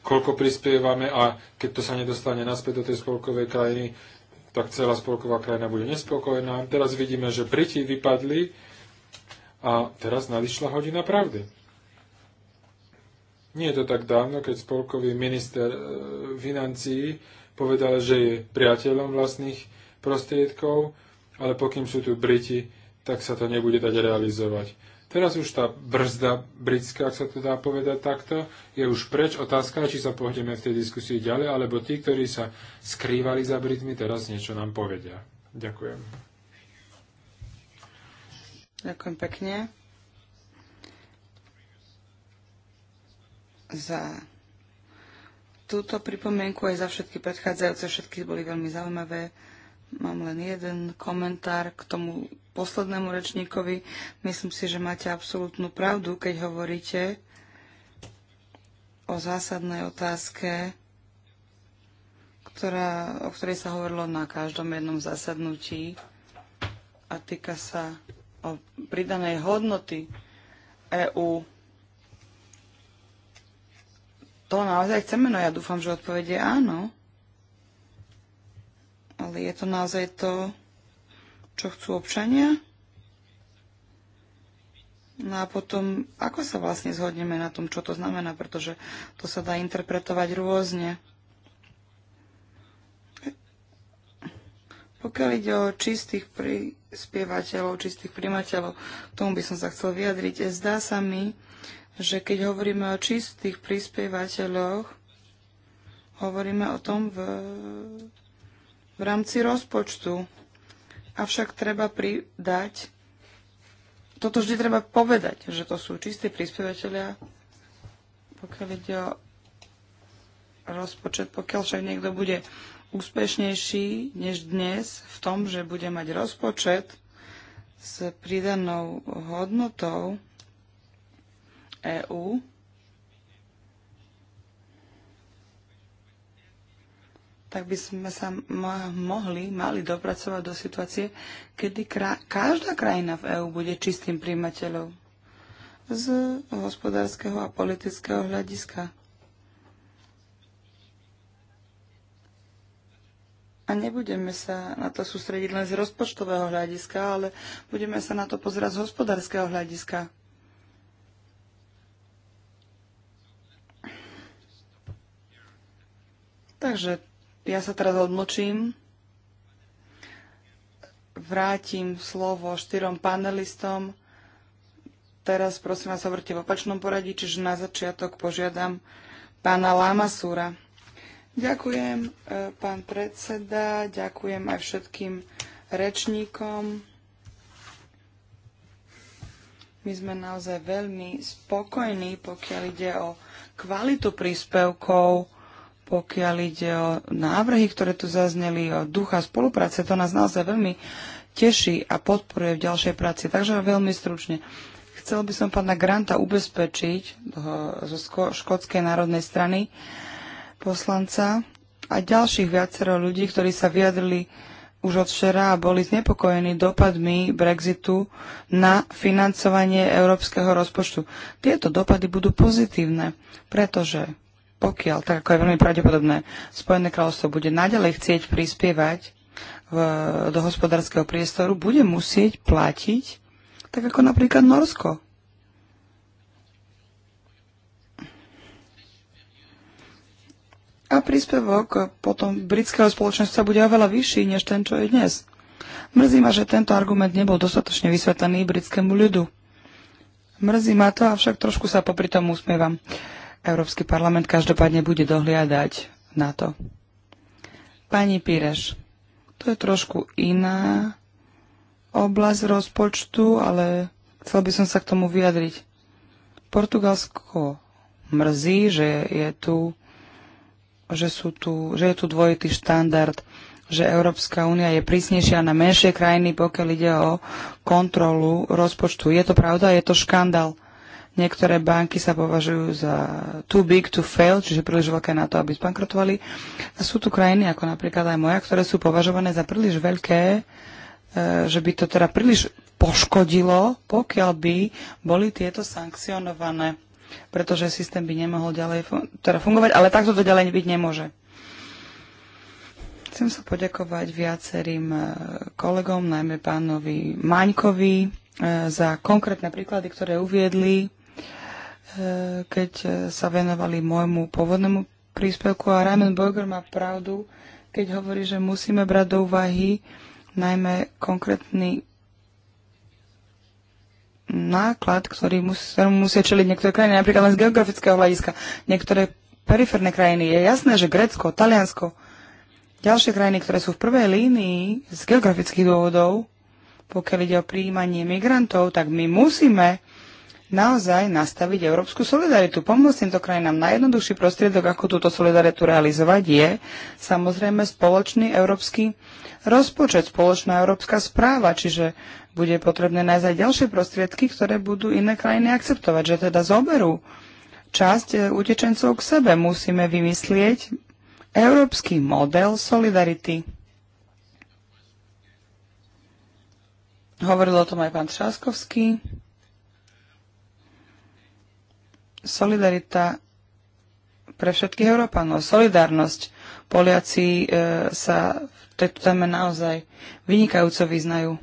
koľko prispievame a keď to sa nedostane naspäť do tej spolkovej krajiny, tak celá spolková krajina bude nespokojná. Teraz vidíme, že Briti vypadli a teraz nadišla hodina pravdy. Nie je to tak dávno, keď spolkový minister e, financií povedal, že je priateľom vlastných prostriedkov, ale pokým sú tu Briti, tak sa to nebude dať realizovať. Teraz už tá brzda britská, ak sa to dá povedať takto, je už preč. Otázka či sa pôjdeme v tej diskusii ďalej, alebo tí, ktorí sa skrývali za Britmi, teraz niečo nám povedia. Ďakujem. Ďakujem pekne. za túto pripomienku aj za všetky predchádzajúce. Všetky boli veľmi zaujímavé. Mám len jeden komentár k tomu poslednému rečníkovi. Myslím si, že máte absolútnu pravdu, keď hovoríte o zásadnej otázke, ktorá, o ktorej sa hovorilo na každom jednom zasadnutí a týka sa o pridanej hodnoty EÚ to naozaj chceme? No ja dúfam, že odpovede áno. Ale je to naozaj to, čo chcú občania? No a potom, ako sa vlastne zhodneme na tom, čo to znamená, pretože to sa dá interpretovať rôzne. Pokiaľ ide o čistých prispievateľov, čistých primateľov, tomu by som sa chcel vyjadriť. Zdá sa mi, že keď hovoríme o čistých prispievateľoch, hovoríme o tom v, v rámci rozpočtu. Avšak treba pridať, toto vždy treba povedať, že to sú čistí prispievateľia, pokiaľ ide o rozpočet, pokiaľ však niekto bude úspešnejší než dnes v tom, že bude mať rozpočet s pridanou hodnotou, EÚ. tak by sme sa mohli, mali dopracovať do situácie, kedy kra- každá krajina v EÚ bude čistým príjmateľom z hospodárskeho a politického hľadiska. A nebudeme sa na to sústrediť len z rozpočtového hľadiska, ale budeme sa na to pozerať z hospodárskeho hľadiska. Takže ja sa teraz odmlčím. Vrátim slovo štyrom panelistom. Teraz prosím vás, hovorte v opačnom poradí, čiže na začiatok požiadam pána Lamasúra. Ďakujem, e, pán predseda, ďakujem aj všetkým rečníkom. My sme naozaj veľmi spokojní, pokiaľ ide o kvalitu príspevkov pokiaľ ide o návrhy, ktoré tu zazneli, o ducha spolupráce, to nás naozaj veľmi teší a podporuje v ďalšej práci. Takže veľmi stručne. Chcel by som pána Granta ubezpečiť zo Škótskej národnej strany poslanca a ďalších viacero ľudí, ktorí sa vyjadrili už od včera a boli znepokojení dopadmi Brexitu na financovanie európskeho rozpočtu. Tieto dopady budú pozitívne, pretože pokiaľ, tak ako je veľmi pravdepodobné, Spojené kráľovstvo bude naďalej chcieť prispievať v, do hospodárskeho priestoru, bude musieť platiť, tak ako napríklad Norsko. A príspevok potom britského spoločenstva bude oveľa vyšší než ten, čo je dnes. Mrzí ma, že tento argument nebol dostatočne vysvetlený britskému ľudu. Mrzí ma to, avšak trošku sa popri tom usmievam. Uh, Európsky parlament každopádne bude dohliadať na to. Pani Píreš, to je trošku iná oblasť rozpočtu, ale chcel by som sa k tomu vyjadriť. Portugalsko mrzí, že je tu že, sú tu, že je tu dvojitý štandard, že Európska únia je prísnejšia na menšie krajiny, pokiaľ ide o kontrolu rozpočtu. Je to pravda? Je to škandál? Niektoré banky sa považujú za too big to fail, čiže príliš veľké na to, aby spankrotovali. A sú tu krajiny, ako napríklad aj moja, ktoré sú považované za príliš veľké, e, že by to teda príliš poškodilo, pokiaľ by boli tieto sankcionované. Pretože systém by nemohol ďalej fun- teda fungovať, ale takto to ďalej byť nemôže. Chcem sa poďakovať viacerým e, kolegom, najmä pánovi Maňkovi, e, za konkrétne príklady, ktoré uviedli Eh, keď eh, sa venovali môjmu pôvodnému príspevku a Raymond Burger má pravdu, keď hovorí, že musíme brať do úvahy najmä konkrétny náklad, ktorý mus, musia čeliť niektoré krajiny, napríklad len z geografického hľadiska. Niektoré periférne krajiny. Je jasné, že Grécko, Taliansko, ďalšie krajiny, ktoré sú v prvej línii z geografických dôvodov, pokiaľ ide o príjmanie migrantov, tak my musíme naozaj nastaviť európsku solidaritu. Pomôcť týmto krajinám. Najjednoduchší prostriedok, ako túto solidaritu realizovať, je samozrejme spoločný európsky rozpočet, spoločná európska správa, čiže bude potrebné nájsť aj ďalšie prostriedky, ktoré budú iné krajiny akceptovať, že teda zoberú časť e, utečencov k sebe. Musíme vymyslieť európsky model solidarity. Hovoril o tom aj pán Třáskovský solidarita pre všetkých Európanov, solidárnosť. Poliaci e, sa v tejto téme naozaj vynikajúco vyznajú.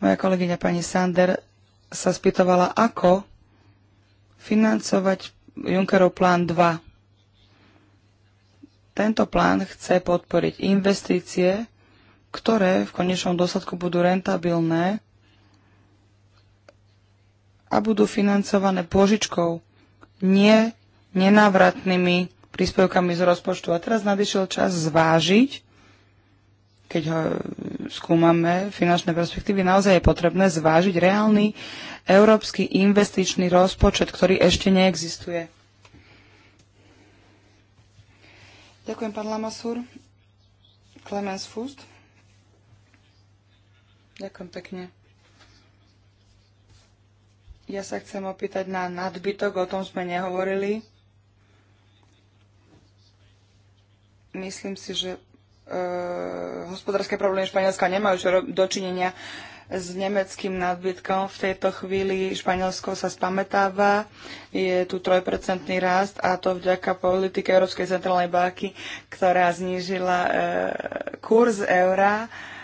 Moja kolegyňa pani Sander sa spýtovala, ako financovať Junckerov plán 2. Tento plán chce podporiť investície, ktoré v konečnom dôsledku budú rentabilné a budú financované pôžičkou, nie nenávratnými príspevkami z rozpočtu. A teraz nadišiel čas zvážiť, keď ho e, skúmame finančné perspektívy, naozaj je potrebné zvážiť reálny európsky investičný rozpočet, ktorý ešte neexistuje. Ďakujem, pán Lamasur. Clemens Fust. Ďakujem pekne. Ja sa chcem opýtať na nadbytok, o tom sme nehovorili. Myslím si, že e, hospodárske problémy Španielska nemajú čo dočinenia s nemeckým nadbytkom. V tejto chvíli Španielsko sa spametáva, je tu trojpercentný rast a to vďaka politike Európskej centrálnej banky, ktorá znížila e, kurz eura. E,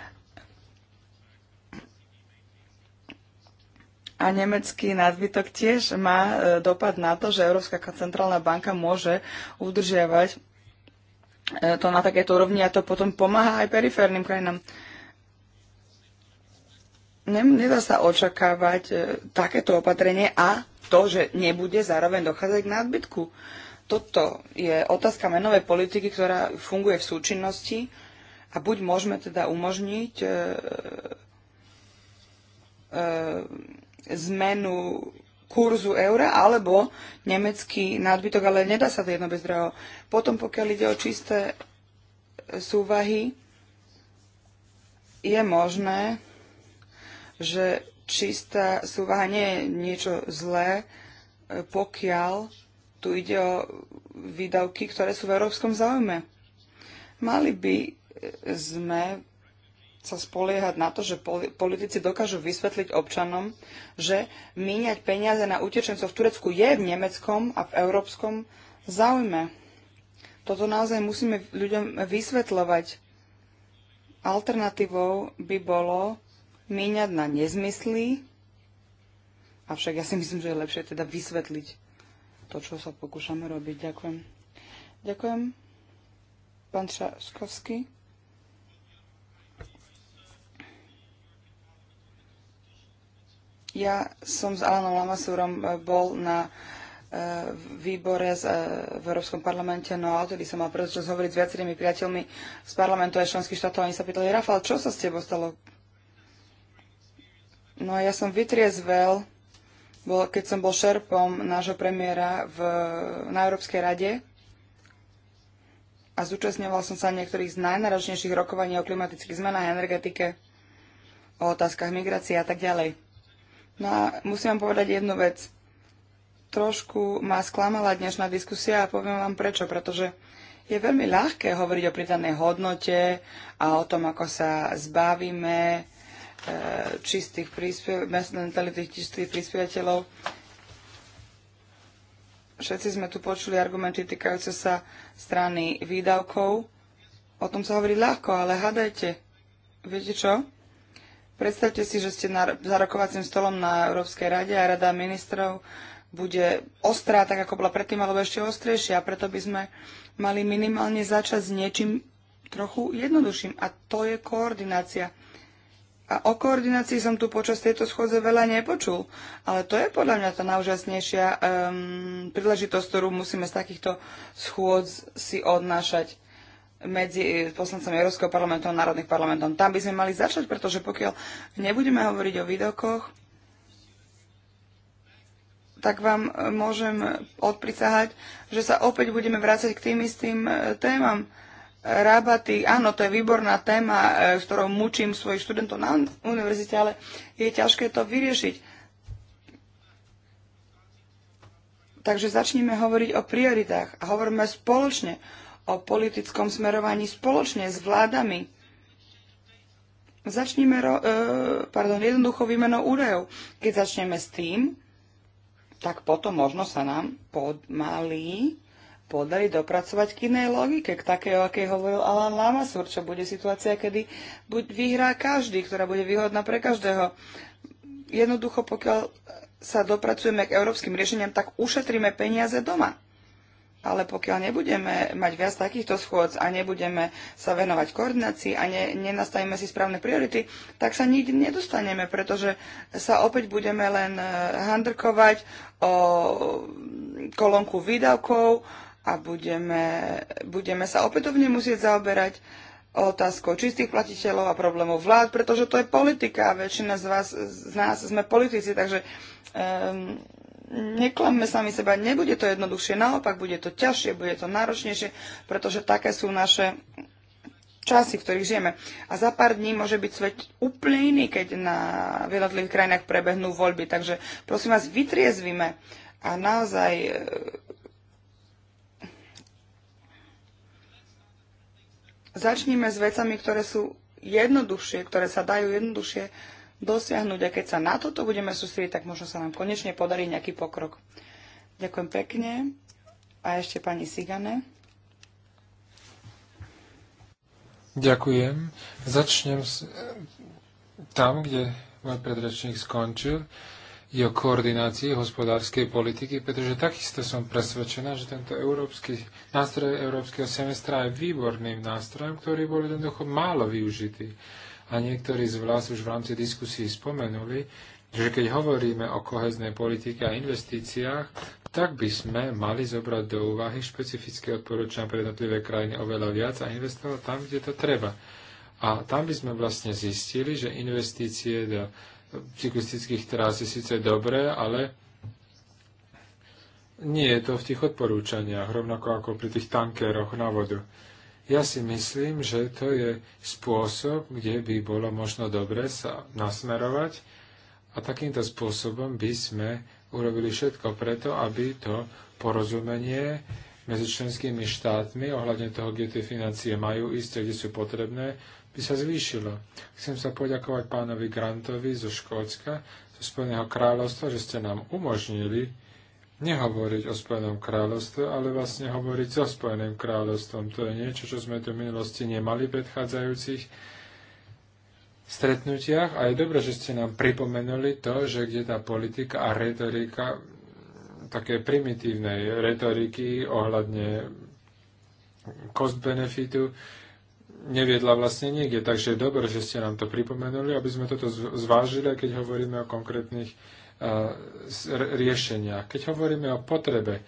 A nemecký nadbytok tiež má e, dopad na to, že Európska centrálna banka môže udržiavať e, to na takéto úrovni a to potom pomáha aj periférnym krajinám. Nedá sa očakávať e, takéto opatrenie a to, že nebude zároveň dochádzať k nadbytku. Toto je otázka menovej politiky, ktorá funguje v súčinnosti a buď môžeme teda umožniť e, e, zmenu kurzu eura alebo nemecký nadbytok, ale nedá sa to jedno bez druhého. Potom, pokiaľ ide o čisté súvahy, je možné, že čistá súvaha nie je niečo zlé, e, pokiaľ tu ide o výdavky, ktoré sú v európskom záujme. Mali by e, sme sa spoliehať na to, že politici dokážu vysvetliť občanom, že míňať peniaze na utečencov v Turecku je v nemeckom a v európskom záujme. Toto naozaj musíme ľuďom vysvetľovať. Alternatívou by bolo míňať na nezmysly, avšak ja si myslím, že je lepšie teda vysvetliť to, čo sa pokúšame robiť. Ďakujem. Ďakujem. Pán Šaškovský. Ja som s Alanom Lamasúrom eh, bol na eh, výbore eh, v Európskom parlamente, no a odtedy som mal príležitosť hovoriť s viacerými priateľmi z parlamentu aj členských štátov oni sa pýtali, Rafal, čo sa s tebou stalo? No a ja som vytriezvel, keď som bol šerpom nášho premiéra v, na Európskej rade a zúčastňoval som sa niektorých z najnáročnejších rokovaní o klimatických zmenách, a energetike, o otázkach migrácie a tak ďalej. No a musím vám povedať jednu vec. Trošku ma sklamala dnešná diskusia a poviem vám prečo, pretože je veľmi ľahké hovoriť o pridanej hodnote a o tom, ako sa zbavíme e, čistých príspev- tých čistých prispievateľov. Všetci sme tu počuli argumenty týkajúce sa strany výdavkov. O tom sa hovorí ľahko, ale hádajte. Viete čo? Predstavte si, že ste na, za rokovacím stolom na Európskej rade a rada ministrov bude ostrá, tak ako bola predtým, alebo ešte ostrejšia. A preto by sme mali minimálne začať s niečím trochu jednoduchším. A to je koordinácia. A o koordinácii som tu počas tejto schôdze veľa nepočul, ale to je podľa mňa tá najúžasnejšia um, príležitosť, ktorú musíme z takýchto schôdz si odnášať medzi poslancami Európskeho parlamentu a národných parlamentov. Tam by sme mali začať, pretože pokiaľ nebudeme hovoriť o výdokoch, tak vám môžem odprisahať, že sa opäť budeme vrácať k tým istým e, témam. Rabaty, áno, to je výborná téma, s e, ktorou mučím svojich študentov na univerzite, ale je ťažké to vyriešiť. Takže začneme hovoriť o prioritách a hovoríme spoločne o politickom smerovaní spoločne s vládami. Začneme ro, e, pardon, jednoducho výmenou údajov. Keď začneme s tým, tak potom možno sa nám pomaly podali dopracovať k inej logike, k takej, o akej hovoril Alan Lamasur, čo bude situácia, kedy buď vyhrá každý, ktorá bude výhodná pre každého. Jednoducho, pokiaľ sa dopracujeme k európskym riešeniam, tak ušetríme peniaze doma ale pokiaľ nebudeme mať viac takýchto schôdz a nebudeme sa venovať koordinácii a ne, nenastavíme si správne priority, tak sa nikdy nedostaneme, pretože sa opäť budeme len eh, handrkovať o kolónku výdavkov a budeme, budeme sa opätovne musieť zaoberať otázkou čistých platiteľov a problémov vlád, pretože to je politika a väčšina z vás, z nás sme politici, takže um, Neklamme sami seba, nebude to jednoduchšie, naopak bude to ťažšie, bude to náročnejšie, pretože také sú naše časy, v ktorých žijeme. A za pár dní môže byť svet úplne iný, keď na v jednotlivých krajinách prebehnú voľby. Takže prosím vás, vytriezvime a naozaj e, začníme s vecami, ktoré sú jednoduchšie, ktoré sa dajú jednoduchšie dosiahnuť a keď sa na toto budeme sústrediť, tak možno sa nám konečne podarí nejaký pokrok. Ďakujem pekne a ešte pani Sigane. Ďakujem. Začnem s, e, tam, kde môj predrečník skončil je o koordinácii hospodárskej politiky, pretože takisto som presvedčená, že tento európsky, nástroj európskeho semestra je výborným nástrojom, ktorý bol jednoducho málo využitý a niektorí z vás už v rámci diskusie spomenuli, že keď hovoríme o koheznej politike a investíciách, tak by sme mali zobrať do úvahy špecifické odporúčania pre jednotlivé krajiny oveľa viac a investovať tam, kde to treba. A tam by sme vlastne zistili, že investície do cyklistických trás je síce dobré, ale nie je to v tých odporúčaniach, rovnako ako pri tých tankeroch na vodu. Ja si myslím, že to je spôsob, kde by bolo možno dobre sa nasmerovať a takýmto spôsobom by sme urobili všetko preto, aby to porozumenie medzi členskými štátmi ohľadne toho, kde tie financie majú ísť kde sú potrebné, by sa zvýšilo. Chcem sa poďakovať pánovi Grantovi zo Škótska, zo Spojeného kráľovstva, že ste nám umožnili nehovoriť o Spojenom kráľovstve, ale vlastne hovoriť so Spojeným kráľovstvom. To je niečo, čo sme tu v minulosti nemali v predchádzajúcich stretnutiach a je dobré, že ste nám pripomenuli to, že kde tá politika a retorika také primitívnej retoriky ohľadne cost benefitu, neviedla vlastne niekde. Takže je dobré, že ste nám to pripomenuli, aby sme toto zvážili, keď hovoríme o konkrétnych riešenia. Keď hovoríme o potrebe e,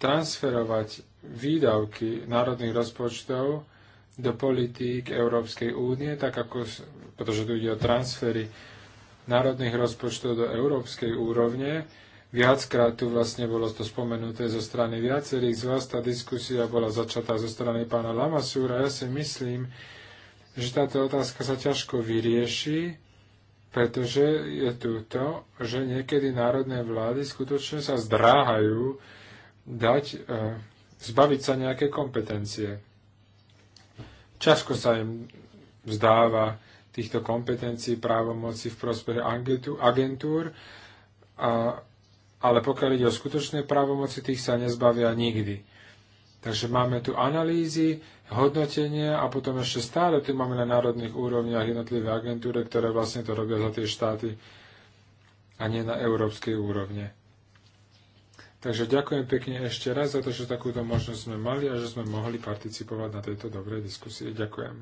transferovať výdavky národných rozpočtov do politík Európskej únie, tak ako, pretože tu ide o transfery národných rozpočtov do európskej úrovne, Viackrát tu vlastne bolo to spomenuté zo strany viacerých z vás, tá diskusia bola začatá zo strany pána Lamasúra. Ja si myslím, že táto otázka sa ťažko vyrieši, pretože je tu to, že niekedy národné vlády skutočne sa zdráhajú dať, e, zbaviť sa nejaké kompetencie. Časko sa im vzdáva týchto kompetencií právomoci v prospech agentúr, a, ale pokiaľ ide o skutočné právomoci, tých sa nezbavia nikdy. Takže máme tu analýzy, hodnotenie a potom ešte stále tu máme na národných úrovniach jednotlivé agentúry, ktoré vlastne to robia za tie štáty a nie na európskej úrovne. Takže ďakujem pekne ešte raz za to, že takúto možnosť sme mali a že sme mohli participovať na tejto dobrej diskusii. Ďakujem.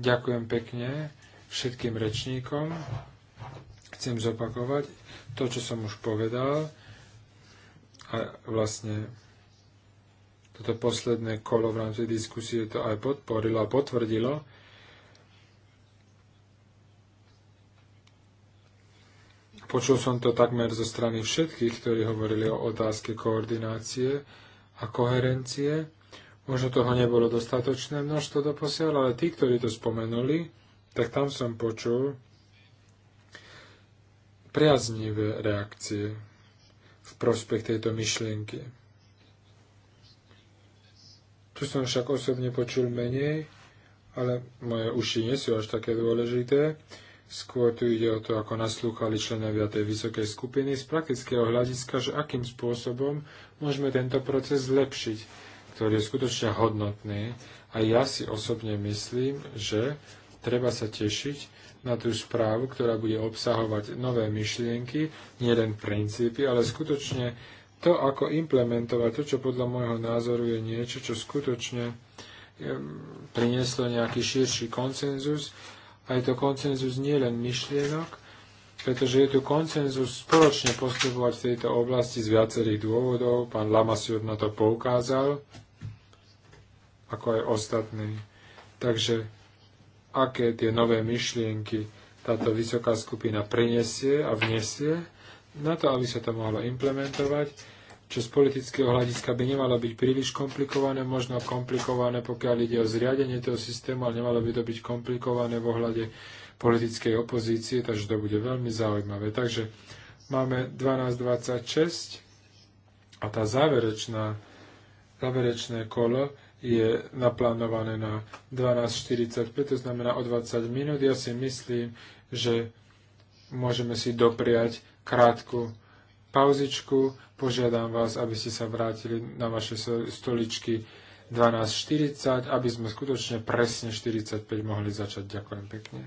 Ďakujem pekne všetkým rečníkom. Chcem zopakovať to, čo som už povedal a vlastne toto posledné kolo v rámci diskusie to aj podporilo a potvrdilo. Počul som to takmer zo strany všetkých, ktorí hovorili o otázke koordinácie a koherencie. Možno toho nebolo dostatočné množstvo doposiaľ, ale tí, ktorí to spomenuli, tak tam som počul priaznivé reakcie v prospech tejto myšlienky. Tu som však osobne počul menej, ale moje uši nie sú až také dôležité. Skôr tu ide o to, ako naslúchali členovia tej vysokej skupiny z praktického hľadiska, že akým spôsobom môžeme tento proces zlepšiť, ktorý je skutočne hodnotný. A ja si osobne myslím, že treba sa tešiť na tú správu, ktorá bude obsahovať nové myšlienky, nielen princípy, ale skutočne to, ako implementovať to, čo podľa môjho názoru je niečo, čo skutočne prinieslo nejaký širší koncenzus. A je to koncenzus nie len myšlienok, pretože je tu koncenzus spoločne postupovať v tejto oblasti z viacerých dôvodov. Pán Lamasiur na to poukázal, ako aj ostatní. Takže aké tie nové myšlienky táto vysoká skupina prinesie a vniesie, na to, aby sa to mohlo implementovať, čo z politického hľadiska by nemalo byť príliš komplikované, možno komplikované, pokiaľ ide o zriadenie toho systému, ale nemalo by to byť komplikované v ohľade politickej opozície, takže to bude veľmi zaujímavé. Takže máme 12.26 a tá záverečná, záverečné kolo je naplánované na 12.45, to znamená o 20 minút. Ja si myslím, že môžeme si dopriať krátku pauzičku. Požiadam vás, aby ste sa vrátili na vaše stoličky 12.40, aby sme skutočne presne 45 mohli začať. Ďakujem pekne.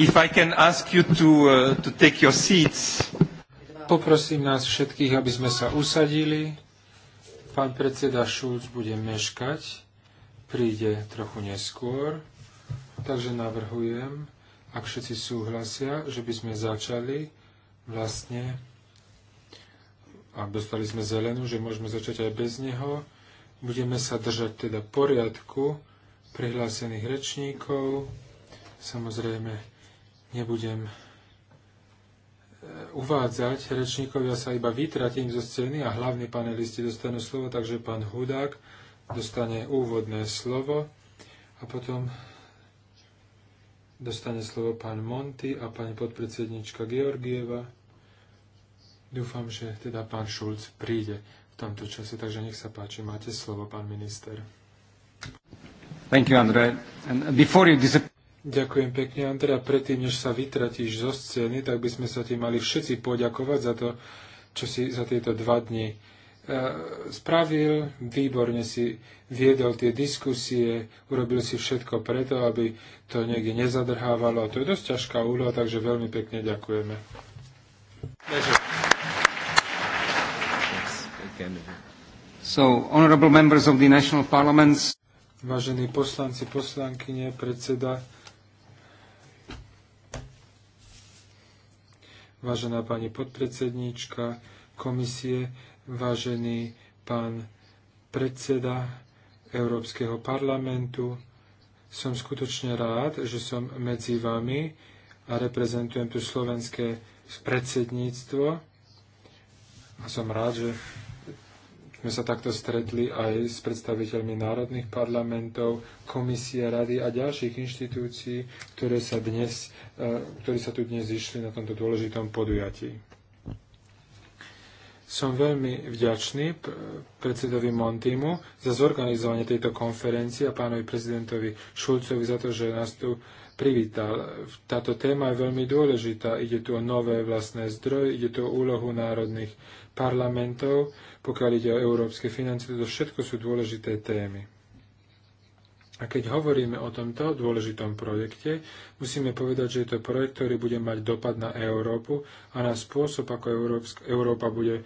If I can ask you to, uh, to take your seats. Poprosím nás všetkých, aby sme sa usadili. Pán predseda Šulc bude meškať. Príde trochu neskôr. Takže navrhujem, ak všetci súhlasia, že by sme začali vlastne a dostali sme zelenú, že môžeme začať aj bez neho. Budeme sa držať teda poriadku prihlásených rečníkov. Samozrejme, nebudem e, uvádzať rečníkovia sa iba vytratím zo scény a hlavní panelisti dostanú slovo, takže pán Hudák dostane úvodné slovo a potom dostane slovo pán Monty a pani podpredsednička Georgieva. Dúfam, že teda pán Šulc príde v tomto čase, takže nech sa páči, máte slovo, pán minister. Thank you, Andrej. And before you disappear... Ďakujem pekne, Andrea. Predtým, než sa vytratíš zo scény, tak by sme sa ti mali všetci poďakovať za to, čo si za tieto dva dni eh, spravil, výborne si viedol tie diskusie, urobil si všetko preto, aby to niekde nezadrhávalo. A to je dosť ťažká úloha, takže veľmi pekne ďakujeme. So, honorable members of the national parliaments. Vážení poslanci, poslankyne, predseda vážená pani podpredsedníčka komisie, vážený pán predseda Európskeho parlamentu. Som skutočne rád, že som medzi vami a reprezentujem tu slovenské predsedníctvo. A som rád, že sme sa takto stretli aj s predstaviteľmi národných parlamentov, komisie, rady a ďalších inštitúcií, ktoré sa dnes, e, ktorí sa tu dnes zišli na tomto dôležitom podujatí. Som veľmi vďačný predsedovi Montimu za zorganizovanie tejto konferencie a pánovi prezidentovi Šulcovi za to, že nás tu privítal. Táto téma je veľmi dôležitá. Ide tu o nové vlastné zdroje, ide tu o úlohu národných parlamentov, pokiaľ ide o európske financie, to všetko sú dôležité témy. A keď hovoríme o tomto dôležitom projekte, musíme povedať, že je to projekt, ktorý bude mať dopad na Európu a na spôsob, ako Európa bude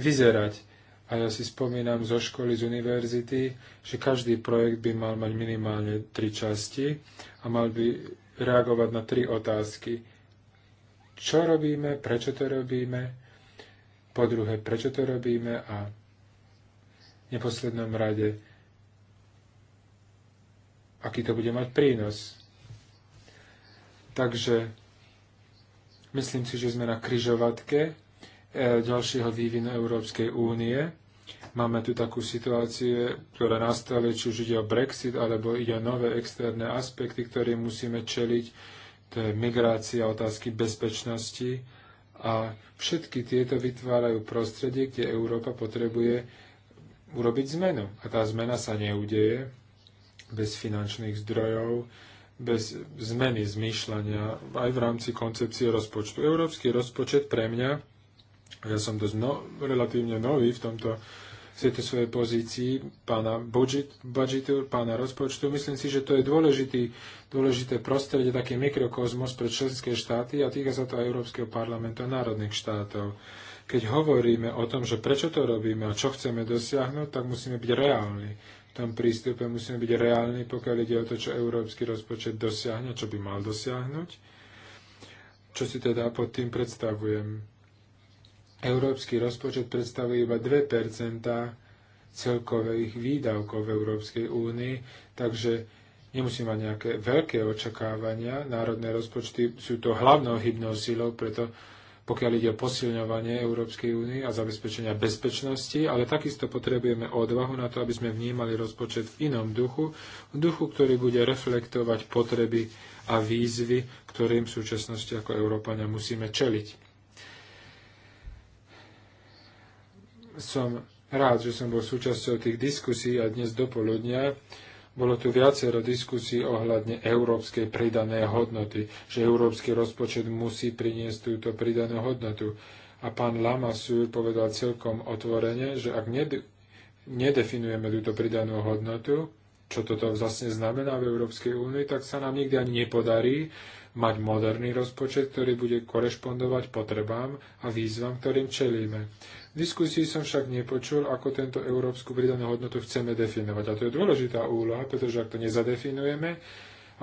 vyzerať. A ja si spomínam zo školy, z univerzity, že každý projekt by mal mať minimálne tri časti a mal by reagovať na tri otázky. Čo robíme, prečo to robíme, po druhé, prečo to robíme a v neposlednom rade, aký to bude mať prínos. Takže myslím si, že sme na kryžovatke eh, ďalšieho vývinu Európskej únie Máme tu takú situáciu, ktorá nastala, či už ide o Brexit, alebo ide o nové externé aspekty, ktoré musíme čeliť. To je migrácia, otázky bezpečnosti. A všetky tieto vytvárajú prostredie, kde Európa potrebuje urobiť zmenu. A tá zmena sa neudeje bez finančných zdrojov, bez zmeny zmýšľania aj v rámci koncepcie rozpočtu. Európsky rozpočet pre mňa ja som dosť no, relatívne nový v tomto v svojej pozícii pána budžet, budžetu, pána rozpočtu. Myslím si, že to je dôležitý, dôležité prostredie, taký mikrokozmos pre členské štáty a týka sa to aj Európskeho parlamentu a národných štátov. Keď hovoríme o tom, že prečo to robíme a čo chceme dosiahnuť, tak musíme byť reálni. V tom prístupe musíme byť reálni, pokiaľ ide o to, čo európsky rozpočet dosiahne, čo by mal dosiahnuť. Čo si teda pod tým predstavujem? Európsky rozpočet predstavuje iba 2 celkových výdavkov v Európskej únii, takže nemusíme mať nejaké veľké očakávania. Národné rozpočty sú to hlavnou hybnou silou, preto pokiaľ ide o posilňovanie Európskej únie a zabezpečenia bezpečnosti, ale takisto potrebujeme odvahu na to, aby sme vnímali rozpočet v inom duchu, v duchu, ktorý bude reflektovať potreby a výzvy, ktorým v súčasnosti ako Európania musíme čeliť. som rád, že som bol súčasťou tých diskusí a dnes poludnia bolo tu viacero diskusí ohľadne európskej pridanej hodnoty, že európsky rozpočet musí priniesť túto pridanú hodnotu. A pán Lamassu povedal celkom otvorene, že ak nedefinujeme túto pridanú hodnotu, čo toto vlastne znamená v Európskej únii, tak sa nám nikdy ani nepodarí mať moderný rozpočet, ktorý bude korešpondovať potrebám a výzvam, ktorým čelíme. V diskusii som však nepočul, ako tento európsku pridanú hodnotu chceme definovať. A to je dôležitá úloha, pretože ak to nezadefinujeme,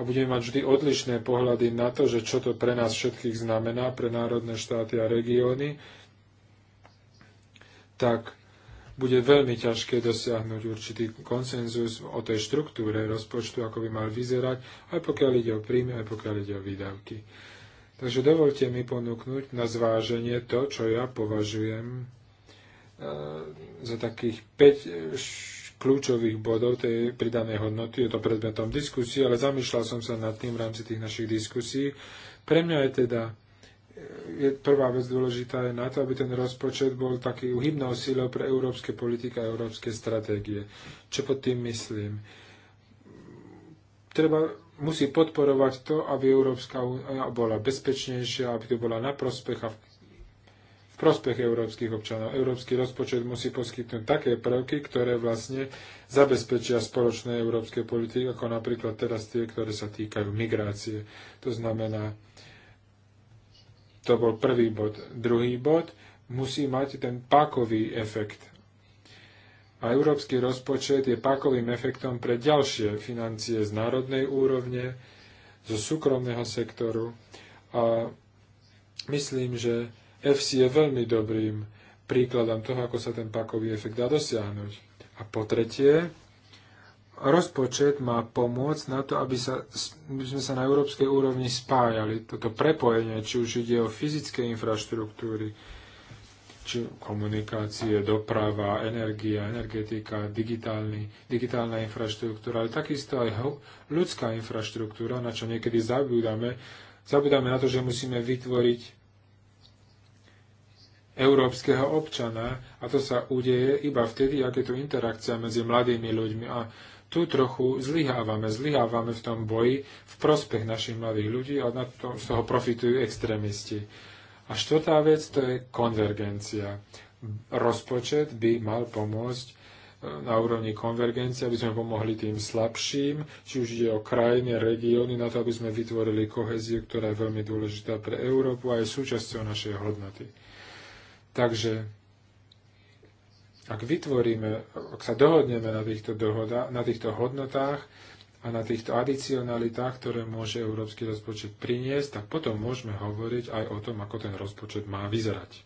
a budeme mať vždy odlišné pohľady na to, že čo to pre nás všetkých znamená, pre národné štáty a regióny, tak bude veľmi ťažké dosiahnuť určitý konsenzus o tej štruktúre rozpočtu, ako by mal vyzerať, aj pokiaľ ide o príjmy, aj pokiaľ ide o výdavky. Takže dovolte mi ponúknuť na zváženie to, čo ja považujem E, za takých 5 e, kľúčových bodov tej pridanej hodnoty, je to predmetom diskusie, ale zamýšľal som sa nad tým v rámci tých našich diskusí. Pre mňa je teda e, je prvá vec dôležitá je na to, aby ten rozpočet bol taký uhybnou síľou pre európske politiky a európske stratégie. Čo pod tým myslím? Treba, musí podporovať to, aby Európska únia bola bezpečnejšia, aby to bola na prospech a v prospech európskych občanov. Európsky rozpočet musí poskytnúť také prvky, ktoré vlastne zabezpečia spoločné európske politiky, ako napríklad teraz tie, ktoré sa týkajú migrácie. To znamená, to bol prvý bod. Druhý bod musí mať ten pákový efekt. A európsky rozpočet je pákovým efektom pre ďalšie financie z národnej úrovne, zo súkromného sektoru. A myslím, že FC je veľmi dobrým príkladom toho, ako sa ten pakový efekt dá dosiahnuť. A po tretie, rozpočet má pomôcť na to, aby, sa, aby sme sa na európskej úrovni spájali. Toto prepojenie, či už ide o fyzické infraštruktúry, či komunikácie, doprava, energia, energetika, digitálna infraštruktúra, ale takisto aj ľudská infraštruktúra, na čo niekedy zabudáme. Zabudáme na to, že musíme vytvoriť európskeho občana a to sa udeje iba vtedy, ak je tu interakcia medzi mladými ľuďmi a tu trochu zlyhávame, zlyhávame v tom boji v prospech našich mladých ľudí a na to, z toho profitujú extrémisti. A štvrtá vec to je konvergencia. Rozpočet by mal pomôcť e, na úrovni konvergencie, aby sme pomohli tým slabším, či už ide o krajiny, regióny, na to, aby sme vytvorili koheziu, ktorá je veľmi dôležitá pre Európu a je súčasťou našej hodnoty. Takže ak vytvoríme, ak sa dohodneme na týchto, dohoda, na týchto hodnotách a na týchto adicionalitách, ktoré môže európsky rozpočet priniesť, tak potom môžeme hovoriť aj o tom, ako ten rozpočet má vyzerať.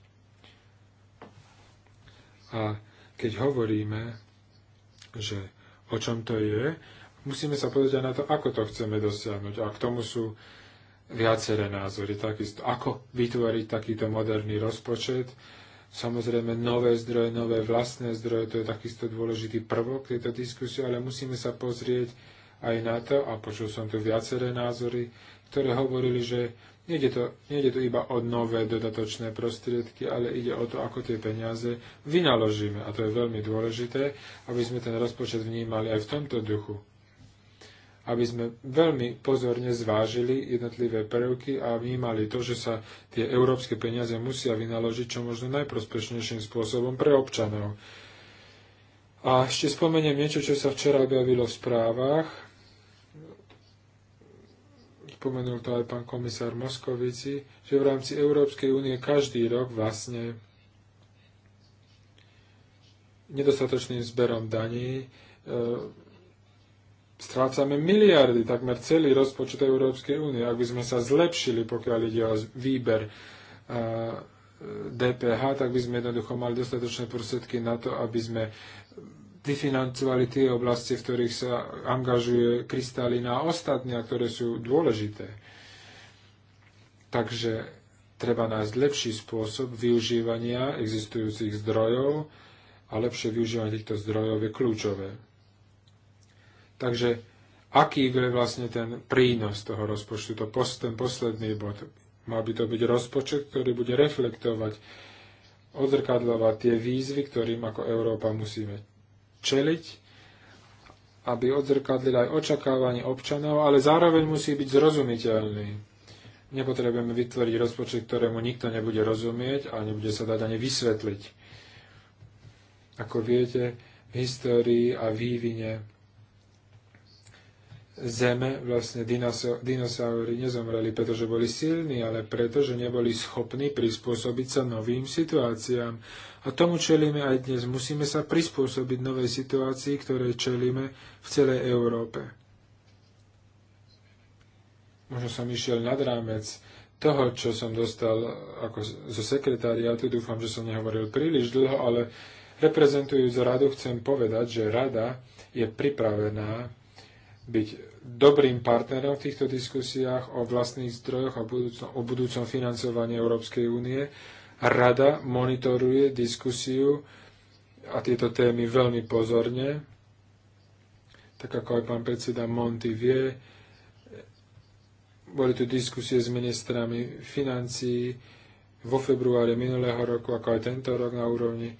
A keď hovoríme, že o čom to je, musíme sa pozrieť aj na to, ako to chceme dosiahnuť. A k tomu sú viaceré názory. Takisto, ako vytvoriť takýto moderný rozpočet, Samozrejme, nové zdroje, nové vlastné zdroje, to je takisto dôležitý prvok tejto diskusie, ale musíme sa pozrieť aj na to, a počul som tu viaceré názory, ktoré hovorili, že nejde to, nejde to iba o nové dodatočné prostriedky, ale ide o to, ako tie peniaze vynaložíme. A to je veľmi dôležité, aby sme ten rozpočet vnímali aj v tomto duchu aby sme veľmi pozorne zvážili jednotlivé prvky a vnímali to, že sa tie európske peniaze musia vynaložiť čo možno najprospešnejším spôsobom pre občanov. A ešte spomeniem niečo, čo sa včera objavilo v správach. Spomenul to aj pán komisár Moskovici, že v rámci Európskej únie každý rok vlastne nedostatočným zberom daní e, strácame miliardy, takmer celý rozpočet Európskej únie. Ak by sme sa zlepšili, pokiaľ ide o výber e, DPH, tak by sme jednoducho mali dostatočné prostriedky na to, aby sme vyfinancovali tie oblasti, v ktorých sa angažuje krystalina a ostatní, a ktoré sú dôležité. Takže treba nájsť lepší spôsob využívania existujúcich zdrojov a lepšie využívanie týchto zdrojov je kľúčové. Takže aký je vlastne ten prínos toho rozpočtu, to pos, ten posledný bod. Má by to byť rozpočet, ktorý bude reflektovať, odzrkadľovať tie výzvy, ktorým ako Európa musíme čeliť, aby odzrkadlil aj očakávanie občanov, ale zároveň musí byť zrozumiteľný. Nepotrebujeme vytvoriť rozpočet, ktorému nikto nebude rozumieť a nebude sa dať ani vysvetliť. Ako viete, v histórii a vývine Zeme vlastne dinosaury nezomreli, pretože boli silní, ale preto, že neboli schopní prispôsobiť sa novým situáciám. A tomu čelíme aj dnes. Musíme sa prispôsobiť novej situácii, ktorej čelíme v celej Európe. Možno som išiel nad rámec toho, čo som dostal ako zo sekretariátu. Dúfam, že som nehovoril príliš dlho, ale reprezentujúc radu chcem povedať, že rada je pripravená byť dobrým partnerom v týchto diskusiách o vlastných zdrojoch a budúcom, o budúcom financovaní Európskej únie. Rada monitoruje diskusiu a tieto témy veľmi pozorne. Tak ako aj pán predseda Monty vie, boli tu diskusie s ministrami financií vo februári minulého roku, ako aj tento rok na úrovni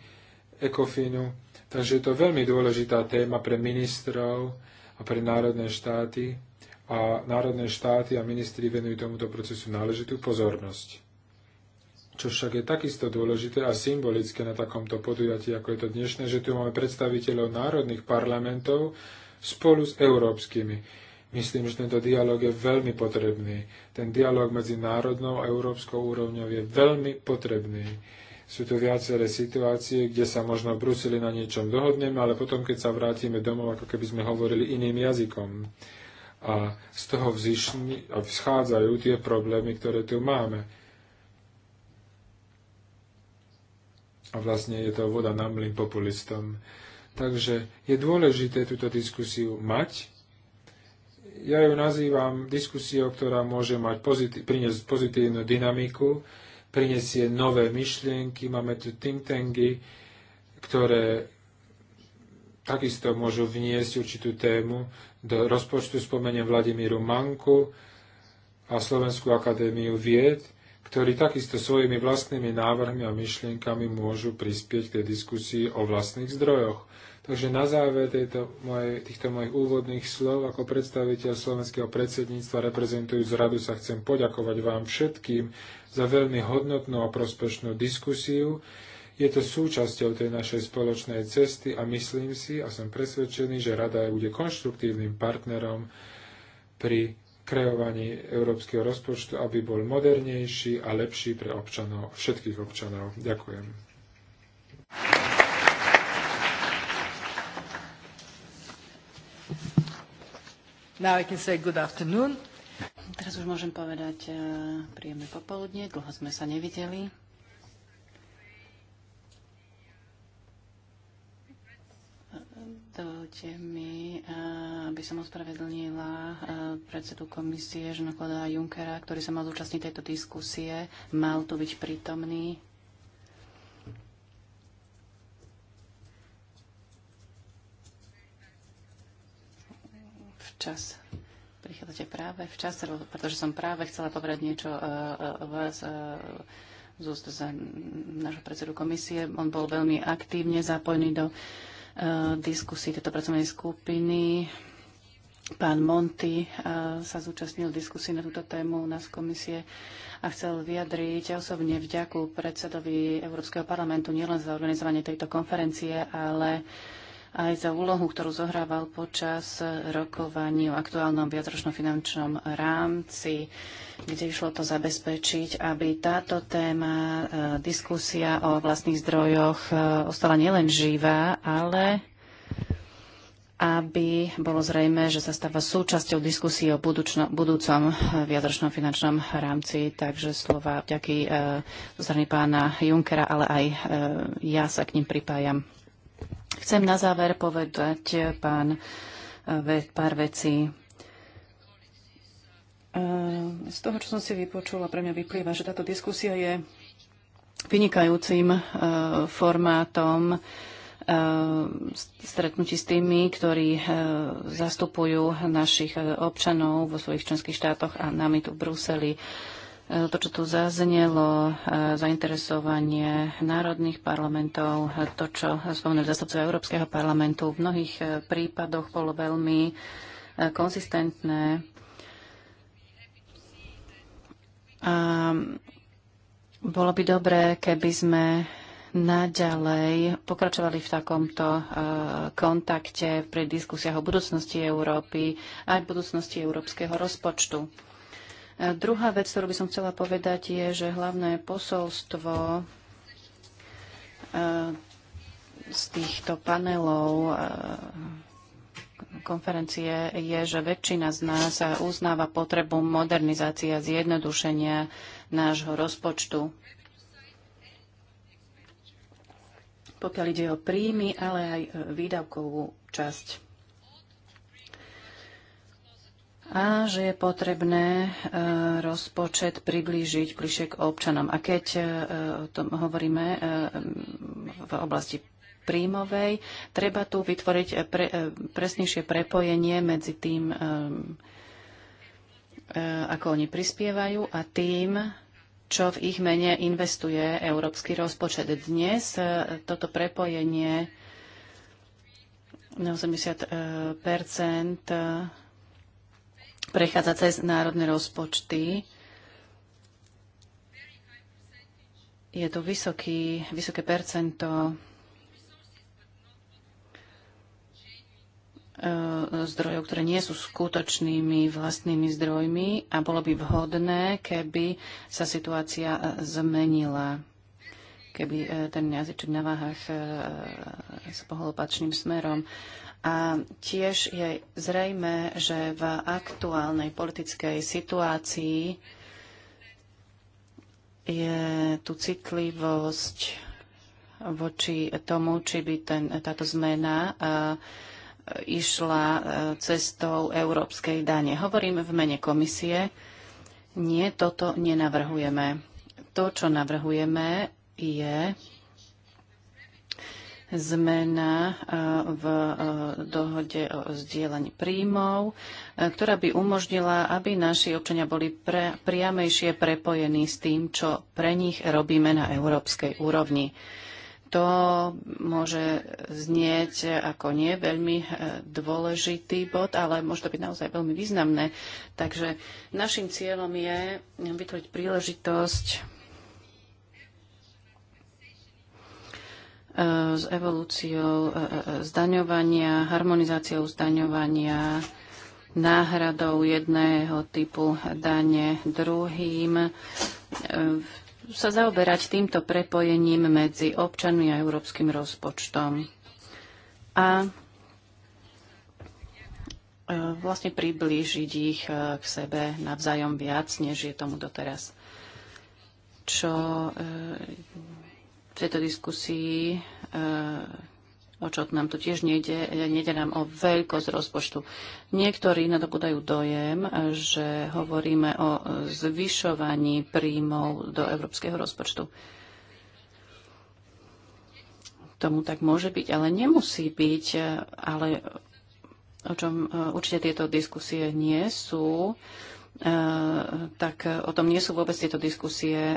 ECOFINu. Takže je to veľmi dôležitá téma pre ministrov, a pre národné štáty a národné štáty a ministri venujú tomuto procesu náležitú pozornosť. Čo však je takisto dôležité a symbolické na takomto podujatí, ako je to dnešné, že tu máme predstaviteľov národných parlamentov spolu s európskymi. Myslím, že tento dialog je veľmi potrebný. Ten dialog medzi národnou a európskou úrovňou je veľmi potrebný sú tu viaceré situácie, kde sa možno v Bruseli na niečom dohodneme, ale potom, keď sa vrátime domov, ako keby sme hovorili iným jazykom. A z toho vzýšni, a vzchádzajú tie problémy, ktoré tu máme. A vlastne je to voda na mlin populistom. Takže je dôležité túto diskusiu mať, ja ju nazývam diskusiou, ktorá môže mať pozitív, priniesť pozitívnu dynamiku prinesie nové myšlienky, máme tu think tanky, ktoré takisto môžu vniesť určitú tému. Do rozpočtu spomeniem Vladimíru Manku a Slovenskú akadémiu vied, ktorí takisto svojimi vlastnými návrhmi a myšlienkami môžu prispieť k tej diskusii o vlastných zdrojoch. Takže na záver tejto mojej, týchto mojich úvodných slov ako predstaviteľ slovenského predsedníctva reprezentujúc radu sa chcem poďakovať vám všetkým za veľmi hodnotnú a prospešnú diskusiu. Je to súčasťou tej našej spoločnej cesty a myslím si a som presvedčený, že Rada bude konštruktívnym partnerom pri kreovaní európskeho rozpočtu, aby bol modernejší a lepší pre občanov, všetkých občanov. Ďakujem. Now I can say good afternoon. Teraz už môžem povedať e, príjemné popoludne. Dlho sme sa nevideli. Dovolte mi, e, aby som ospravedlnila e, predsedu komisie Žnokoda Junkera, ktorý sa mal zúčastniť tejto diskusie. Mal tu byť prítomný. Včas prichádzate práve v čase, pretože som práve chcela povedať niečo o e, e, vás e, z úst za nášho predsedu komisie. On bol veľmi aktívne zapojený do diskusí tejto pracovnej skupiny. Pán Monty sa zúčastnil diskusii na túto tému u nás v komisie a chcel vyjadriť osobne vďaku predsedovi Európskeho parlamentu nielen za organizovanie tejto konferencie, ale aj za úlohu, ktorú zohrával počas rokovaní o aktuálnom viacročnom finančnom rámci, kde išlo to zabezpečiť, aby táto téma, e, diskusia o vlastných zdrojoch e, ostala nielen živá, ale aby bolo zrejme, že sa stáva súčasťou diskusie o budúčno, budúcom e, viadročnom finančnom rámci. Takže slova vďaky zo e, strany pána Junkera, ale aj e, ja sa k ním pripájam. Chcem na záver povedať eh, pán, eh, pár vecí. Eh, z toho, čo som si vypočula, pre mňa vyplýva, že táto diskusia je vynikajúcim formátom stretnutí s tými, ktorí zastupujú našich občanov vo svojich členských štátoch a nami tu v Bruseli. E, to, čo tu zaznelo, e, zainteresovanie národných parlamentov, e, to, čo spomenuli zastupcov Európskeho parlamentu, v mnohých prípadoch bolo veľmi konzistentné. A bolo by dobré, keby sme naďalej pokračovali v takomto kontakte pri diskusiách o budúcnosti Európy a aj v budúcnosti európskeho rozpočtu. E, druhá vec, ktorú by som chcela povedať, je, že hlavné posolstvo e, z týchto panelov e, konferencie je, že väčšina z nás uznáva potrebu modernizácie a zjednodušenia nášho rozpočtu. Pokiaľ ide o príjmy, ale aj výdavkovú časť. a že je potrebné e, rozpočet priblížiť bližšie k občanom. A keď e, o tom hovoríme e, v oblasti príjmovej, treba tu vytvoriť pre, presnejšie prepojenie medzi tým, ako oni prispievajú a tým, čo v ich mene investuje európsky rozpočet. Dnes toto prepojenie na 80 prechádza cez národné rozpočty. Je to vysoký, vysoké percento e, zdrojov, ktoré nie sú skutočnými vlastnými zdrojmi a bolo by vhodné, keby sa situácia e, zmenila, keby e, ten jazyček na váhach sa pohol opačným smerom. A tiež je zrejme, že v aktuálnej politickej situácii je tu citlivosť voči tomu, či by ten, táto zmena išla cestou európskej dane. Hovorím v mene komisie. Nie, toto nenavrhujeme. To, čo navrhujeme, je zmena eh, v eh, dohode o zdieľaní príjmov, eh, ktorá by umožnila, aby naši občania boli pre, priamejšie prepojení s tým, čo pre nich robíme na európskej úrovni. To môže znieť ako nie veľmi dôležitý bod, ale môže to byť naozaj veľmi významné. Takže našim cieľom je vytvoriť príležitosť s evolúciou e, e, e, zdaňovania, harmonizáciou zdaňovania, náhradou jedného typu dane druhým, sa zaoberať týmto prepojením medzi občanmi a európskym rozpočtom. A vlastne priblížiť ich k sebe navzájom viac, než je tomu doteraz. Čo v tejto diskusii, eh, o čo nám to tiež nejde, nejde nám o veľkosť rozpočtu. Niektorí nadobudajú dojem, že hovoríme o zvyšovaní príjmov do európskeho rozpočtu. Tomu tak môže byť, ale nemusí byť, eh, ale o čom eh, určite tieto diskusie nie sú. E, tak o tom nie sú vôbec tieto diskusie e,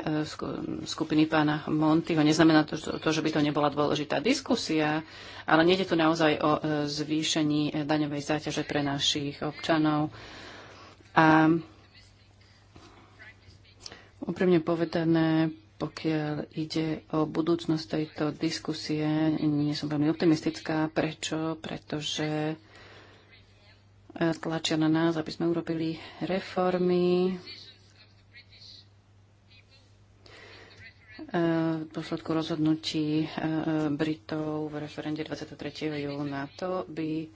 skupiny pána Montyho. Neznamená to, to, že by to nebola dôležitá diskusia, ale nejde tu naozaj o e, zvýšení daňovej záťaže pre našich občanov. A úprimne povedané, pokiaľ ide o budúcnosť tejto diskusie, nie som veľmi optimistická. Prečo? Pretože E, tlačia na nás, aby sme urobili reformy. E, v dôsledku rozhodnutí e, Britov v referende 23. júna. To by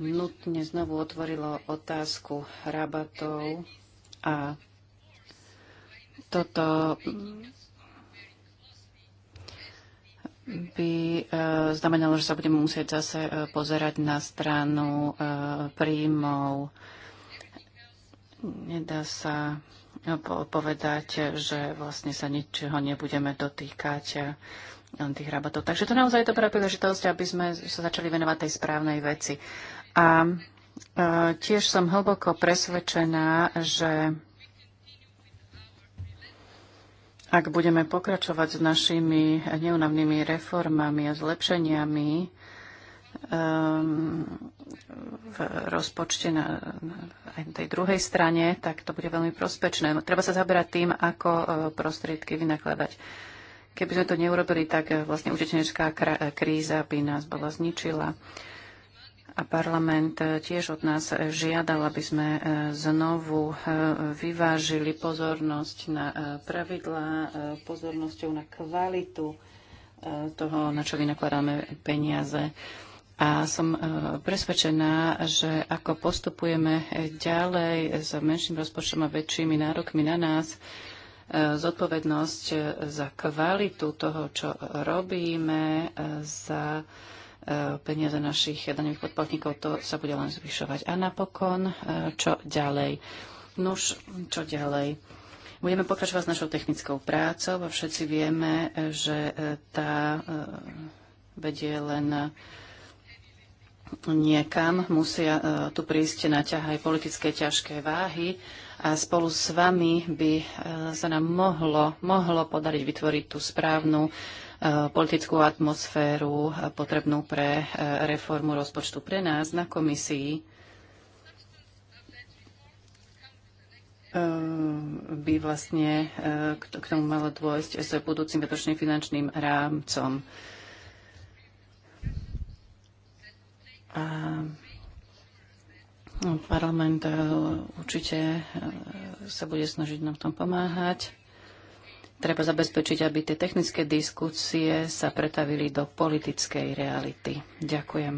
nutne znovu otvorilo otázku rabatov a toto by e, znamenalo, že sa budeme musieť zase e, pozerať na stranu e, príjmov. Nedá sa povedať, že vlastne sa ničoho nebudeme dotýkať len tých rabatov. Takže to naozaj je dobrá príležitosť, aby sme sa začali venovať tej správnej veci. A tiež som hlboko presvedčená, že ak budeme pokračovať s našimi neunavnými reformami a zlepšeniami um, v rozpočte na, aj na tej druhej strane, tak to bude veľmi prospečné. Treba sa zaberať tým, ako e, prostriedky vynakladať. Keby sme to neurobili, tak e, vlastne utečenecká kríza by nás bola zničila. Uh, a parlament e, tiež od nás e, žiadal, aby sme e, znovu vyvážili pozornosť na pravidlá, pozornosťou na kvalitu toho, na čo vynakladáme peniaze. A som presvedčená, že ako postupujeme ďalej s menším rozpočtom a väčšími nárokmi na nás, zodpovednosť za kvalitu toho, čo robíme, za E, peniaze našich daňových podplatníkov, to sa bude len zvyšovať. A napokon, e, čo ďalej? Nuž, čo ďalej? Budeme pokračovať s našou technickou prácou a všetci vieme, že e, tá vedie len niekam. Musia tu prísť na ťah aj politické ťažké váhy a spolu s vami by sa nám mohlo, mohlo podariť vytvoriť tú správnu politickú atmosféru potrebnú pre e, reformu rozpočtu pre nás na komisii. E, by vlastne e, k tomu malo dôjsť s budúcim vetočným finančným rámcom. A no, parlament určite sa bude snažiť nám v tom pomáhať. Treba zabezpečiť, aby tie technické diskusie sa pretavili do politickej reality. Ďakujem.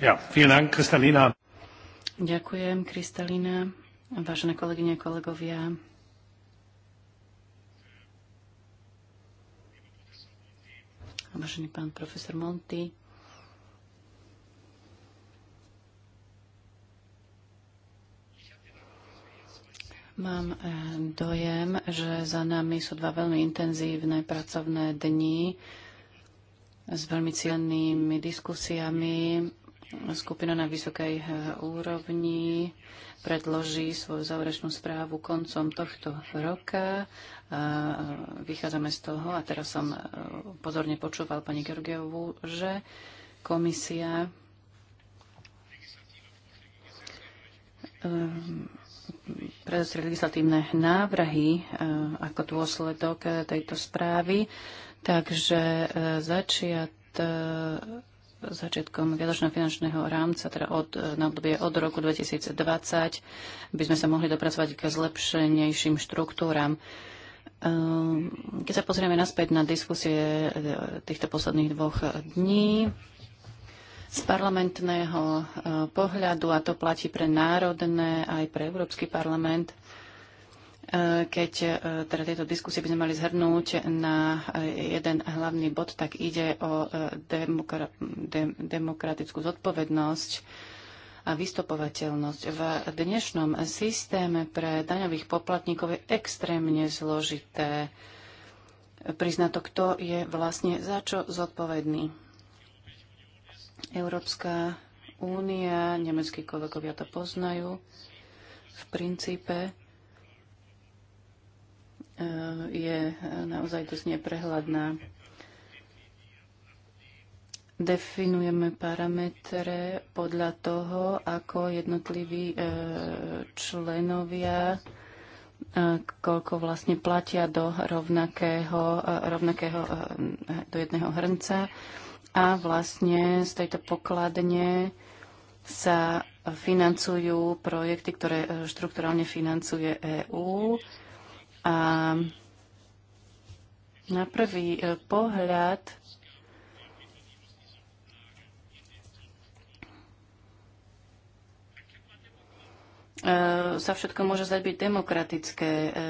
Ja, vielen Dank, Kristalina. Ďakujem, Kristalina. Vážené kolegyne, kolegovia. Vážený pán profesor monti. Mám e, dojem, že za nami sú dva veľmi intenzívne pracovné dni s veľmi cieľnými diskusiami. Skupina na vysokej e, úrovni predloží svoju záverečnú správu koncom tohto roka. E, vychádzame z toho, a teraz som pozorne počúval pani Georgievu, že komisia predostri legislatívne návrhy e, ako dôsledok e, tejto správy. Takže e, začiat, začiatkom viadočného finančného rámca, teda od, na obdobie od roku 2020, by sme sa mohli dopracovať k zlepšenejším štruktúram. Keď sa pozrieme naspäť na diskusie týchto posledných dvoch dní, z parlamentného eh, pohľadu a to platí pre národné aj pre Európsky parlament eh, keď eh, teda tieto diskusie by sme mali zhrnúť na jeden hlavný bod, tak ide o demokra- de- demokratickú zodpovednosť a vystopovateľnosť. V dnešnom systéme pre daňových poplatníkov je extrémne zložité priznať to, kto je vlastne za čo zodpovedný. Európska únia, nemeckí kolegovia to poznajú, v princípe eh, je naozaj dosť neprehľadná. Definujeme parametre podľa toho, ako jednotliví eh, členovia eh, koľko vlastne platia do rovnakého, rovnakého do jedného hrnca a vlastne z tejto pokladne sa financujú projekty, ktoré e, štruktúralne financuje EÚ. A na prvý e, pohľad E, sa všetko môže zdať byť demokratické. E, e,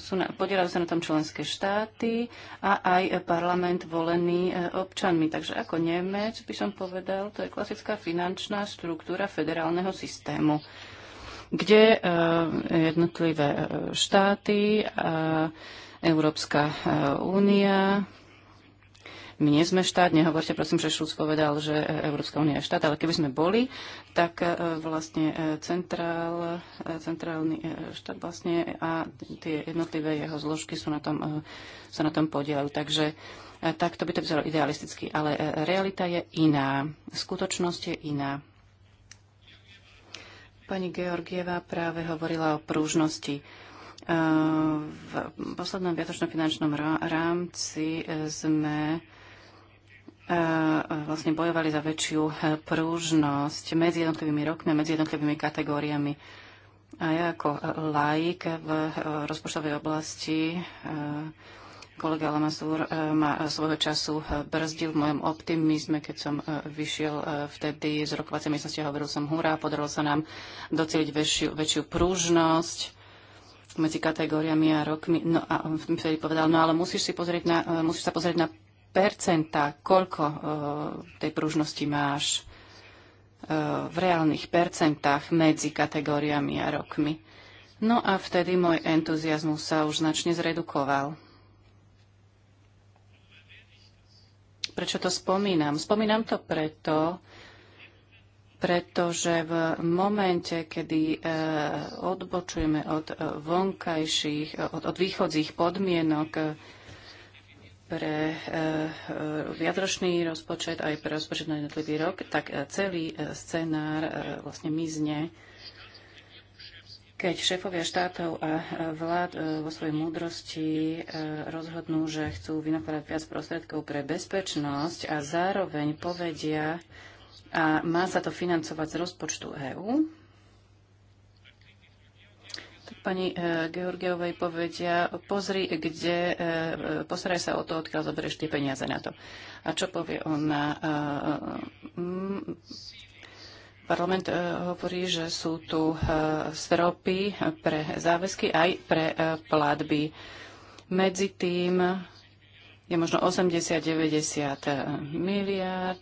sú na, podielajú sa na tom členské štáty a aj parlament volený občanmi. Takže ako Nemec by som povedal, to je klasická finančná štruktúra federálneho systému kde jednotlivé štáty, a Európska únia, my nie sme štát, nehovorte prosím, že Šúc povedal, že e, Európska únia je štát, ale keby sme boli, tak e, vlastne e, centrál, centrálny štát vlastne a tie jednotlivé jeho zložky sú na tom, sa na tom podielajú. Takže tak to by to vyzeralo idealisticky, ale realita je iná, skutočnosť je iná. Pani Georgieva práve hovorila o prúžnosti. V poslednom viatočnom finančnom rámci sme vlastne bojovali za väčšiu e, prúžnosť medzi jednotlivými rokmi a medzi jednotlivými kategóriami. A ja ako laik v e, rozpočtovej oblasti e, kolega Lamasúr ma svojho času brzdil v mojom optimizme, keď som vyšiel vtedy z rokovacej miestnosti a hovoril som hurá, podarilo sa nám doceliť väčšiu, väčšiu prúžnosť medzi kategóriami a rokmi. No a vtedy povedal, no ale musíš, si pozrieť na, musíš sa pozrieť na percenta, koľko e, tej pružnosti máš e, v reálnych percentách medzi kategóriami a rokmi. No a vtedy môj entuziasmus sa už značne zredukoval. Prečo to spomínam? Spomínam to preto, pretože v momente, kedy e, odbočujeme od e, vonkajších, od, od východzích podmienok, pre eh, eh, viacročný rozpočet, aj pre rozpočet na jednotlivý rok, tak eh, celý scenár vlastne mizne keď šéfovia štátov a vlád vo svojej múdrosti rozhodnú, že chcú vynakladať viac prostriedkov pre bezpečnosť a zároveň povedia, a má sa to financovať z rozpočtu EÚ, pani e, Georgiovej povedia, pozri, kde, e, e, posaraj sa o to, odkiaľ zoberieš tie peniaze na to. A čo povie ona? Mm, parlament hovorí, že sú tu stropy pre záväzky aj pre platby. Medzi tým je možno 80-90 miliard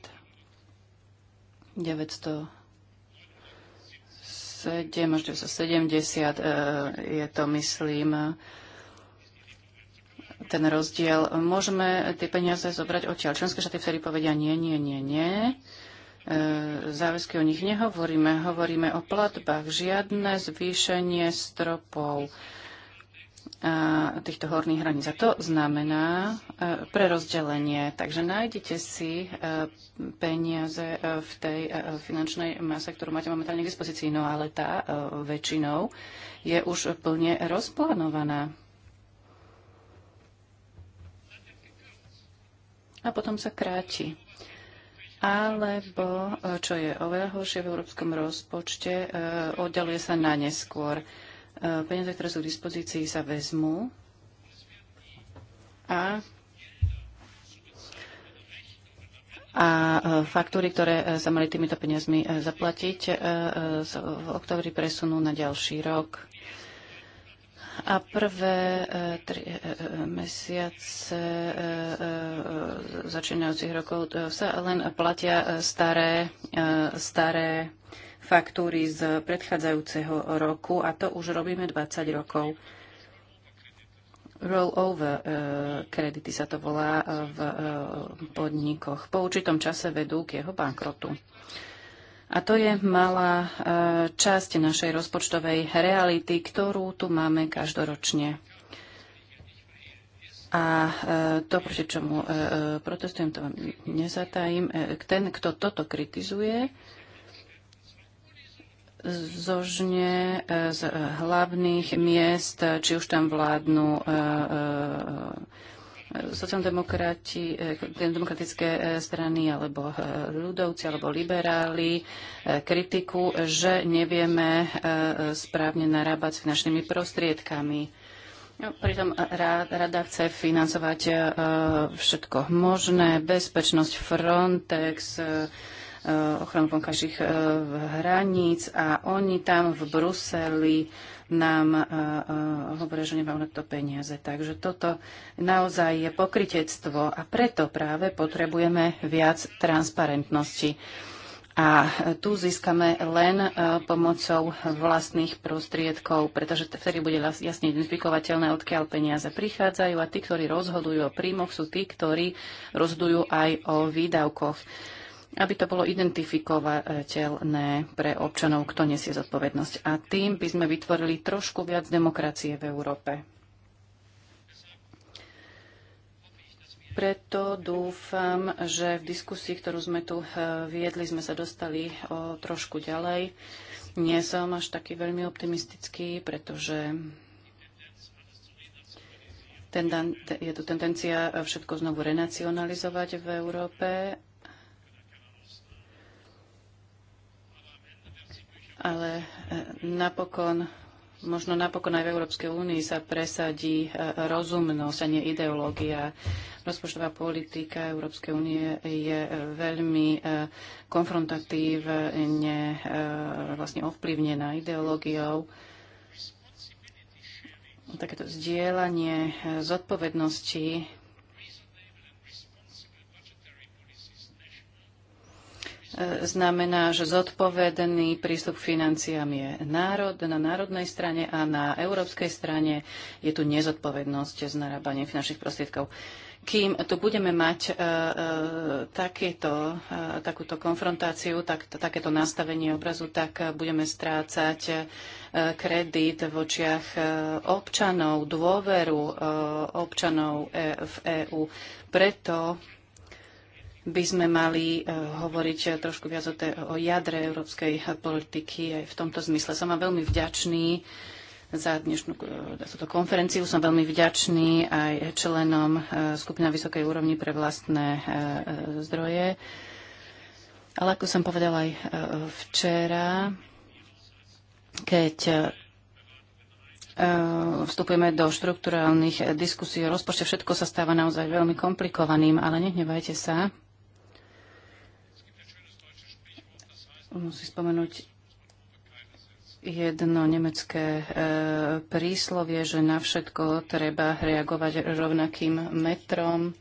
900 907 až 970 teda e, je to, myslím, ten rozdiel. Môžeme tie peniaze zobrať odtiaľ. Členské štáty vtedy povedia nie, nie, nie, nie. E, záväzky o nich nehovoríme, hovoríme o platbách. Žiadne zvýšenie stropov týchto horných hraníc. A to znamená e, prerozdelenie. Takže nájdete si e, peniaze e, v tej finančnej mase, ktorú máte momentálne k dispozícii, no ale tá väčšinou je už plne rozplánovaná. A potom sa kráti. Alebo, čo je oveľa horšie v európskom rozpočte, oddeluje sa na neskôr. Eh, peniaze, ktoré sú k dispozícii, sa vezmú a a eh, faktúry, ktoré eh, sa mali týmito peniazmi zaplatiť, v oktobri presunú na ďalší rok. A prvé tri mesiace začínajúcich rokov sa len platia staré, staré faktúry z predchádzajúceho roku a to už robíme 20 rokov. Rollover e, kredity sa to volá e, v e, podnikoch. Po určitom čase vedú k jeho bankrotu. A to je malá časť našej rozpočtovej reality, ktorú tu máme každoročne. A to, proti čomu protestujem, to vám nezatajím. Ten, kto toto kritizuje, zožne e, z hlavných miest, či už tam vládnu e, e, sociálno-demokratické strany alebo ľudovci alebo liberáli kritiku, že nevieme správne narábať s finančnými prostriedkami. No, pritom rada chce financovať všetko možné, bezpečnosť, Frontex, Eh, ochranu vonkajších eh, hraníc a oni tam v Bruseli nám eh, hovoria, že nemajú na to peniaze. Takže toto naozaj je pokritectvo a preto práve potrebujeme viac transparentnosti. A tu získame len pomocou vlastných prostriedkov, pretože vtedy bude jasne identifikovateľné, odkiaľ peniaze prichádzajú a tí, ktorí rozhodujú o príjmoch, sú tí, ktorí rozhodujú aj o výdavkoch aby to bolo identifikovateľné pre občanov, kto nesie zodpovednosť. A tým by sme vytvorili trošku viac demokracie v Európe. Preto dúfam, že v diskusii, ktorú sme tu eh, viedli, sme sa dostali o trošku ďalej. Nie som až taký veľmi optimistický, pretože je tu tendencia všetko znovu renacionalizovať v Európe ale e, napokon Možno napokon aj v Európskej únii sa presadí e, rozumnosť a nie ideológia. Rozpočtová politika Európskej únie je e, veľmi konfrontatívne vlastne ovplyvnená ideológiou. Takéto zdieľanie zodpovednosti znamená, že zodpovedný prístup k financiám je národ, na národnej strane a na európskej strane je tu nezodpovednosť s narábaním finančných prostriedkov. Kým tu budeme mať uh, uh, takéto, uh, takúto konfrontáciu, tak, takéto nastavenie obrazu, tak budeme strácať uh, kredit v očiach uh, občanov, dôveru uh, občanov e, v EÚ. Preto by sme mali e, hovoriť e, trošku viac o, te, o jadre európskej e, politiky aj v tomto zmysle. Som vám veľmi vďačný za dnešnú za túto konferenciu. Som veľmi vďačný aj členom skupina vysokej úrovni pre vlastné zdroje. Ale ako som povedala aj včera, keď vstupujeme do štruktúrálnych diskusí o rozpočte, všetko sa stáva naozaj veľmi komplikovaným, ale nehnevajte sa. musí spomenúť jedno nemecké e, príslovie, že na všetko treba reagovať rovnakým metrom.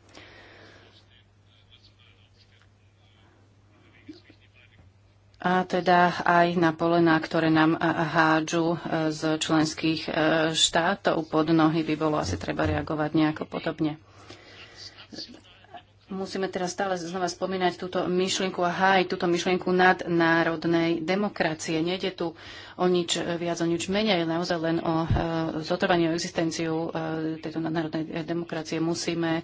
A teda aj na polená, ktoré nám hádžu e, z členských e, štátov pod nohy, by bolo asi treba reagovať nejako podobne musíme teraz stále znova spomínať túto myšlienku a háj, túto myšlienku nadnárodnej demokracie. Nejde tu o nič e, viac, o nič menej, naozaj len o e, zotrvanie, o existenciu e, tejto nadnárodnej demokracie. Musíme e,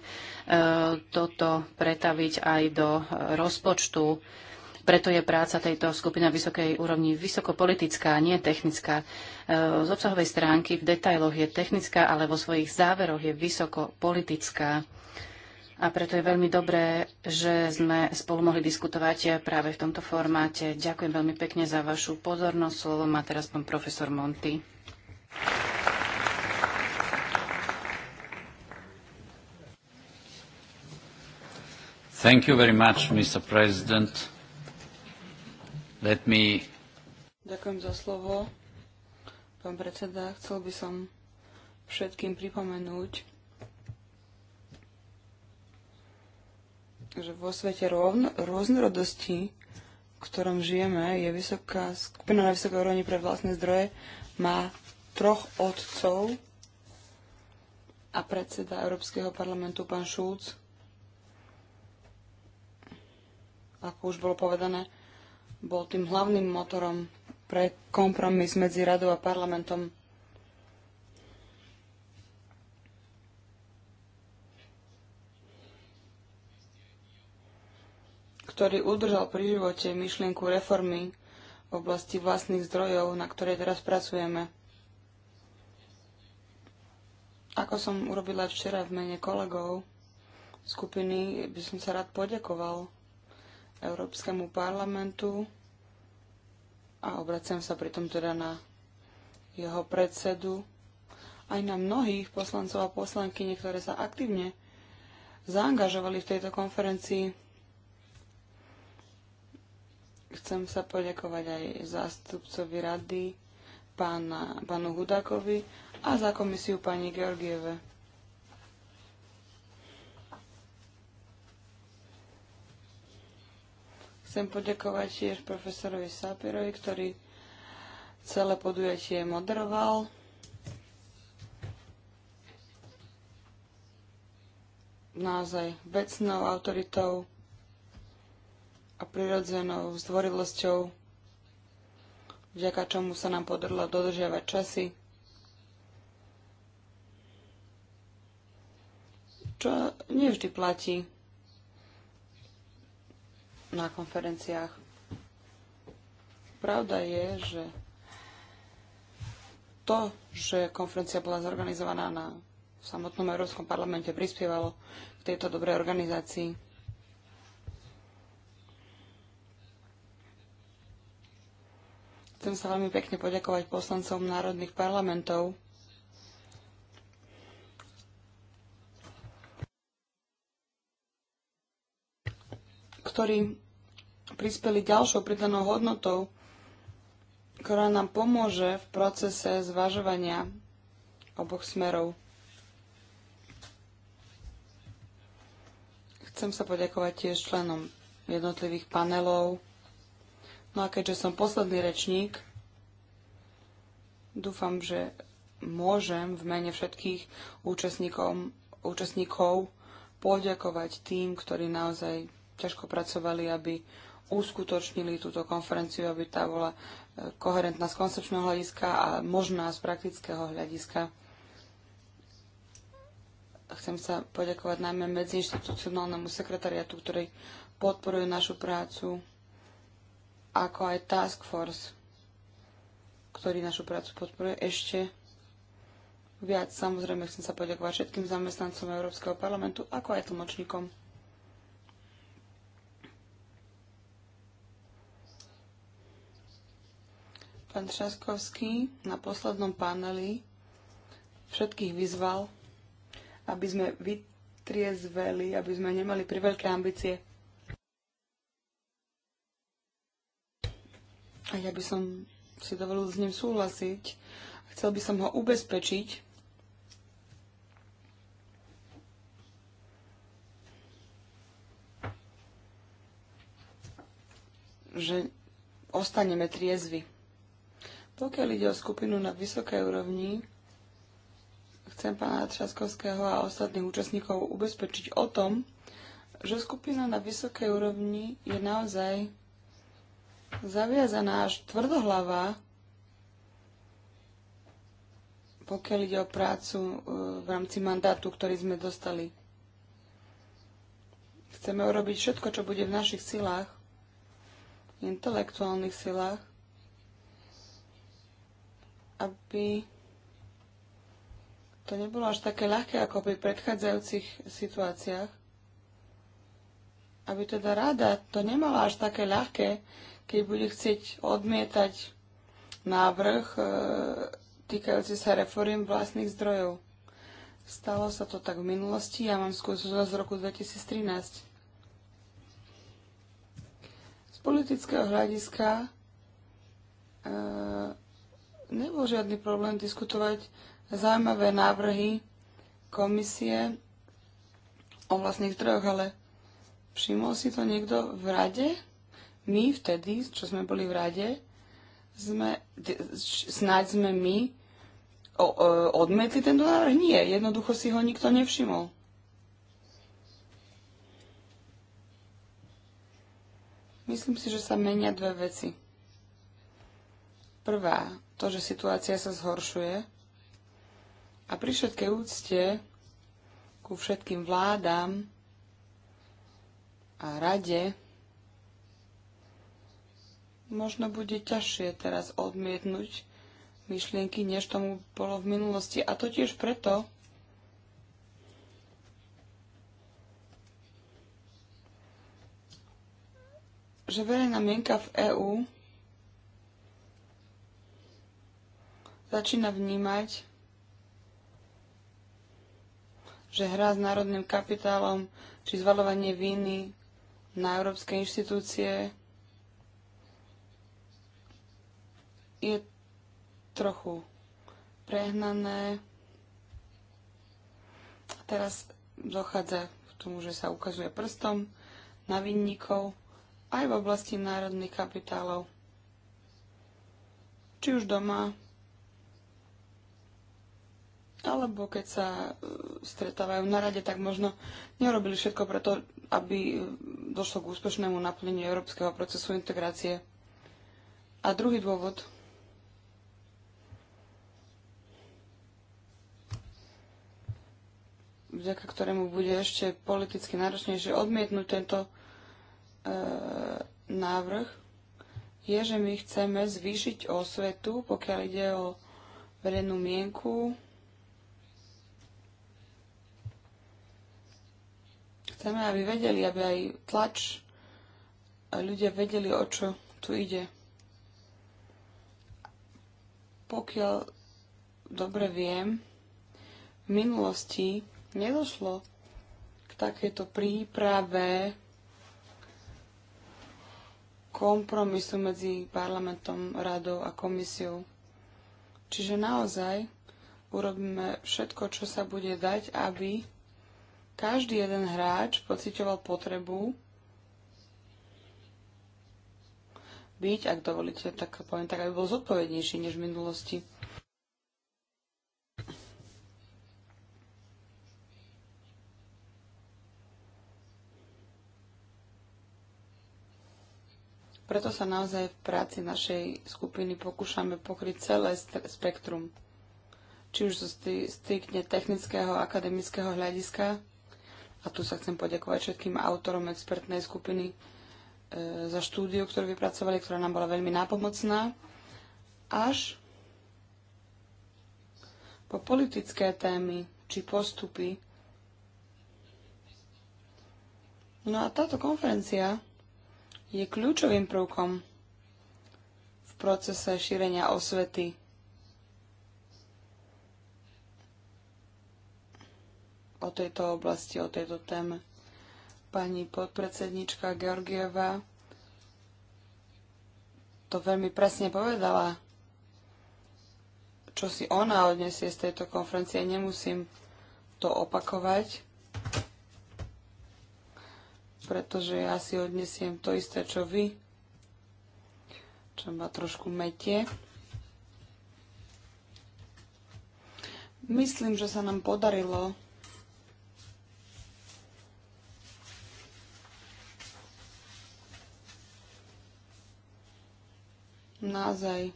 toto pretaviť aj do rozpočtu. Preto je práca tejto skupiny na vysokej úrovni vysokopolitická, nie technická. E, z obsahovej stránky v detailoch je technická, ale vo svojich záveroch je vysokopolitická. politická a preto je veľmi dobré, že sme spolu mohli diskutovať práve v tomto formáte. Ďakujem veľmi pekne za vašu pozornosť. Slovo má teraz pán profesor Monty. Thank you very much, Mr. President. Let me... Ďakujem za slovo. Pán predseda, chcel by som všetkým pripomenúť, že vo svete rovn, rôznorodosti, v ktorom žijeme, je vysoká, skupina na vysokej úrovni pre vlastné zdroje, má troch otcov a predseda Európskeho parlamentu, pán Šulc, ako už bolo povedané, bol tým hlavným motorom pre kompromis medzi radou a parlamentom ktorý udržal pri živote myšlienku reformy v oblasti vlastných zdrojov, na ktorej teraz pracujeme. Ako som urobila včera v mene kolegov skupiny, by som sa rád poďakoval Európskemu parlamentu a obracem sa pritom teda na jeho predsedu, aj na mnohých poslancov a poslanky, ktoré sa aktívne zaangažovali v tejto konferencii. Chcem sa poďakovať aj zástupcovi rady, pána, pánu Hudakovi a za komisiu pani Georgieve. Chcem poďakovať tiež profesorovi Sapirovi, ktorý celé podujatie moderoval. Naozaj vecnou autoritou a prirodzenou zdvorilosťou, vďaka čomu sa nám podarilo dodržiavať časy. Čo nevždy platí na konferenciách. Pravda je, že to, že konferencia bola zorganizovaná na samotnom Európskom parlamente prispievalo k tejto dobrej organizácii. Chcem sa veľmi pekne poďakovať poslancom národných parlamentov. ktorí prispeli ďalšou pridanou hodnotou, ktorá nám pomôže v procese zvažovania oboch smerov. Chcem sa poďakovať tiež členom jednotlivých panelov, No a keďže som posledný rečník, dúfam, že môžem v mene všetkých účastníkov, účastníkov poďakovať tým, ktorí naozaj ťažko pracovali, aby uskutočnili túto konferenciu, aby tá bola e, koherentná z koncepčného hľadiska a možná z praktického hľadiska. Chcem sa poďakovať najmä medziinstitucionálnemu sekretariatu, ktorý podporuje našu prácu ako aj Task Force, ktorý našu prácu podporuje ešte viac. Samozrejme chcem sa poďakovať všetkým zamestnancom Európskeho parlamentu, ako aj tlmočníkom. Pán Třaskovský na poslednom paneli všetkých vyzval, aby sme vytriezveli, aby sme nemali priveľké ambície A ja by som si dovolil s ním súhlasiť. Chcel by som ho ubezpečiť, že ostaneme triezvy. Pokiaľ ide o skupinu na vysokej úrovni, chcem pána Třaskovského a ostatných účastníkov ubezpečiť o tom, že skupina na vysokej úrovni je naozaj zaviazaná až tvrdohlava, pokiaľ ide o prácu e, v rámci mandátu, ktorý sme dostali. Chceme urobiť všetko, čo bude v našich silách, intelektuálnych silách, aby to nebolo až také ľahké ako pri predchádzajúcich situáciách, aby teda rada to nemala až také ľahké, keď bude chcieť odmietať návrh e, týkajúci sa reforiem vlastných zdrojov. Stalo sa to tak v minulosti, ja mám skúsenosť z roku 2013. Z politického hľadiska e, nebol žiadny problém diskutovať zaujímavé návrhy komisie o vlastných zdrojoch, ale všimol si to niekto v rade? my vtedy, čo sme boli v rade, sme, snáď sme my o, o, odmetli ten návrh? Nie, jednoducho si ho nikto nevšimol. Myslím si, že sa menia dve veci. Prvá, to, že situácia sa zhoršuje a pri všetkej úcte ku všetkým vládám a rade, možno bude ťažšie teraz odmietnúť myšlienky, než tomu bolo v minulosti. A to tiež preto, že verejná mienka v EÚ začína vnímať, že hra s národným kapitálom či zvalovanie viny na európske inštitúcie je trochu prehnané. Teraz dochádza k tomu, že sa ukazuje prstom na vinníkov aj v oblasti národných kapitálov. Či už doma, alebo keď sa e, stretávajú na rade, tak možno nerobili všetko preto, aby e, došlo k úspešnému naplneniu európskeho procesu integrácie. A druhý dôvod, vďaka ktorému bude ešte politicky náročnejšie odmietnúť tento e, návrh, je, že my chceme zvýšiť osvetu, pokiaľ ide o verejnú mienku. Chceme, aby vedeli, aby aj tlač a ľudia vedeli, o čo tu ide. Pokiaľ dobre viem, v minulosti nedošlo k takejto príprave kompromisu medzi parlamentom, radou a komisiou. Čiže naozaj urobíme všetko, čo sa bude dať, aby každý jeden hráč pocitoval potrebu byť, ak dovolíte, tak poviem tak, aby bol zodpovednejší než v minulosti. Preto sa naozaj v práci našej skupiny pokúšame pokryť celé spektrum, či už zo striktne technického a akademického hľadiska, a tu sa chcem poďakovať všetkým autorom expertnej skupiny e, za štúdiu, ktorú vypracovali, ktorá nám bola veľmi nápomocná, až po politické témy či postupy. No a táto konferencia je kľúčovým prvkom v procese šírenia osvety. o tejto oblasti, o tejto téme. Pani podpredsednička Georgieva to veľmi presne povedala, čo si ona odnesie z tejto konferencie. Nemusím to opakovať pretože ja si odnesiem to isté, čo vy, čo ma trošku metie. Myslím, že sa nám podarilo naozaj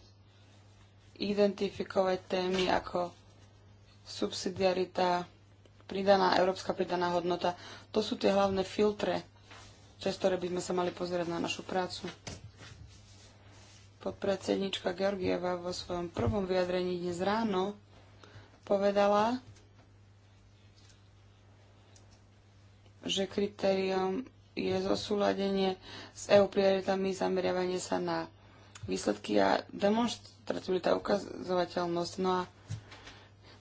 identifikovať témy ako subsidiarita, pridaná, európska pridaná hodnota. To sú tie hlavné filtre cez ktoré by sme sa mali pozerať na našu prácu. Podpredsednička Georgieva vo svojom prvom vyjadrení dnes ráno povedala, že kritériom je zosúladenie s EU prioritami, zameriavanie sa na výsledky a demonstratibilita, ukazovateľnosť. No a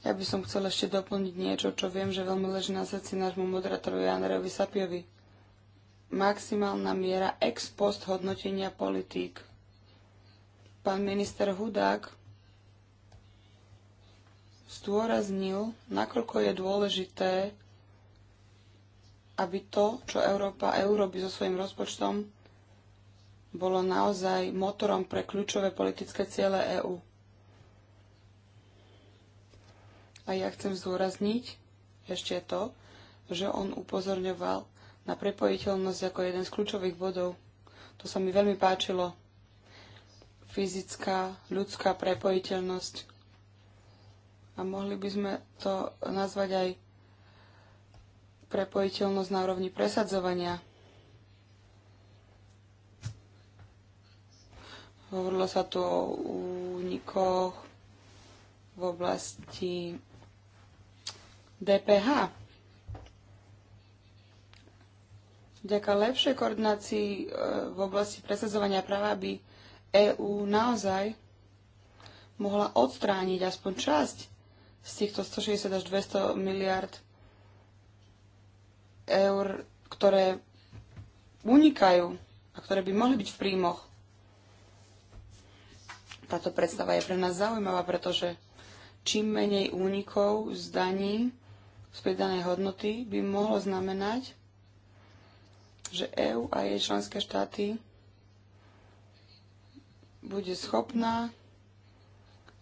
ja by som chcel ešte doplniť niečo, čo viem, že veľmi leží na srdci nášmu moderátorovi Andrejovi Sapiovi maximálna miera ex post hodnotenia politík. Pán minister Hudák zdôraznil, nakoľko je dôležité, aby to, čo Európa Európy so svojím rozpočtom, bolo naozaj motorom pre kľúčové politické ciele EÚ. A ja chcem zdôrazniť ešte to, že on upozorňoval na prepojiteľnosť ako jeden z kľúčových bodov. To sa mi veľmi páčilo. Fyzická, ľudská prepojiteľnosť. A mohli by sme to nazvať aj prepojiteľnosť na úrovni presadzovania. Hovorilo sa tu o únikoch v oblasti DPH. vďaka lepšej koordinácii e, v oblasti presadzovania práva by EÚ naozaj mohla odstrániť aspoň časť z týchto 160 až 200 miliard eur, ktoré unikajú a ktoré by mohli byť v príjmoch. Táto predstava je pre nás zaujímavá, pretože čím menej únikov z daní z pridanej hodnoty by mohlo znamenať, že EÚ a jej členské štáty bude schopná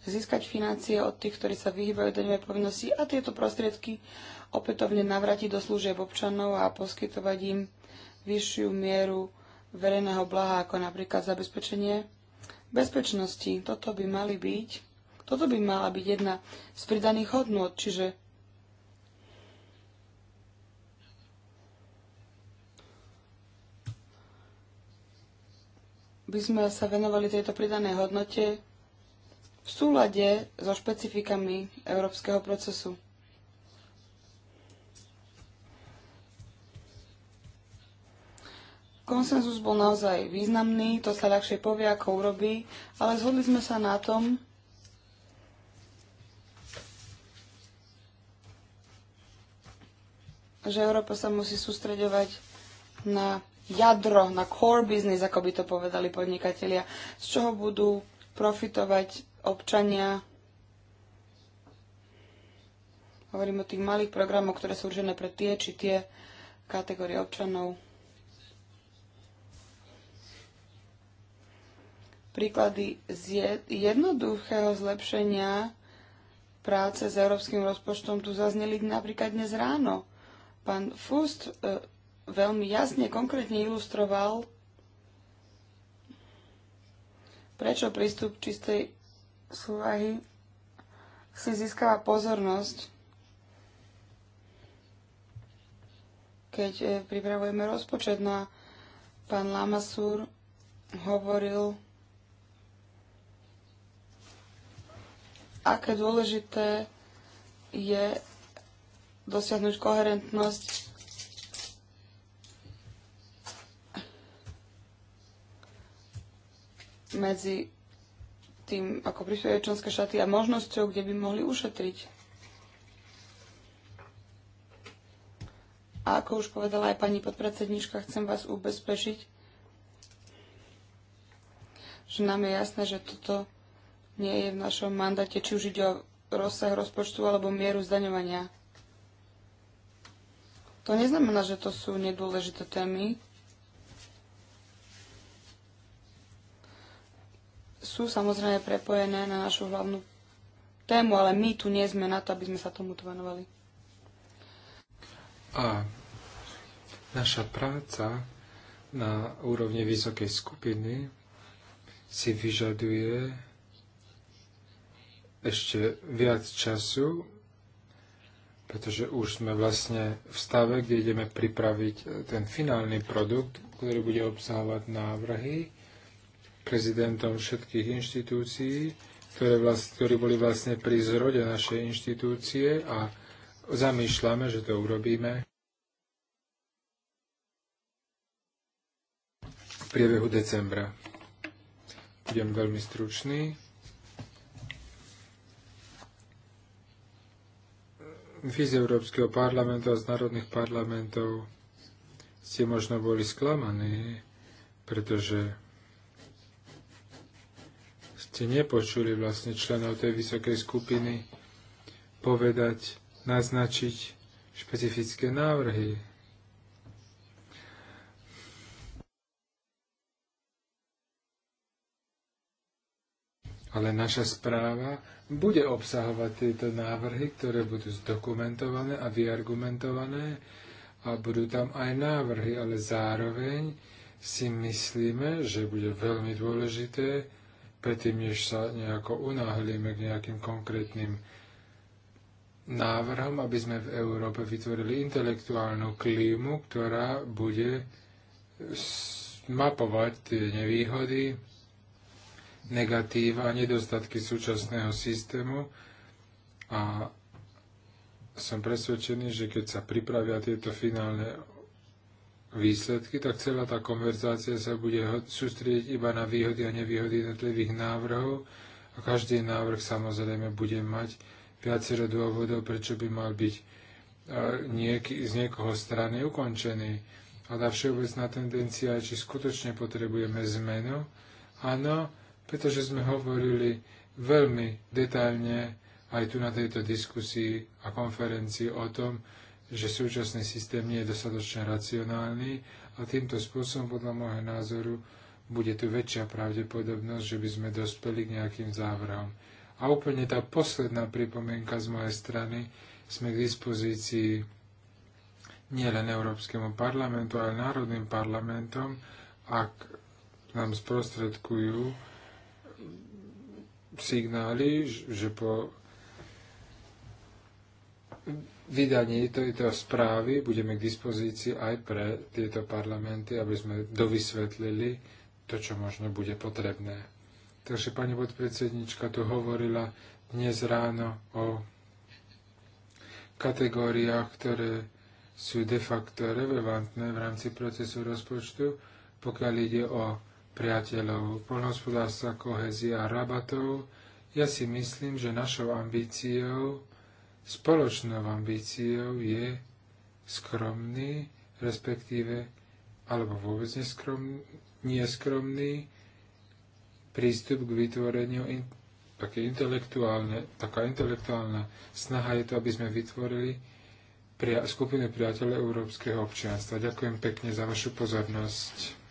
získať financie od tých, ktorí sa vyhýbajú daňovej povinnosti a tieto prostriedky opätovne navrátiť do služieb občanov a poskytovať im vyššiu mieru verejného blaha, ako napríklad zabezpečenie bezpečnosti. Toto by mali byť, toto by mala byť jedna z pridaných hodnôt, čiže by sme sa venovali tejto pridanej hodnote v súlade so špecifikami európskeho procesu. Konsenzus bol naozaj významný, to sa ľahšie povie, ako urobí, ale zhodli sme sa na tom, že Európa sa musí sústreďovať na jadro, na core business, ako by to povedali podnikatelia, z čoho budú profitovať občania. Hovorím o tých malých programoch, ktoré sú určené pre tie či tie kategórie občanov. Príklady z jednoduchého zlepšenia práce s európskym rozpočtom tu zazneli napríklad dnes ráno. Pán Fust e, veľmi jasne, konkrétne ilustroval, prečo prístup čistej súvahy si získava pozornosť, keď e, pripravujeme rozpočet na pán Lamasúr hovoril, aké dôležité je dosiahnuť koherentnosť medzi tým, ako prispievajú členské štáty a možnosťou, kde by mohli ušetriť. A ako už povedala aj pani podpredsednička, chcem vás ubezpečiť, že nám je jasné, že toto nie je v našom mandáte, či už ide o rozsah rozpočtu alebo mieru zdaňovania. To neznamená, že to sú nedôležité témy, sú samozrejme prepojené na našu hlavnú tému, ale my tu nie sme na to, aby sme sa tomuto venovali. A naša práca na úrovni vysokej skupiny si vyžaduje ešte viac času, pretože už sme vlastne v stave, kde ideme pripraviť ten finálny produkt, ktorý bude obsahovať návrhy prezidentom všetkých inštitúcií, ktoré vlast, ktorí boli vlastne pri zrode našej inštitúcie a zamýšľame, že to urobíme v priebehu decembra. Budem veľmi stručný. Vy z Európskeho parlamentu a z národných parlamentov ste možno boli sklamaní, pretože ste nepočuli vlastne členov tej vysokej skupiny povedať, naznačiť špecifické návrhy. Ale naša správa bude obsahovať tieto návrhy, ktoré budú zdokumentované a vyargumentované a budú tam aj návrhy, ale zároveň si myslíme, že bude veľmi dôležité predtým, než sa nejako unáhlíme k nejakým konkrétnym návrhom, aby sme v Európe vytvorili intelektuálnu klímu, ktorá bude mapovať tie nevýhody, negatíva a nedostatky súčasného systému. A som presvedčený, že keď sa pripravia tieto finálne výsledky, tak celá tá konverzácia sa bude sústrediť iba na výhody a nevýhody jednotlivých návrhov a každý návrh samozrejme bude mať viacero dôvodov, prečo by mal byť nieký, z niekoho strany ukončený. A tá všeobecná tendencia je, či skutočne potrebujeme zmenu. Áno, pretože sme hovorili veľmi detailne aj tu na tejto diskusii a konferencii o tom, že súčasný systém nie je dostatočne racionálny a týmto spôsobom podľa môjho názoru bude tu väčšia pravdepodobnosť, že by sme dospeli k nejakým záverom. A úplne tá posledná pripomienka z mojej strany, sme k dispozícii nielen Európskemu parlamentu, ale národným parlamentom, ak nám sprostredkujú signály, že po vydaní tejto správy budeme k dispozícii aj pre tieto parlamenty, aby sme dovysvetlili to, čo možno bude potrebné. Takže pani podpredsednička tu hovorila dnes ráno o kategóriách, ktoré sú de facto relevantné v rámci procesu rozpočtu, pokiaľ ide o priateľov poľnohospodárstva, kohezia a rabatov. Ja si myslím, že našou ambíciou spoločnou ambíciou je skromný, respektíve alebo vôbec neskromný, neskromný prístup k vytvoreniu in, také intelektuálne, taká intelektuálna snaha je to, aby sme vytvorili pria, skupinu priateľov európskeho občianstva. Ďakujem pekne za vašu pozornosť.